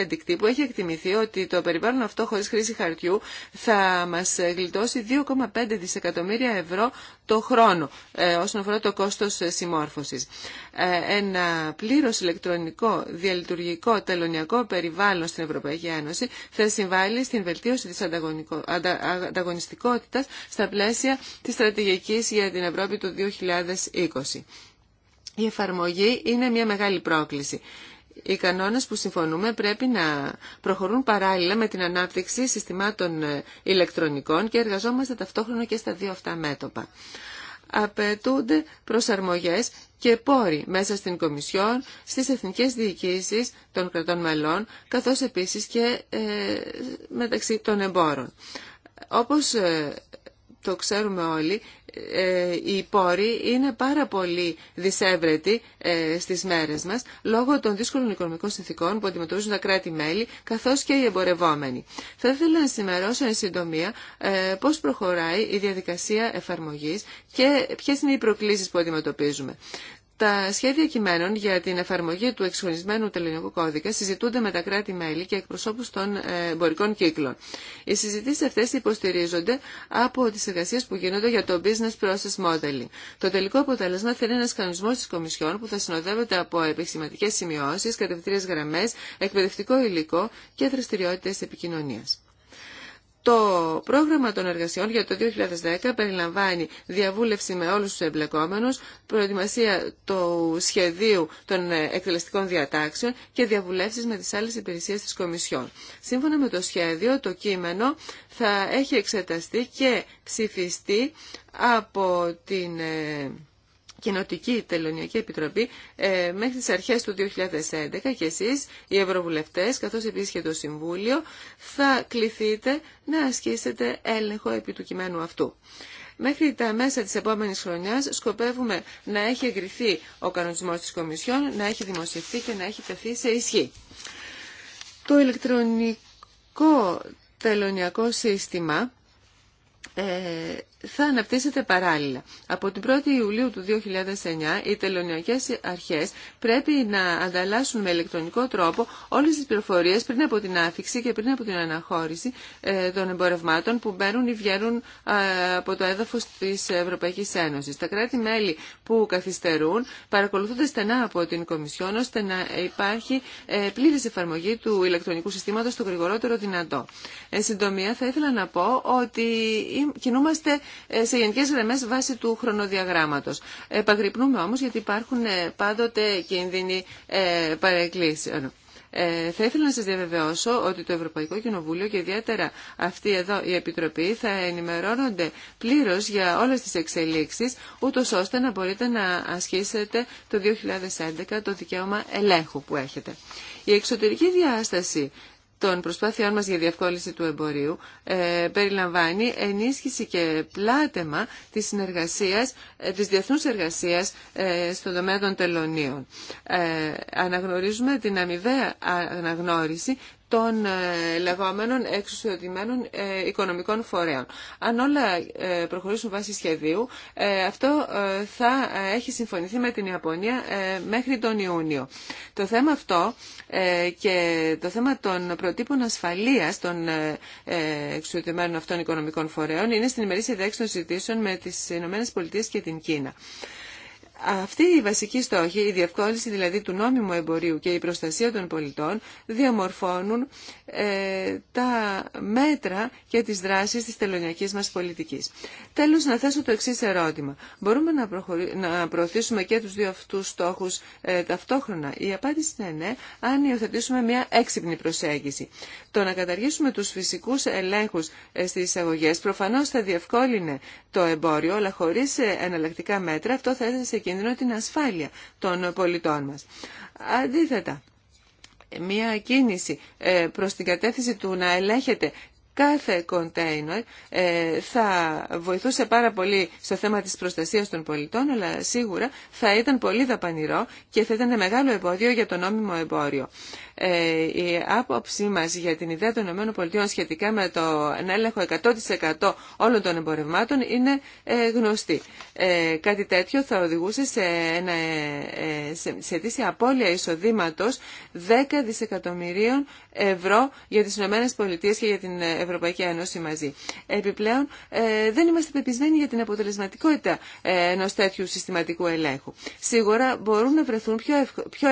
αντικτή που έχει εκτιμηθεί ότι το περιβάλλον αυτό χωρίς χρήση χαρτιού θα μας γλιτώσει 2,5 δισεκατομμύρια ευρώ το χρόνο ε, όσον αφορά το κόστος συμμόρφωσης. Ε, ένα πλήρως ηλεκτρονικό διαλειτουργικό τελωνιακό περιβάλλον στην Ευρωπαϊκή Ένωση θα συμβάλλει στην βελτίωση της ανταγωνιστικότητας στα πλαίσια της στρατηγικής για την Ευρώπη του 2020. Η εφαρμογή είναι μια μεγάλη πρόκληση οι κανόνες που συμφωνούμε πρέπει να προχωρούν παράλληλα με την ανάπτυξη συστημάτων ε, ηλεκτρονικών και εργαζόμαστε ταυτόχρονα και στα δύο αυτά μέτωπα. Απαιτούνται προσαρμογές και πόροι μέσα στην Κομισιόν, στις εθνικές διοικήσεις των κρατών μελών, καθώς επίσης και ε, μεταξύ των εμπόρων. Όπως ε, το ξέρουμε όλοι, ε, οι πόροι είναι πάρα πολύ δυσέβρετοι ε, στις μέρες μας λόγω των δύσκολων οικονομικών συνθήκων που αντιμετωπίζουν τα κράτη-μέλη καθώς και οι εμπορευόμενοι. Θα ήθελα να σημερώσω εν συντομία ε, πώς προχωράει η διαδικασία εφαρμογής και ποιες είναι οι προκλήσεις που αντιμετωπίζουμε. Τα σχέδια κειμένων για την εφαρμογή του εξορισμένου τελεινικού κώδικα συζητούνται με τα κράτη-μέλη και εκπροσώπους των ε, εμπορικών κύκλων. Οι συζητήσεις αυτές υποστηρίζονται από τις εργασίες που γίνονται για το business process modeling. Το τελικό αποτέλεσμα θα είναι ένας κανονισμός της Κομισιόν που θα συνοδεύεται από επεξηματικές σημειώσεις, κατευθυντές γραμμές, εκπαιδευτικό υλικό και δραστηριότητες επικοινωνίας. Το πρόγραμμα των εργασιών για το 2010 περιλαμβάνει διαβούλευση με όλους τους εμπλεκόμενους, προετοιμασία του σχεδίου των εκτελεστικών διατάξεων και διαβουλεύσεις με τις άλλες υπηρεσίες της Κομισιόν. Σύμφωνα με το σχέδιο, το κείμενο θα έχει εξεταστεί και ψηφιστεί από την ε, Κοινοτική Τελωνιακή Επιτροπή ε, μέχρι τις αρχές του 2011 και εσείς οι Ευρωβουλευτές καθώς επίσης και το Συμβούλιο θα κληθείτε να ασκήσετε έλεγχο επί του κειμένου αυτού. Μέχρι τα μέσα της επόμενης χρονιάς σκοπεύουμε να έχει εγκριθεί ο κανονισμός της Κομισιόν, να έχει δημοσιευθεί και να έχει τεθεί σε ισχύ. Το ηλεκτρονικό τελωνιακό σύστημα ε, θα αναπτύσσεται παράλληλα. Από την 1η Ιουλίου του 2009 οι τελωνιακές αρχές πρέπει να ανταλλάσσουν με ηλεκτρονικό τρόπο όλες τις πληροφορίες πριν από την άφηξη και πριν από την αναχώρηση ε, των εμπορευμάτων που μπαίνουν ή βγαίνουν ε, από το έδαφος της Ευρωπαϊκής Ένωσης. Τα κράτη-μέλη που καθυστερούν παρακολουθούνται στενά από την Κομισιόν ώστε να υπάρχει ε, πλήρης εφαρμογή του ηλεκτρονικού συστήματος το γρηγορότερο δυνατό. Εν συντομία θα ήθελα να πω ότι κινούμαστε ε, σε γενικέ γραμμέ βάσει του χρονοδιαγράμματος. Επαγρυπνούμε όμως γιατί υπάρχουν ε, πάντοτε κίνδυνοι ε, παρεκκλήσεων. Θα ήθελα να σας διαβεβαιώσω ότι το Ευρωπαϊκό Κοινοβούλιο και ιδιαίτερα αυτή εδώ η Επιτροπή θα ενημερώνονται πλήρως για όλες τις εξελίξεις, ούτω ώστε να μπορείτε να ασχίσετε το 2011 το δικαίωμα ελέγχου που έχετε. Η εξωτερική διάσταση των προσπάθειών μας για διευκόλυνση του εμπορίου ε, περιλαμβάνει ενίσχυση και πλάτεμα της συνεργασίας, ε, της διεθνούς εργασίας ε, στον τομέα των τελωνίων. αναγνωρίζουμε την αμοιβαία αναγνώριση των ε, λεγόμενων εξουσιοτιμένων ε, οικονομικών φορέων. Αν όλα ε, προχωρήσουν βάσει σχεδίου, αυτό θα έχει συμφωνηθεί με την Ιαπωνία μέχρι τον Ιούνιο. Το θέμα αυτό και το θέμα των προτύπων ασφαλείας των εξουσιοδημένων αυτών οικονομικών φορέων είναι στην ημερήσια δέξη των συζητήσεων με τις ΗΠΑ και την Κίνα. Αυτή η βασική στόχη, η διευκόλυνση δηλαδή του νόμιμου εμπορίου και η προστασία των πολιτών διαμορφώνουν ε, τα μέτρα και τις δράσεις της τελωνιακής μας πολιτικής. Τέλος, να θέσω το εξή ερώτημα. Μπορούμε να, να προωθήσουμε και τους δύο αυτούς στόχους ε, ταυτόχρονα. Η απάντηση είναι ναι, αν υιοθετήσουμε μια έξυπνη προσέγγιση. Το να καταργήσουμε τους φυσικούς ελέγχους ε, στις εισαγωγές προφανώς θα διευκόλυνε το εμπόριο, αλλά χωρίς εναλλακτικά μέτρα αυτό θα έθεσε σε κίνδυνο την ασφάλεια των πολιτών μας. Αντίθετα, μια κίνηση ε, προς την κατεύθυνση του να ελέγχεται κάθε κοντέινερ ε, θα βοηθούσε πάρα πολύ στο θέμα της προστασίας των πολιτών, αλλά σίγουρα θα ήταν πολύ δαπανηρό και θα ήταν μεγάλο εμπόδιο για το νόμιμο εμπόριο. Ε, η άποψή μα για την ιδέα των ΗΠΑ σχετικά με το έλεγχο 100% όλων των εμπορευμάτων είναι ε, γνωστή. Ε, κάτι τέτοιο θα οδηγούσε σε, ένα, σε, σε απώλεια εισοδήματος 10 δισεκατομμυρίων ευρώ για τις ΗΠΑ και για την Ευρωπαϊκή Ένωση μαζί. Επιπλέον, δεν είμαστε πεπισμένοι για την αποτελεσματικότητα ενό τέτοιου συστηματικού ελέγχου. Σίγουρα μπορούν να βρεθούν πιο, πιο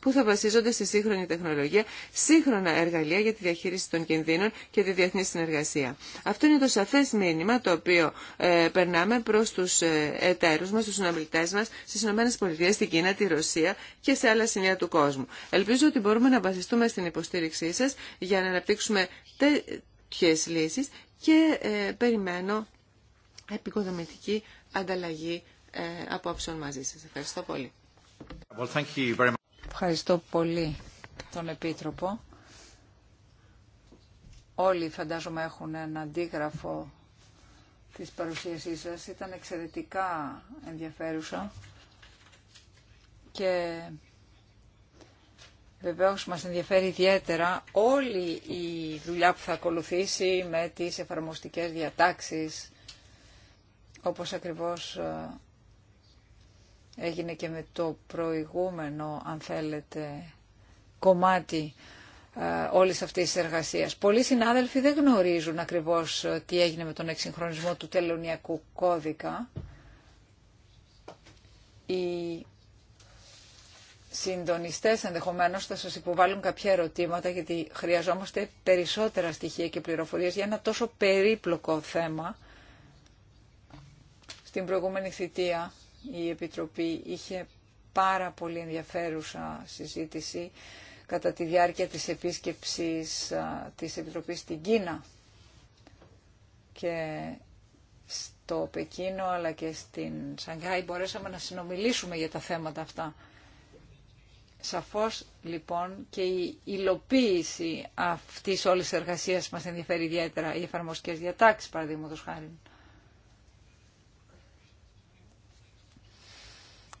που θα βασίζονται στη σύγχρονη τεχνολογία, σύγχρονα εργαλεία για τη διαχείριση των κινδύνων και τη διεθνή συνεργασία. Αυτό είναι το σαφέ μήνυμα το οποίο ε, περνάμε προ του ε, εταίρου μα, του συνομιλητέ μα στι ΗΠΑ, στην Κίνα, τη Ρωσία και σε άλλα σημεία του κόσμου. Ελπίζω ότι μπορούμε να βασιστούμε στην υποστήριξή σα για να αναπτύξουμε τέτοιε λύσει και ε, περιμένω επικοδομητική ανταλλαγή ε, απόψεων μαζί σας. Ευχαριστώ πολύ. Well, thank you very much. Ευχαριστώ πολύ τον Επίτροπο. Όλοι φαντάζομαι έχουν ένα αντίγραφο της παρουσίασής σας. Ήταν εξαιρετικά ενδιαφέρουσα και βεβαίως μας ενδιαφέρει ιδιαίτερα όλη η δουλειά που θα ακολουθήσει με τις εφαρμοστικές διατάξεις όπως ακριβώς ε, έγινε και με το προηγούμενο, αν θέλετε, κομμάτι ε, όλης αυτής της εργασίας. Πολλοί συνάδελφοι δεν γνωρίζουν ακριβώς ε, τι έγινε με τον εξυγχρονισμό του τελωνιακού κώδικα. Οι συντονιστές ενδεχομένως θα σας υποβάλουν κάποια ερωτήματα γιατί χρειαζόμαστε περισσότερα στοιχεία και πληροφορίες για ένα τόσο περίπλοκο θέμα. Στην προηγούμενη θητεία η Επιτροπή είχε πάρα πολύ ενδιαφέρουσα συζήτηση κατά τη διάρκεια της επίσκεψης της Επιτροπής στην Κίνα και στο Πεκίνο αλλά και στην Σανγκάη μπορέσαμε να συνομιλήσουμε για τα θέματα αυτά. Σαφώς λοιπόν και η υλοποίηση αυτής όλης της εργασίας μας ενδιαφέρει ιδιαίτερα οι εφαρμοστικές διατάξεις παραδείγματος χάρη.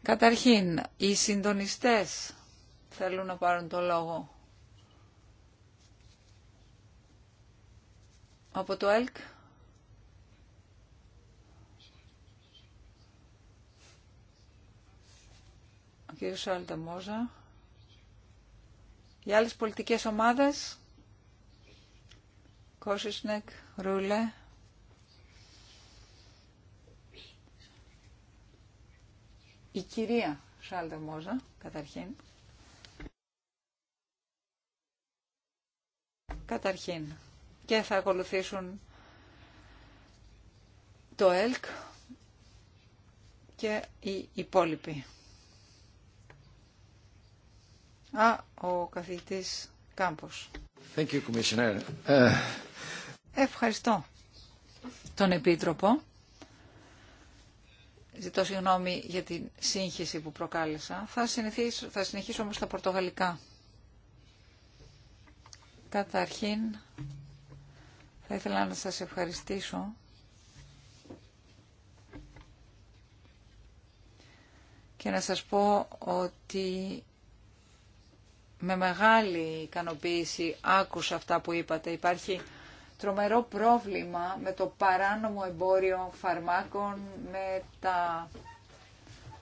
Καταρχήν, οι συντονιστές θέλουν να πάρουν το λόγο. Από το ΕΛΚ. Ο κ. Σάλτα Μόζα. Οι άλλες πολιτικές ομάδες. Κόσισνεκ, Ρούλε. Η κυρία Σάλτε Μόζα, καταρχήν. Καταρχήν. Και θα ακολουθήσουν το ΕΛΚ και οι υπόλοιποι. Α, ο καθηγητής Κάμπος. Thank you, Commissioner. Ε, Ευχαριστώ τον Επίτροπο Ζητώ συγγνώμη για την σύγχυση που προκάλεσα. Θα, συνεχίσω, θα συνεχίσω όμως τα πορτογαλικά. Καταρχήν, θα ήθελα να σας ευχαριστήσω και να σας πω ότι με μεγάλη ικανοποίηση άκουσα αυτά που είπατε. Υπάρχει τρομερό πρόβλημα με το παράνομο εμπόριο φαρμάκων, με τα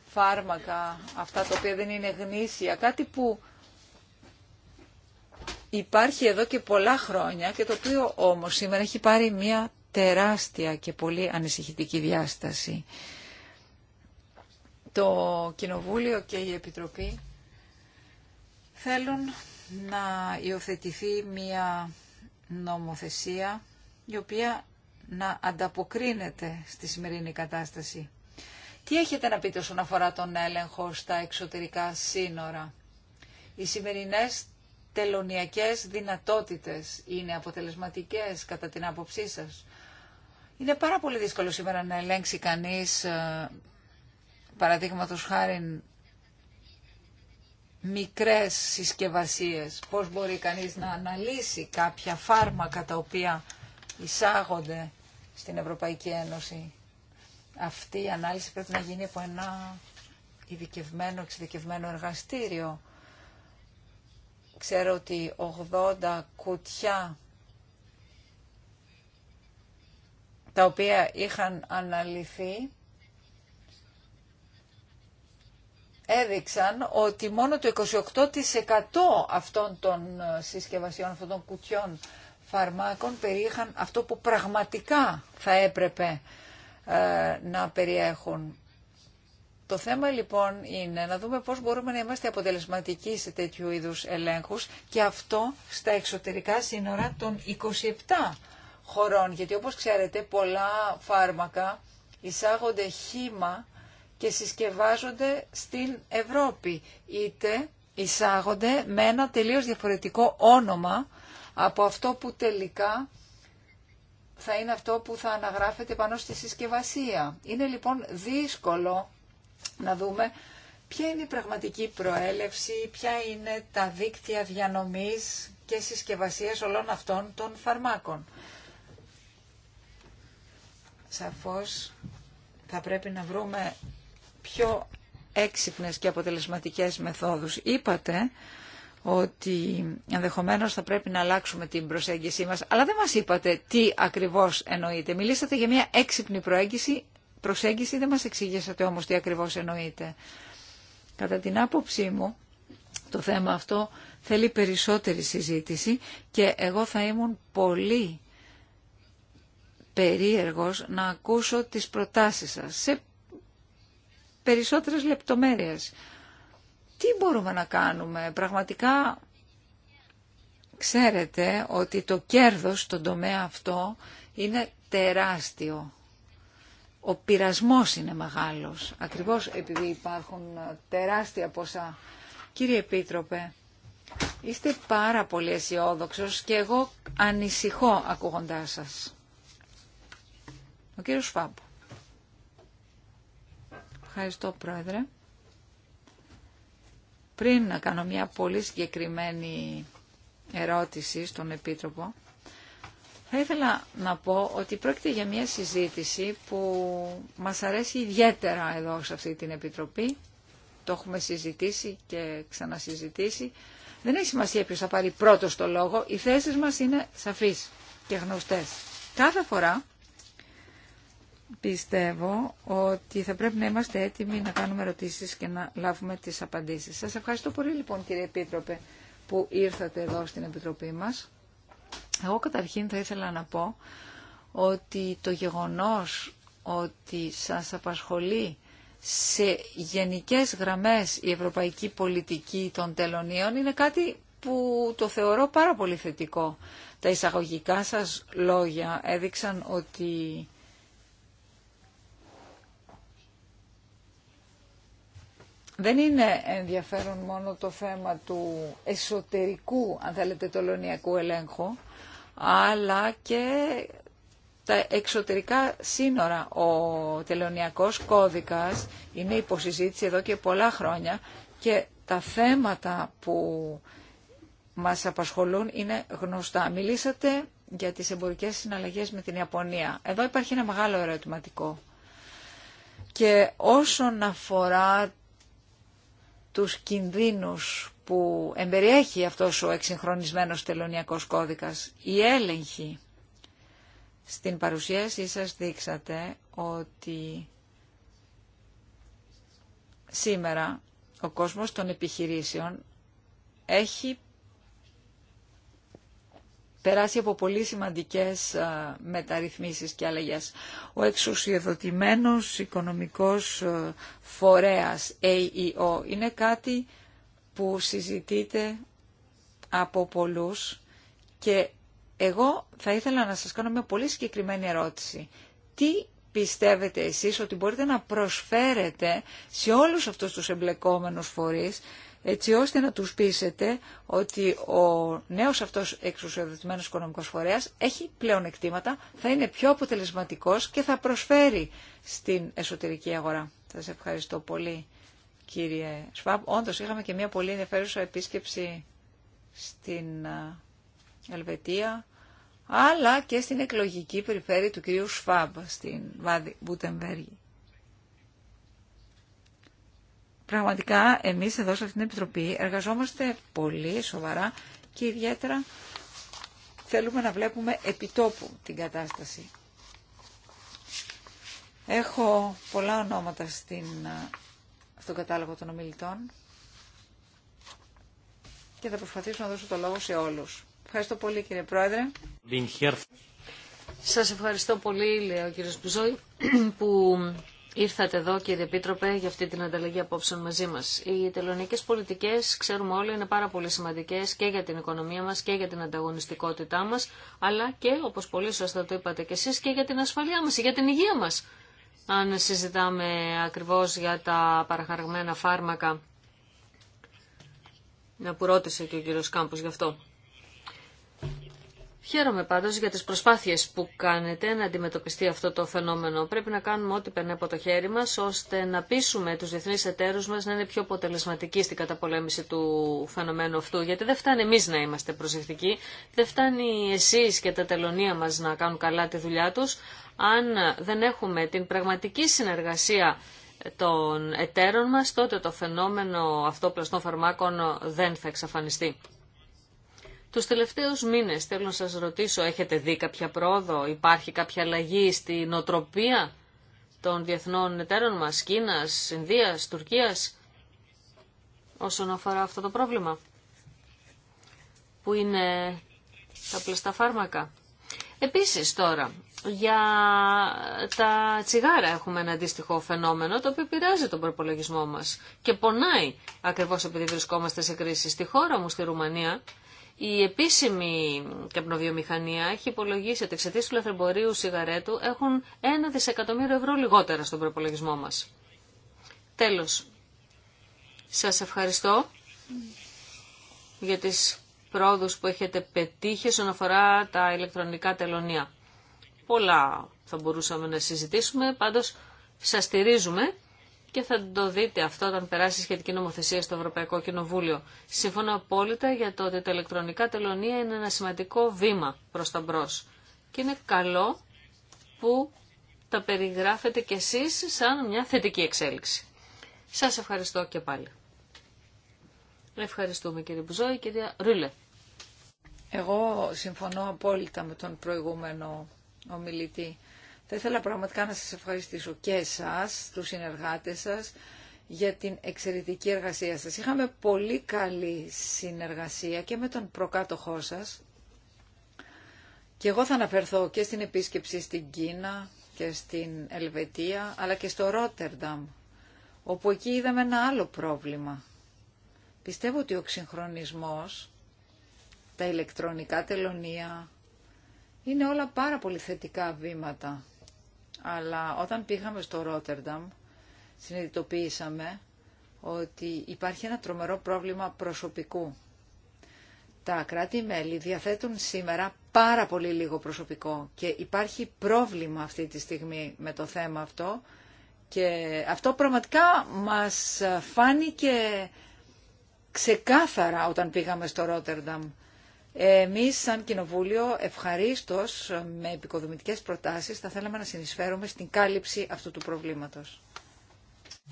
φάρμακα, αυτά τα οποία δεν είναι γνήσια, κάτι που υπάρχει εδώ και πολλά χρόνια και το οποίο όμως σήμερα έχει πάρει μια τεράστια και πολύ ανησυχητική διάσταση. Το Κοινοβούλιο και η Επιτροπή θέλουν να υιοθετηθεί μια νομοθεσία η οποία να ανταποκρίνεται στη σημερινή κατάσταση. Τι έχετε να πείτε όσον αφορά τον έλεγχο στα εξωτερικά σύνορα. Οι σημερινές τελωνιακές δυνατότητες είναι αποτελεσματικές κατά την άποψή σας. Είναι πάρα πολύ δύσκολο σήμερα να ελέγξει κανείς, ε, παραδείγματο χάρη μικρές συσκευασίες, πώς μπορεί κανείς να αναλύσει κάποια φάρμακα τα οποία εισάγονται στην Ευρωπαϊκή Ένωση. Αυτή η ανάλυση πρέπει να γίνει από ένα ειδικευμένο, εξειδικευμένο εργαστήριο. Ξέρω ότι 80 κουτιά τα οποία είχαν αναλυθεί έδειξαν ότι μόνο το 28% αυτών των ε, συσκευασιών, αυτών των κουτιών φαρμάκων περιείχαν αυτό που πραγματικά θα έπρεπε ε, να περιέχουν. Το θέμα λοιπόν είναι να δούμε πώς μπορούμε να είμαστε αποτελεσματικοί σε τέτοιου είδους ελέγχους και αυτό στα εξωτερικά σύνορα των 27 χωρών. Γιατί όπως ξέρετε πολλά φάρμακα εισάγονται χήμα και συσκευάζονται στην Ευρώπη, είτε εισάγονται με ένα τελείως διαφορετικό όνομα από αυτό που τελικά θα είναι αυτό που θα αναγράφεται πάνω στη συσκευασία. Είναι λοιπόν δύσκολο να δούμε ποια είναι η πραγματική προέλευση, ποια είναι τα δίκτυα διανομής και συσκευασίας όλων αυτών των φαρμάκων. Σαφώς θα πρέπει να βρούμε πιο έξυπνες και αποτελεσματικές μεθόδους. Είπατε ότι ενδεχομένως θα πρέπει να αλλάξουμε την προσέγγιση μας, αλλά δεν μας είπατε τι ακριβώς εννοείτε. Μιλήσατε για μια έξυπνη προέγγιση, προσέγγιση, δεν μας εξηγήσατε όμως τι ακριβώς εννοείτε. Κατά την άποψή μου, το θέμα αυτό θέλει περισσότερη συζήτηση και εγώ θα ήμουν πολύ περίεργος να ακούσω τις προτάσεις σας. Σε περισσότερες λεπτομέρειες. Τι μπορούμε να κάνουμε. Πραγματικά ξέρετε ότι το κέρδος στον τομέα αυτό είναι τεράστιο. Ο πειρασμός είναι μεγάλος, ακριβώς επειδή υπάρχουν τεράστια ποσά. Κύριε Επίτροπε, είστε πάρα πολύ αισιόδοξο και εγώ ανησυχώ ακούγοντάς σας. Ο κύριος Φάμπου. Ευχαριστώ, Πρόεδρε. Πριν να κάνω μια πολύ συγκεκριμένη ερώτηση στον Επίτροπο, θα ήθελα να πω ότι πρόκειται για μια συζήτηση που μας αρέσει ιδιαίτερα εδώ σε αυτή την Επιτροπή. Το έχουμε συζητήσει και ξανασυζητήσει. Δεν έχει σημασία ποιος θα πάρει πρώτος το λόγο. Οι θέσεις μας είναι σαφείς και γνωστές. Κάθε φορά πιστεύω ότι θα πρέπει να είμαστε έτοιμοι να κάνουμε ερωτήσεις και να λάβουμε τις απαντήσεις. Σας ευχαριστώ πολύ λοιπόν κύριε Επίτροπε που ήρθατε εδώ στην Επιτροπή μας. Εγώ καταρχήν θα ήθελα να πω ότι το γεγονός ότι σας απασχολεί σε γενικές γραμμές η ευρωπαϊκή πολιτική των τελωνίων είναι κάτι που το θεωρώ πάρα πολύ θετικό. Τα εισαγωγικά σας λόγια έδειξαν ότι δεν είναι ενδιαφέρον μόνο το θέμα του εσωτερικού, αν θέλετε, τολωνιακού ελέγχου, αλλά και τα εξωτερικά σύνορα. Ο τελωνιακός κώδικας είναι υποσυζήτηση εδώ και πολλά χρόνια και τα θέματα που μας απασχολούν είναι γνωστά. Μιλήσατε για τις εμπορικές συναλλαγές με την Ιαπωνία. Εδώ υπάρχει ένα μεγάλο ερωτηματικό. Και όσον αφορά τους κινδύνους που εμπεριέχει αυτός ο εξυγχρονισμένος τελωνιακός κώδικας. Η έλεγχη. Στην παρουσίασή σας δείξατε ότι σήμερα ο κόσμος των επιχειρήσεων έχει περάσει από πολύ σημαντικές μεταρρυθμίσεις και αλλαγές. Ο εξουσιοδοτημένος οικονομικός φορέας, AEO, είναι κάτι που συζητείται από πολλούς και εγώ θα ήθελα να σας κάνω μια πολύ συγκεκριμένη ερώτηση. Τι πιστεύετε εσείς ότι μπορείτε να προσφέρετε σε όλους αυτούς τους εμπλεκόμενους φορείς έτσι ώστε να τους πείσετε ότι ο νέος αυτός εξουσιοδοτημένος οικονομικός φορέας έχει πλέον εκτήματα, θα είναι πιο αποτελεσματικός και θα προσφέρει στην εσωτερική αγορά. Σας ευχαριστώ πολύ κύριε Σφάμπ. Όντως είχαμε και μια πολύ ενδιαφέρουσα επίσκεψη στην Ελβετία αλλά και στην εκλογική περιφέρεια του κυρίου Σφάμπ στην Βάδη Μπούτεμβέργη. Πραγματικά εμείς εδώ σε αυτήν την Επιτροπή εργαζόμαστε πολύ σοβαρά και ιδιαίτερα θέλουμε να βλέπουμε επιτόπου την κατάσταση. Έχω πολλά ονόματα στην, στον κατάλογο των ομιλητών και θα προσπαθήσω να δώσω το λόγο σε όλους. Ευχαριστώ πολύ κύριε Πρόεδρε. Σας ευχαριστώ πολύ, λέει ο κύριος Μπουζόη, που Ήρθατε εδώ κύριε Επίτροπε για αυτή την ανταλλαγή απόψεων μαζί μα. Οι τελωνικές πολιτικές ξέρουμε όλοι είναι πάρα πολύ σημαντικέ και για την οικονομία μας και για την ανταγωνιστικότητά μας αλλά και όπως πολύ σωστά το είπατε και εσείς και για την ασφαλεία μας, για την υγεία μας. Αν συζητάμε ακριβώ για τα παραχαραγμένα φάρμακα, να που ρώτησε και ο κύριο Κάμπο γι' αυτό. Χαίρομαι πάντως για τις προσπάθειες που κάνετε να αντιμετωπιστεί αυτό το φαινόμενο. Πρέπει να κάνουμε ό,τι περνάει από το χέρι μας, ώστε να πείσουμε τους διεθνείς εταίρους μας να είναι πιο αποτελεσματικοί στην καταπολέμηση του φαινομένου αυτού. Γιατί δεν φτάνει εμείς να είμαστε προσεκτικοί, δεν φτάνει εσείς και τα τελωνία μας να κάνουν καλά τη δουλειά τους, αν δεν έχουμε την πραγματική συνεργασία των εταίρων μας, τότε το φαινόμενο αυτό πλαστών φαρμάκων δεν θα εξαφανιστεί. Τους τελευταίους μήνες θέλω να σας ρωτήσω, έχετε δει κάποια πρόοδο, υπάρχει κάποια αλλαγή στην οτροπία των διεθνών εταίρων μας, Κίνας, Ινδίας, Τουρκίας, όσον αφορά αυτό το πρόβλημα, που είναι τα πλαστά φάρμακα. Επίσης τώρα, για τα τσιγάρα έχουμε ένα αντίστοιχο φαινόμενο το οποίο πειράζει τον προπολογισμό μας και πονάει ακριβώς επειδή βρισκόμαστε σε κρίση στη χώρα μου, στη Ρουμανία. Η επίσημη καπνοβιομηχανία έχει υπολογίσει ότι εξαιτία του λαθρεμπορίου σιγαρέτου έχουν ένα δισεκατομμύριο ευρώ λιγότερα στον προπολογισμό μας. Τέλος, σας ευχαριστώ για τις πρόοδους που έχετε πετύχει όσον αφορά τα ηλεκτρονικά τελωνία. Πολλά θα μπορούσαμε να συζητήσουμε, πάντως σας στηρίζουμε και θα το δείτε αυτό όταν περάσει σχετική νομοθεσία στο Ευρωπαϊκό Κοινοβούλιο. Συμφωνώ απόλυτα για το ότι τα ηλεκτρονικά τελωνία είναι ένα σημαντικό βήμα προς τα μπρο. Και είναι καλό που τα περιγράφετε κι εσείς σαν μια θετική εξέλιξη. Σας ευχαριστώ και πάλι. Ευχαριστούμε κύριε Μπουζόη, κυρία Ρούλε. Εγώ συμφωνώ απόλυτα με τον προηγούμενο ομιλητή. Θα ήθελα πραγματικά να σας ευχαριστήσω και εσάς, τους συνεργάτες σας, για την εξαιρετική εργασία σας. Είχαμε πολύ καλή συνεργασία και με τον προκάτοχό σας. Και εγώ θα αναφερθώ και στην επίσκεψη στην Κίνα και στην Ελβετία, αλλά και στο Ρότερνταμ, όπου εκεί είδαμε ένα άλλο πρόβλημα. Πιστεύω ότι ο ξυγχρονισμός, τα ηλεκτρονικά τελωνία, είναι όλα πάρα πολύ θετικά βήματα αλλά όταν πήγαμε στο Ρότερνταμ συνειδητοποίησαμε ότι υπάρχει ένα τρομερό πρόβλημα προσωπικού. Τα κράτη-μέλη διαθέτουν σήμερα πάρα πολύ λίγο προσωπικό και υπάρχει πρόβλημα αυτή τη στιγμή με το θέμα αυτό και αυτό πραγματικά μας φάνηκε ξεκάθαρα όταν πήγαμε στο Ρότερνταμ. Εμείς σαν Κοινοβούλιο ευχαρίστως με επικοδομητικές προτάσεις θα θέλαμε να συνεισφέρουμε στην κάλυψη αυτού του προβλήματος.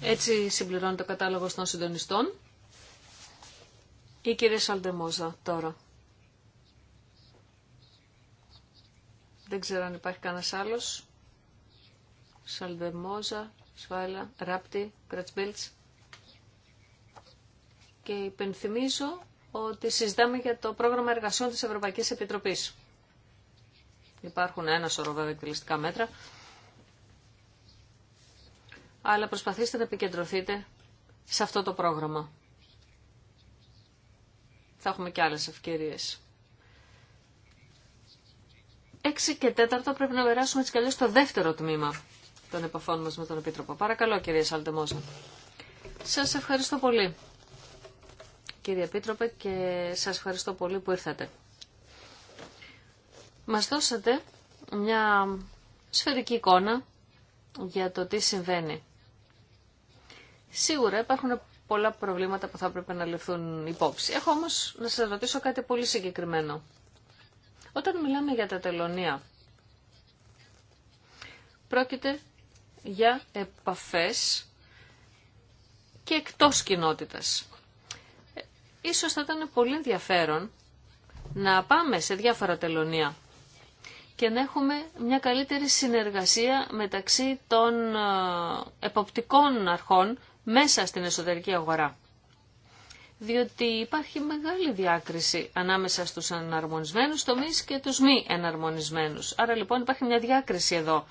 Έτσι συμπληρώνει το κατάλογο των συντονιστών. Η κυρία Σαλτεμόζα τώρα. Δεν ξέρω αν υπάρχει κανένας άλλος. Σαλδεμόζα, Σβάλα, Ράπτη, Κρατσμπίλτς. Και υπενθυμίζω ότι συζητάμε για το πρόγραμμα εργασιών της Ευρωπαϊκής Επιτροπής. Υπάρχουν ένα σωρό βέβαια εκτελεστικά μέτρα, αλλά προσπαθήστε να επικεντρωθείτε σε αυτό το πρόγραμμα. Θα έχουμε και άλλες ευκαιρίες. 6 και 4 πρέπει να περάσουμε έτσι καλώς στο δεύτερο τμήμα των επαφών μας με τον Επίτροπο. Παρακαλώ κυρία Σαλτεμόζα. Σας ευχαριστώ πολύ κύριε Επίτροπε και σας ευχαριστώ πολύ που ήρθατε. Μας δώσατε μια σφαιρική εικόνα για το τι συμβαίνει. Σίγουρα υπάρχουν πολλά προβλήματα που θα έπρεπε να ληφθούν υπόψη. Έχω όμως να σας ρωτήσω κάτι πολύ συγκεκριμένο. Όταν μιλάμε για τα τελωνία, πρόκειται για επαφές και εκτός κοινότητας. Ίσως θα ήταν πολύ ενδιαφέρον να πάμε σε διάφορα τελωνία και να έχουμε μια καλύτερη συνεργασία μεταξύ των ε, εποπτικών αρχών μέσα στην εσωτερική αγορά. Διότι υπάρχει μεγάλη διάκριση ανάμεσα στους εναρμονισμένους τομείς και τους μη εναρμονισμένους. Άρα λοιπόν υπάρχει μια διάκριση εδώ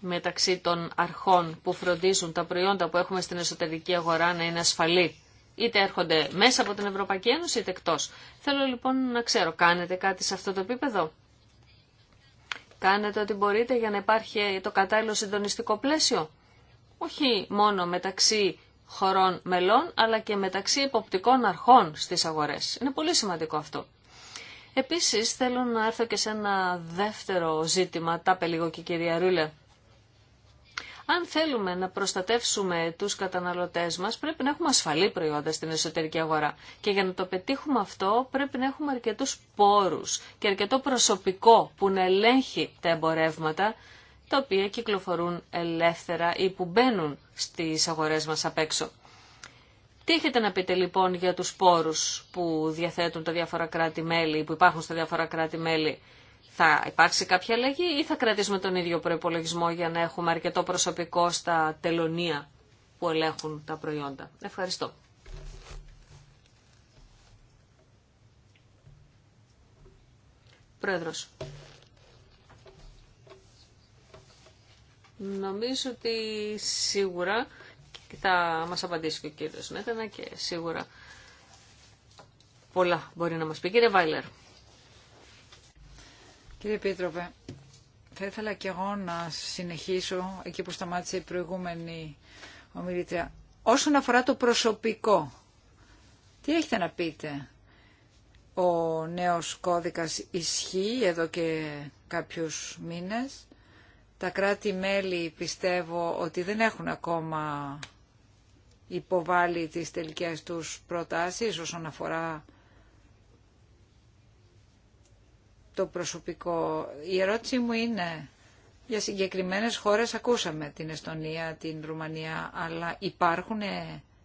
μεταξύ των αρχών που φροντίζουν τα προϊόντα που έχουμε στην εσωτερική αγορά να είναι ασφαλή είτε έρχονται μέσα από την Ευρωπαϊκή Ένωση είτε εκτός. Θέλω λοιπόν να ξέρω, κάνετε κάτι σε αυτό το επίπεδο. Κάνετε ό,τι μπορείτε για να υπάρχει το κατάλληλο συντονιστικό πλαίσιο. Όχι μόνο μεταξύ χωρών μελών, αλλά και μεταξύ υποπτικών αρχών στις αγορές. Είναι πολύ σημαντικό αυτό. Επίσης θέλω να έρθω και σε ένα δεύτερο ζήτημα, τα λίγο και κυρία Ρούλε. Αν θέλουμε να προστατεύσουμε τους καταναλωτές μας, πρέπει να έχουμε ασφαλή προϊόντα στην εσωτερική αγορά. Και για να το πετύχουμε αυτό, πρέπει να έχουμε αρκετού πόρους και αρκετό προσωπικό που να ελέγχει τα εμπορεύματα, τα οποία κυκλοφορούν ελεύθερα ή που μπαίνουν στις αγορές μας απ' έξω. Τι έχετε να πείτε λοιπόν για τους πόρους που διαθέτουν τα διάφορα κράτη-μέλη, που υπάρχουν στα διάφορα κράτη-μέλη θα υπάρξει κάποια αλλαγή ή θα κρατήσουμε τον ίδιο προπολογισμό για να έχουμε αρκετό προσωπικό στα τελωνία που ελέγχουν τα προϊόντα. Ευχαριστώ. Πρόεδρος. Νομίζω ότι σίγουρα θα μας απαντήσει και ο κύριος Νέτανα και σίγουρα πολλά μπορεί να μας πει. Κύριε Βάιλερ. Κύριε Πίτροπε, θα ήθελα και εγώ να συνεχίσω εκεί που σταμάτησε η προηγούμενη ομιλήτρια. Όσον αφορά το προσωπικό, τι έχετε να πείτε. Ο νέος κώδικας ισχύει εδώ και κάποιους μήνες. Τα κράτη-μέλη πιστεύω ότι δεν έχουν ακόμα υποβάλει τις τελικές τους προτάσεις όσον αφορά το προσωπικό. Η ερώτηση μου είναι, για συγκεκριμένες χώρες ακούσαμε την Εστονία, την Ρουμανία, αλλά υπάρχουν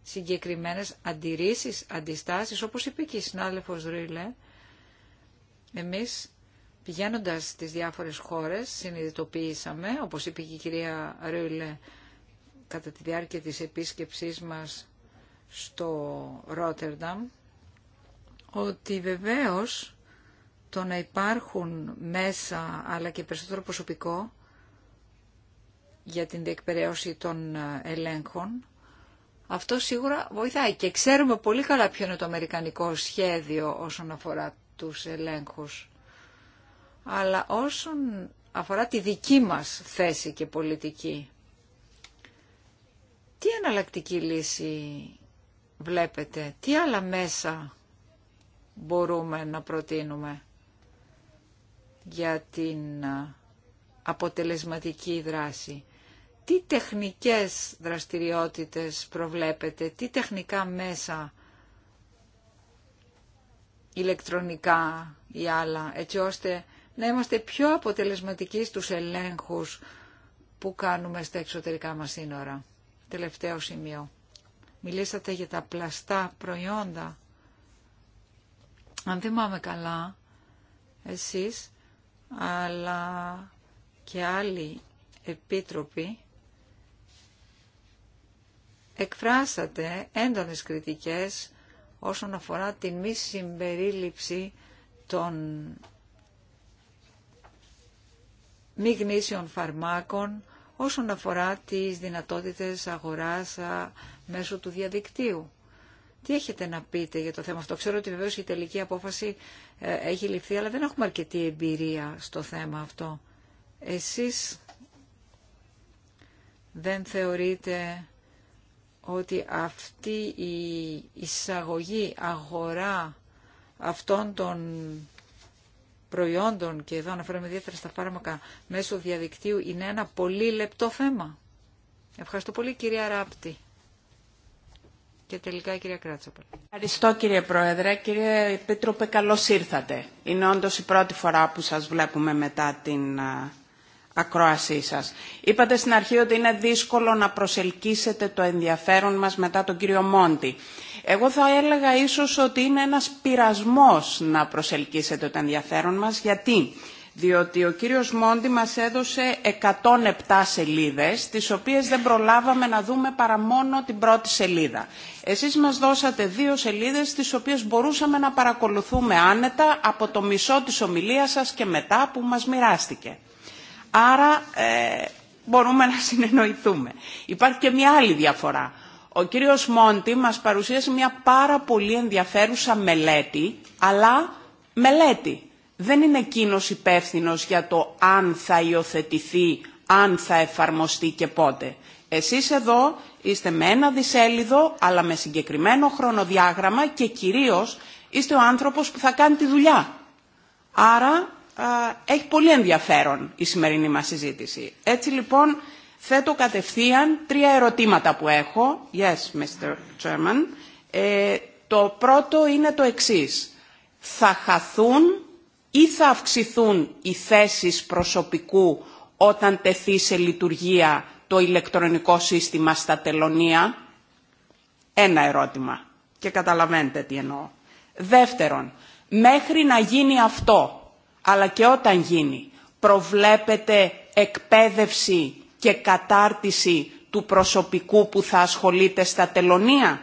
συγκεκριμένες αντιρρήσεις, αντιστάσεις, όπως είπε και η συνάδελφος Ρίλε, εμείς πηγαίνοντας στις διάφορες χώρες συνειδητοποίησαμε, όπως είπε και η κυρία Ρίλε κατά τη διάρκεια της επίσκεψής μας στο Ρότερνταμ, ότι βεβαίως το να υπάρχουν μέσα αλλά και περισσότερο προσωπικό για την διεκπαιρέωση των ε, ελέγχων, αυτό σίγουρα βοηθάει. Και ξέρουμε πολύ καλά ποιο είναι το αμερικανικό σχέδιο όσον αφορά τους ελέγχους. Αλλά όσον αφορά τη δική μας θέση και πολιτική, τι εναλλακτική λύση βλέπετε, τι άλλα μέσα μπορούμε να προτείνουμε για την αποτελεσματική δράση. Τι τεχνικές δραστηριότητες προβλέπετε, τι τεχνικά μέσα ηλεκτρονικά ή άλλα, έτσι ώστε να είμαστε πιο αποτελεσματικοί στους ελέγχους που κάνουμε στα εξωτερικά μας σύνορα. Τελευταίο σημείο. Μιλήσατε για τα πλαστά προϊόντα. Αν θυμάμαι καλά, εσείς αλλά και άλλοι επίτροποι εκφράσατε έντονες κριτικές όσον αφορά την μη συμπερίληψη των μη γνήσιων φαρμάκων όσον αφορά τις δυνατότητες αγοράς μέσω του διαδικτύου. Τι έχετε να πείτε για το θέμα αυτό. Ξέρω ότι βεβαίως η τελική απόφαση ε, έχει ληφθεί, αλλά δεν έχουμε αρκετή εμπειρία στο θέμα αυτό. Εσείς δεν θεωρείτε ότι αυτή η εισαγωγή αγορά αυτών των προϊόντων και εδώ αναφέρομαι ιδιαίτερα στα φάρμακα μέσω διαδικτύου είναι ένα πολύ λεπτό θέμα. Ευχαριστώ πολύ κυρία Ράπτη. Και τελικά η κυρία Κράτσα. Ευχαριστώ κύριε Πρόεδρε. Κύριε Επίτροπε, καλώ ήρθατε. Είναι όντω η πρώτη φορά που σας βλέπουμε μετά την ακρόασή σας. Είπατε στην αρχή ότι είναι δύσκολο να προσελκύσετε το ενδιαφέρον μας μετά τον κύριο Μόντι. Εγώ θα έλεγα ίσως ότι είναι ένας πειρασμός να προσελκύσετε το ενδιαφέρον μας. Γιατί διότι ο κύριος Μόντι μας έδωσε 107 σελίδες, τις οποίες δεν προλάβαμε να δούμε παρά μόνο την πρώτη σελίδα. Εσείς μας δώσατε δύο σελίδες, τις οποίες μπορούσαμε να παρακολουθούμε άνετα από το μισό της ομιλίας σας και μετά που μας μοιράστηκε. Άρα ε, μπορούμε να συνεννοηθούμε. Υπάρχει και μια άλλη διαφορά. Ο κύριος Μόντι μας παρουσίασε μια πάρα πολύ ενδιαφέρουσα μελέτη, αλλά μελέτη δεν είναι εκείνο υπεύθυνο για το αν θα υιοθετηθεί, αν θα εφαρμοστεί και πότε. Εσείς εδώ είστε με ένα δισέλιδο, αλλά με συγκεκριμένο χρονοδιάγραμμα και κυρίως είστε ο άνθρωπος που θα κάνει τη δουλειά. Άρα έχει πολύ ενδιαφέρον η σημερινή μας συζήτηση. Έτσι λοιπόν θέτω κατευθείαν τρία ερωτήματα που έχω. Yes, Mr. Chairman. Ε, το πρώτο είναι το εξής. Θα χαθούν ή θα αυξηθούν οι θέσεις προσωπικού όταν τεθεί σε λειτουργία το ηλεκτρονικό σύστημα στα τελωνία. Ένα ερώτημα και καταλαβαίνετε τι εννοώ. Δεύτερον, μέχρι να γίνει αυτό, αλλά και όταν γίνει, προβλέπετε εκπαίδευση και κατάρτιση του προσωπικού που θα ασχολείται στα τελωνία.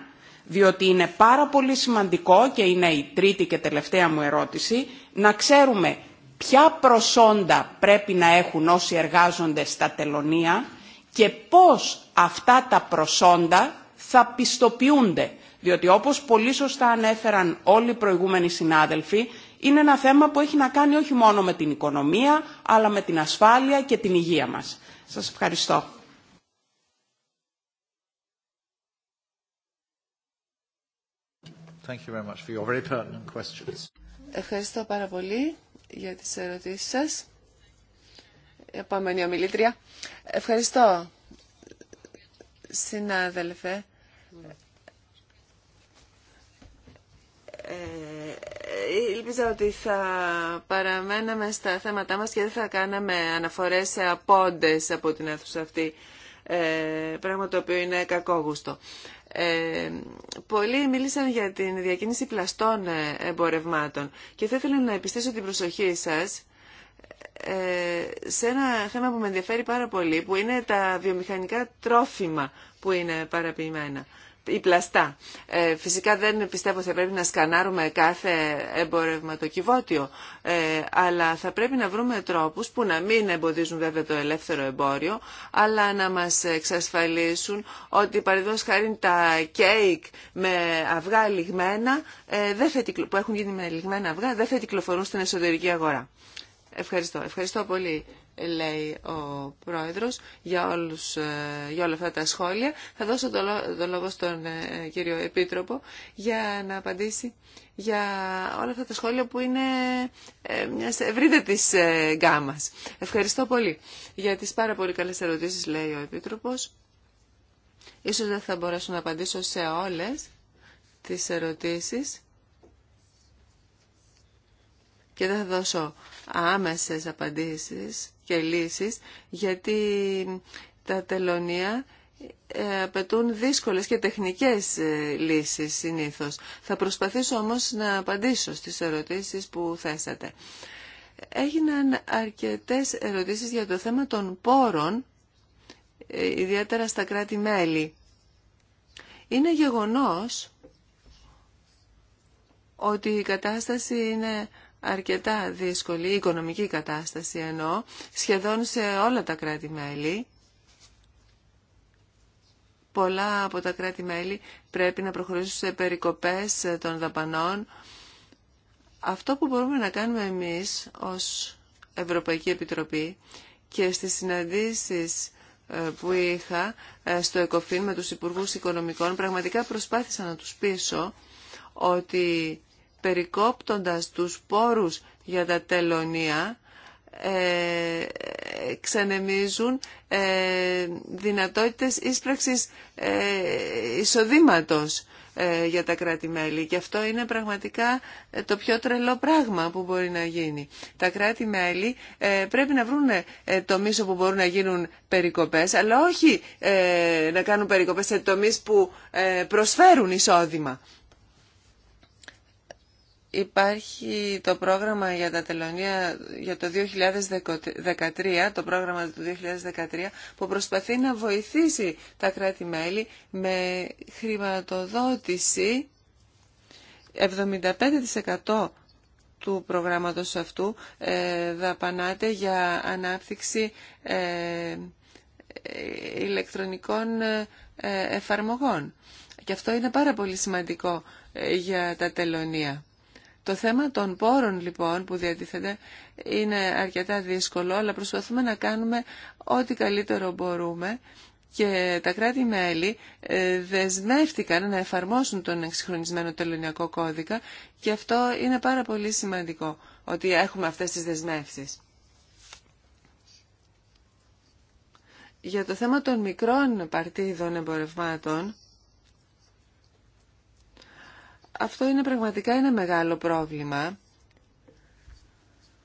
Διότι είναι πάρα πολύ σημαντικό και είναι η τρίτη και τελευταία μου ερώτηση να ξέρουμε ποια προσόντα πρέπει να έχουν όσοι εργάζονται στα τελωνία και πώς αυτά τα προσόντα θα πιστοποιούνται. Διότι όπως πολύ σωστά ανέφεραν όλοι οι προηγούμενοι συνάδελφοι, είναι ένα θέμα που έχει να κάνει όχι μόνο με την οικονομία, αλλά με την ασφάλεια και την υγεία μας. Σας ευχαριστώ. Thank you very much for your very pertinent Ευχαριστώ πάρα πολύ για τις ερωτήσεις σας. Επόμενη ομιλήτρια. Ευχαριστώ, συνάδελφε. Ελπίζω ότι θα παραμέναμε στα θέματά μας και δεν θα κάναμε αναφορές σε απόντες από την αίθουσα αυτή, ε, πράγμα το οποίο είναι κακόγουστο. Ε, πολλοί μίλησαν για την διακίνηση πλαστών ε, εμπορευμάτων και θα ήθελα να επιστήσω την προσοχή σας ε, σε ένα θέμα που με ενδιαφέρει πάρα πολύ, που είναι τα βιομηχανικά τρόφιμα που είναι παραποιημένα ή ε, φυσικά δεν πιστεύω ότι θα πρέπει να σκανάρουμε κάθε εμπορευματοκιβώτιο, ε, αλλά θα πρέπει να βρούμε τρόπους που να μην εμποδίζουν βέβαια το ελεύθερο εμπόριο, αλλά να μας εξασφαλίσουν ότι παραδείγματος χάρη τα κέικ με αυγά λιγμένα, ε, δεν θα, που έχουν γίνει με λιγμένα αυγά, δεν θα κυκλοφορούν στην εσωτερική αγορά. Ευχαριστώ. Ευχαριστώ πολύ λέει ο πρόεδρος, για, όλους, ε, για όλα αυτά τα σχόλια. Θα δώσω το λόγο στον ε, κύριο Επίτροπο για να απαντήσει για όλα αυτά τα σχόλια που είναι ε, μια ευρύτερης γκάμας. Ευχαριστώ πολύ για τις πάρα πολύ καλές ερωτήσεις, λέει ο Επίτροπος. Ίσως δεν θα μπορέσω να απαντήσω σε όλες τις ερωτήσεις και δεν θα δώσω άμεσες απαντήσεις και λύσεις, γιατί τα τελωνία ε, απαιτούν δύσκολες και τεχνικές ε, λύσεις συνήθως. Θα προσπαθήσω όμως να απαντήσω στις ερωτήσεις που θέσατε. Έγιναν αρκετές ερωτήσεις για το θέμα των πόρων, ε, ιδιαίτερα στα κράτη-μέλη. Είναι γεγονός ότι η κατάσταση είναι αρκετά δύσκολη, η οικονομική κατάσταση ενώ, σχεδόν σε όλα τα κράτη-μέλη. Πολλά από τα κράτη-μέλη πρέπει να προχωρήσουν σε περικοπές των δαπανών. Αυτό που μπορούμε να κάνουμε εμείς ως Ευρωπαϊκή Επιτροπή και στις συναντήσεις ε, που είχα ε, στο ΕΚΟΦΗΝ με τους Υπουργούς Οικονομικών, πραγματικά προσπάθησα να τους πείσω ότι περικόπτοντας τους πόρους για τα τελωνία, ε, ξανεμίζουν ε, δυνατότητες ίσπραξης ε, εισοδήματος ε, για τα κράτη-μέλη. Και αυτό είναι πραγματικά ε, το πιο τρελό πράγμα που μπορεί να γίνει. Τα κράτη-μέλη πρέπει να βρουν τομείς όπου μπορούν να γίνουν περικοπές, αλλά όχι να κάνουν περικοπές σε τομείς που προσφέρουν εισόδημα. Υπάρχει το πρόγραμμα για τα τελωνία για το 2013, το πρόγραμμα του 2013, που προσπαθεί να βοηθήσει τα κράτη-μέλη με χρηματοδότηση 75% του προγράμματος αυτού ε, δαπανάται για ανάπτυξη ε, ηλεκτρονικών ε, εφαρμογών. Και αυτό είναι πάρα πολύ σημαντικό για τα τελωνία. Το θέμα των πόρων λοιπόν που διατίθεται είναι αρκετά δύσκολο, αλλά προσπαθούμε να κάνουμε ό,τι καλύτερο μπορούμε και τα κράτη-μέλη ε, δεσμεύτηκαν να εφαρμόσουν τον εξυγχρονισμένο τελωνιακό κώδικα και αυτό είναι πάρα πολύ σημαντικό, ότι έχουμε αυτές τις δεσμεύσεις. Για το θέμα των μικρών παρτίδων εμπορευμάτων, αυτό είναι πραγματικά ένα μεγάλο πρόβλημα.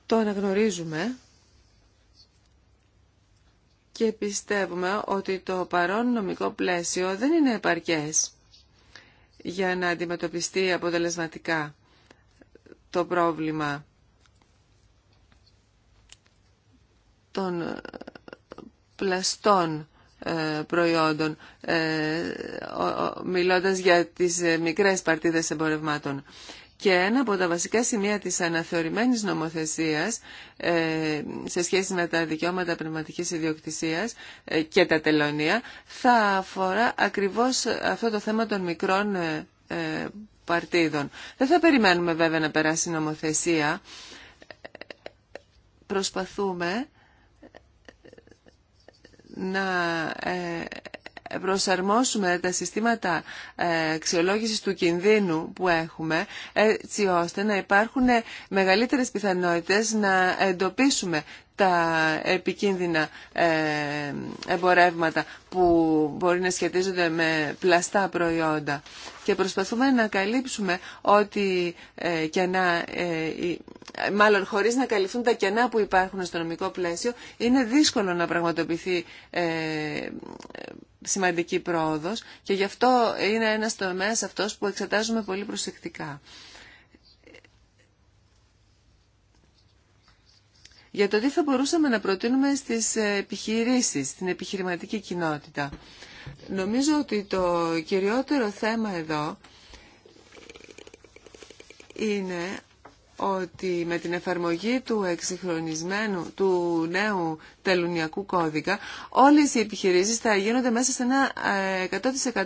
Το αναγνωρίζουμε και πιστεύουμε ότι το παρόν νομικό πλαίσιο δεν είναι επαρκές για να αντιμετωπιστεί αποτελεσματικά το πρόβλημα των πλαστών ε, προϊόντων, ε, μιλώντας για τις ε, μικρές παρτίδες εμπορευμάτων. Και ένα από τα βασικά σημεία της αναθεωρημένης νομοθεσίας σε σχέση με τα δικαιώματα πνευματικής ιδιοκτησίας και τα τελωνία θα αφορά ακριβώς αυτό το θέμα των μικρών παρτίδων. Δεν θα περιμένουμε βέβαια να περάσει η νομοθεσία. Προσπαθούμε να ε, προσαρμόσουμε τα συστήματα ε, αξιολόγησης του κινδύνου που έχουμε έτσι ώστε να υπάρχουν μεγαλύτερες πιθανότητες να εντοπίσουμε τα επικίνδυνα ε, εμπορεύματα που μπορεί να σχετίζονται με πλαστά προϊόντα και προσπαθούμε να καλύψουμε ότι ε, κενά, ε, μάλλον χωρίς να καλυφθούν τα κενά που υπάρχουν στο νομικό πλαίσιο, είναι δύσκολο να πραγματοποιηθεί ε, σημαντική πρόοδος και γι' αυτό είναι ένας τομέας αυτός που εξετάζουμε πολύ προσεκτικά. για το τι θα μπορούσαμε να προτείνουμε στις επιχειρήσεις, στην επιχειρηματική κοινότητα. Νομίζω ότι το κυριότερο θέμα εδώ είναι ότι με την εφαρμογή του εξυγχρονισμένου, του νέου τελουνιακού κώδικα, όλες οι επιχειρήσεις θα γίνονται μέσα σε ένα 100% ε,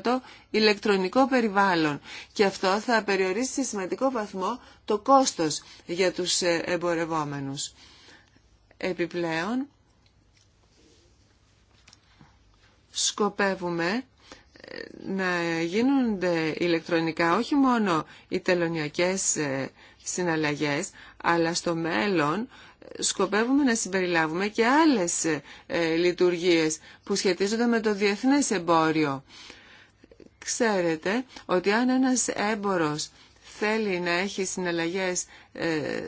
ηλεκτρονικό περιβάλλον. Και αυτό θα περιορίσει σε σημαντικό βαθμό το κόστος για τους ε, εμπορευόμενους. Επιπλέον, σκοπεύουμε ε, να γίνονται ηλεκτρονικά όχι μόνο οι τελωνιακές ε, συναλλαγές, αλλά στο μέλλον ε, σκοπεύουμε να συμπεριλάβουμε και άλλες λειτουργίες που σχετίζονται με το διεθνές εμπόριο. Ξέρετε ότι αν ένας έμπορος θέλει να έχει συναλλαγές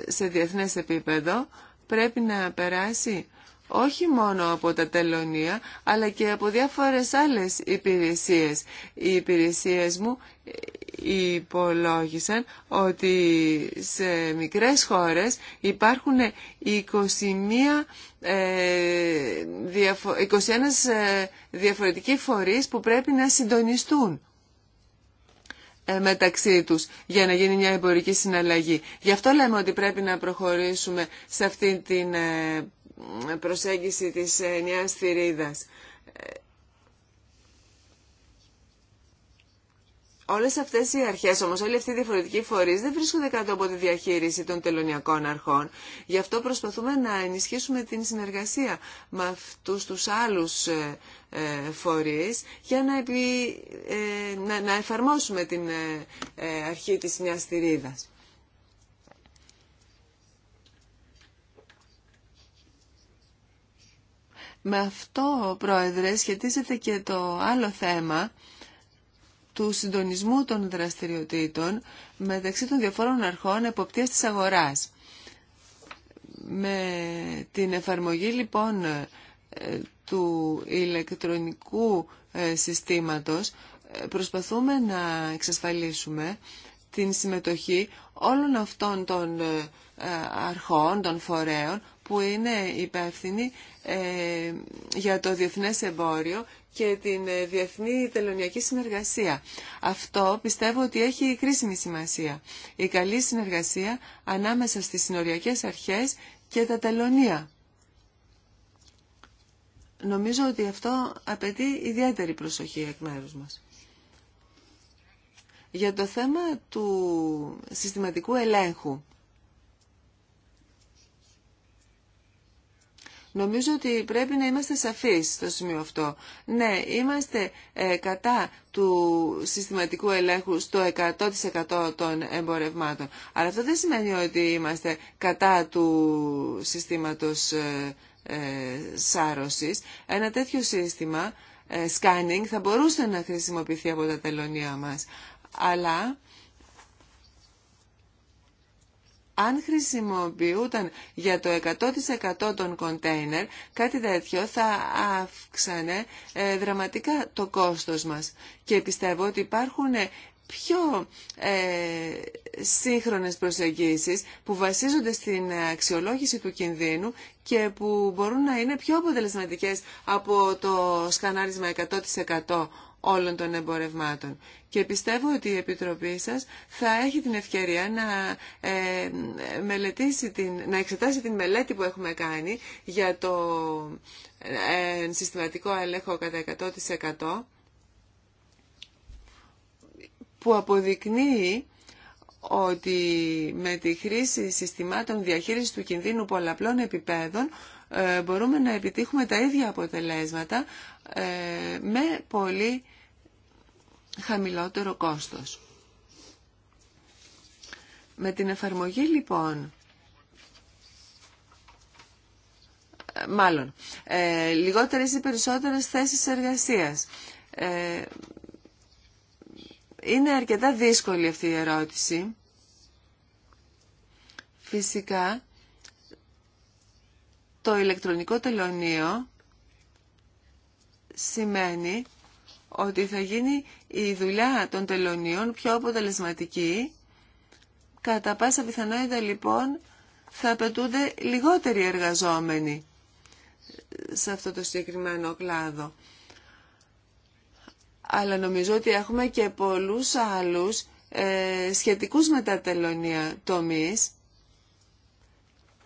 σε διεθνές επίπεδο, πρέπει να περάσει όχι μόνο από τα τελωνία, αλλά και από διάφορες άλλες υπηρεσίες. Οι υπηρεσίες μου υπολόγισαν ότι σε μικρές χώρες υπάρχουν 21, 21 ε, ε, διαφορετικοί φορείς που πρέπει να συντονιστούν. Ε, μεταξύ τους για να γίνει μια εμπορική συναλλαγή. Γι' αυτό λέμε ότι πρέπει να προχωρήσουμε σε αυτή την ε, προσέγγιση της ε, νέας θηρίδας. Όλες αυτές οι αρχές όμως, όλοι αυτοί οι διαφορετικοί φορείς δεν βρίσκονται κάτω από τη διαχείριση των τελωνιακών αρχών. Γι' αυτό προσπαθούμε να ενισχύσουμε την συνεργασία με αυτούς τους άλλους ε, ε, φορείς για να, επι... Ε, να, εφαρμόσουμε την αρχή της μιας θηρίδας. Με αυτό, Πρόεδρε, σχετίζεται και το άλλο θέμα του συντονισμού των δραστηριοτήτων μεταξύ των διαφόρων αρχών εποπτείας της αγοράς. Με την εφαρμογή λοιπόν ε, του ηλεκτρονικού ε, συστήματος ε, προσπαθούμε να εξασφαλίσουμε την συμμετοχή όλων αυτών των αρχών, των φορέων που είναι υπεύθυνη ε, για το διεθνές εμπόριο και την ε, διεθνή τελωνιακή συνεργασία. Αυτό πιστεύω ότι έχει κρίσιμη σημασία. Η καλή συνεργασία ανάμεσα στις συνοριακές αρχές και τα τελωνία. Νομίζω ότι αυτό απαιτεί ιδιαίτερη προσοχή εκ μέρους μας. Για το θέμα του συστηματικού ελέγχου Νομίζω ότι πρέπει να είμαστε σαφείς στο σημείο αυτό. Ναι, είμαστε ε, κατά του συστηματικού ελέγχου στο 100% των εμπορευμάτων. Αλλά αυτό δεν σημαίνει ότι είμαστε κατά του συστήματος ε, ε, σάρωσης. Ένα τέτοιο σύστημα, scanning, θα μπορούσε να χρησιμοποιηθεί από τα τελωνία μας. Αλλά αν χρησιμοποιούταν για το 100% των κοντέινερ, κάτι τέτοιο θα αύξανε ε, δραματικά το κόστος μας. Και πιστεύω ότι υπάρχουν ε, πιο ε, σύγχρονες προσεγγίσεις που βασίζονται στην αξιολόγηση του κινδύνου και που μπορούν να είναι πιο αποτελεσματικές από το σκανάρισμα 100% όλων των εμπορευμάτων. Και πιστεύω ότι η Επιτροπή σας θα έχει την ευκαιρία να, ε, μελετήσει την, να εξετάσει την μελέτη που έχουμε κάνει για το ε, συστηματικό έλεγχο κατά 100% που αποδεικνύει ότι με τη χρήση συστημάτων διαχείρισης του κινδύνου πολλαπλών επιπέδων ε, μπορούμε να επιτύχουμε τα ίδια αποτελέσματα ε, με πολύ χαμηλότερο κόστος. Με την εφαρμογή λοιπόν μάλλον, ε, λιγότερες ή περισσότερες θέσεις εργασίας. Ε, είναι αρκετά δύσκολη αυτή η περισσοτερες θεσεις εργασιας ειναι αρκετα Φυσικά, το ηλεκτρονικό τελωνείο σημαίνει ότι θα γίνει η δουλειά των τελωνίων πιο αποτελεσματική. Κατά πάσα πιθανότητα λοιπόν θα απαιτούνται λιγότεροι εργαζόμενοι σε αυτό το συγκεκριμένο κλάδο. Αλλά νομίζω ότι έχουμε και πολλούς άλλους ε, σχετικούς με τα τελωνία τομείς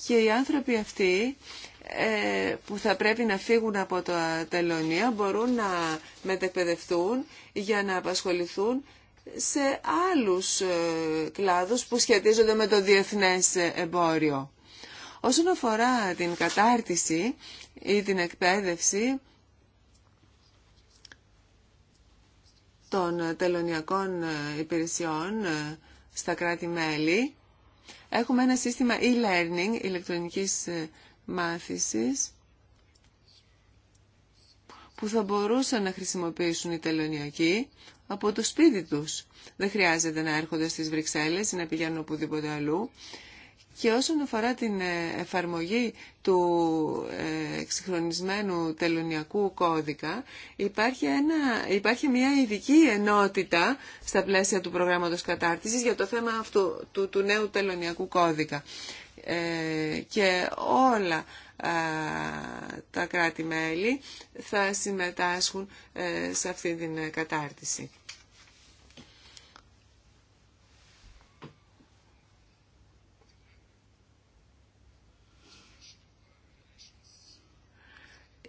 και οι άνθρωποι αυτοί ε, που θα πρέπει να φύγουν από το τελωνία μπορούν να μετεκπαιδευτούν για να απασχοληθούν σε άλλους ε, κλάδους που σχετίζονται με το διεθνές εμπόριο. Όσον αφορά την κατάρτιση ή την εκπαίδευση των τελωνιακών ε, υπηρεσιών στα κράτη-μέλη, έχουμε ένα σύστημα e-learning, ηλεκτρονικής μάθησης που θα μπορούσαν να χρησιμοποιήσουν οι τελωνιακοί από το σπίτι τους. Δεν χρειάζεται να έρχονται στις Βρυξέλλες ή να πηγαίνουν οπουδήποτε αλλού. Και όσον αφορά την ε, εφαρμογή του ε, εξυγχρονισμένου τελωνιακού κώδικα, υπάρχει, ένα, υπάρχει μια ειδική ενότητα στα πλαίσια του προγράμματος κατάρτισης για το θέμα αυτού, του, του νέου τελωνιακού κώδικα. Ε, και όλα ε, τα κράτη-μέλη θα συμμετάσχουν ε, σε αυτή την κατάρτιση.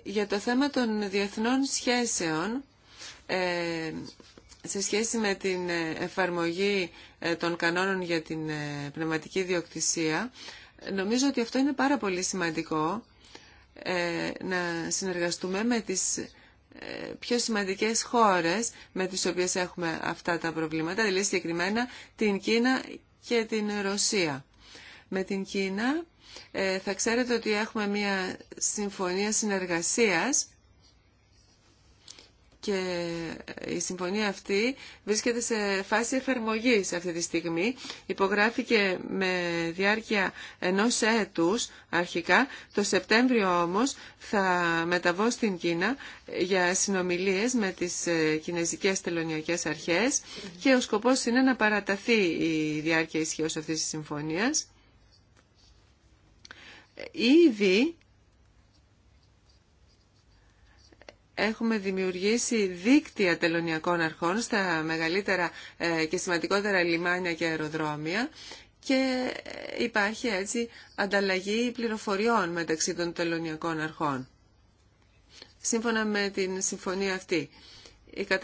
Για το θέμα των διεθνών σχέσεων σε σχέση με την ε, εφαρμογή ε, των κανόνων για την ε, πνευματική διοκτησία, νομίζω ότι αυτό είναι πάρα πολύ σημαντικό να συνεργαστούμε με τις πιο σημαντικές χώρες με τις οποίες έχουμε αυτά τα προβλήματα, δηλαδή συγκεκριμένα την Κίνα και την Ρωσία. Με την Κίνα θα ξέρετε ότι έχουμε μια συμφωνία συνεργασίας και η συμφωνία αυτή βρίσκεται σε φάση εφαρμογής αυτή τη στιγμή. Υπογράφηκε με διάρκεια ενός έτους αρχικά. Το Σεπτέμβριο όμως θα μεταβώ στην Κίνα για συνομιλίες με τις ε, κινέζικες τελωνιακές αρχές και ο σκοπός είναι να παραταθεί η διάρκεια ισχύω αυτής της συμφωνίας. Ήδη έχουμε δημιουργήσει δίκτυα τελωνιακών αρχών στα μεγαλύτερα ε, και σημαντικότερα λιμάνια και αεροδρόμια και ε, υπάρχει έτσι ανταλλαγή πληροφοριών μεταξύ των τελωνιακών αρχών. Σύμφωνα με την συμφωνία αυτή, η κατά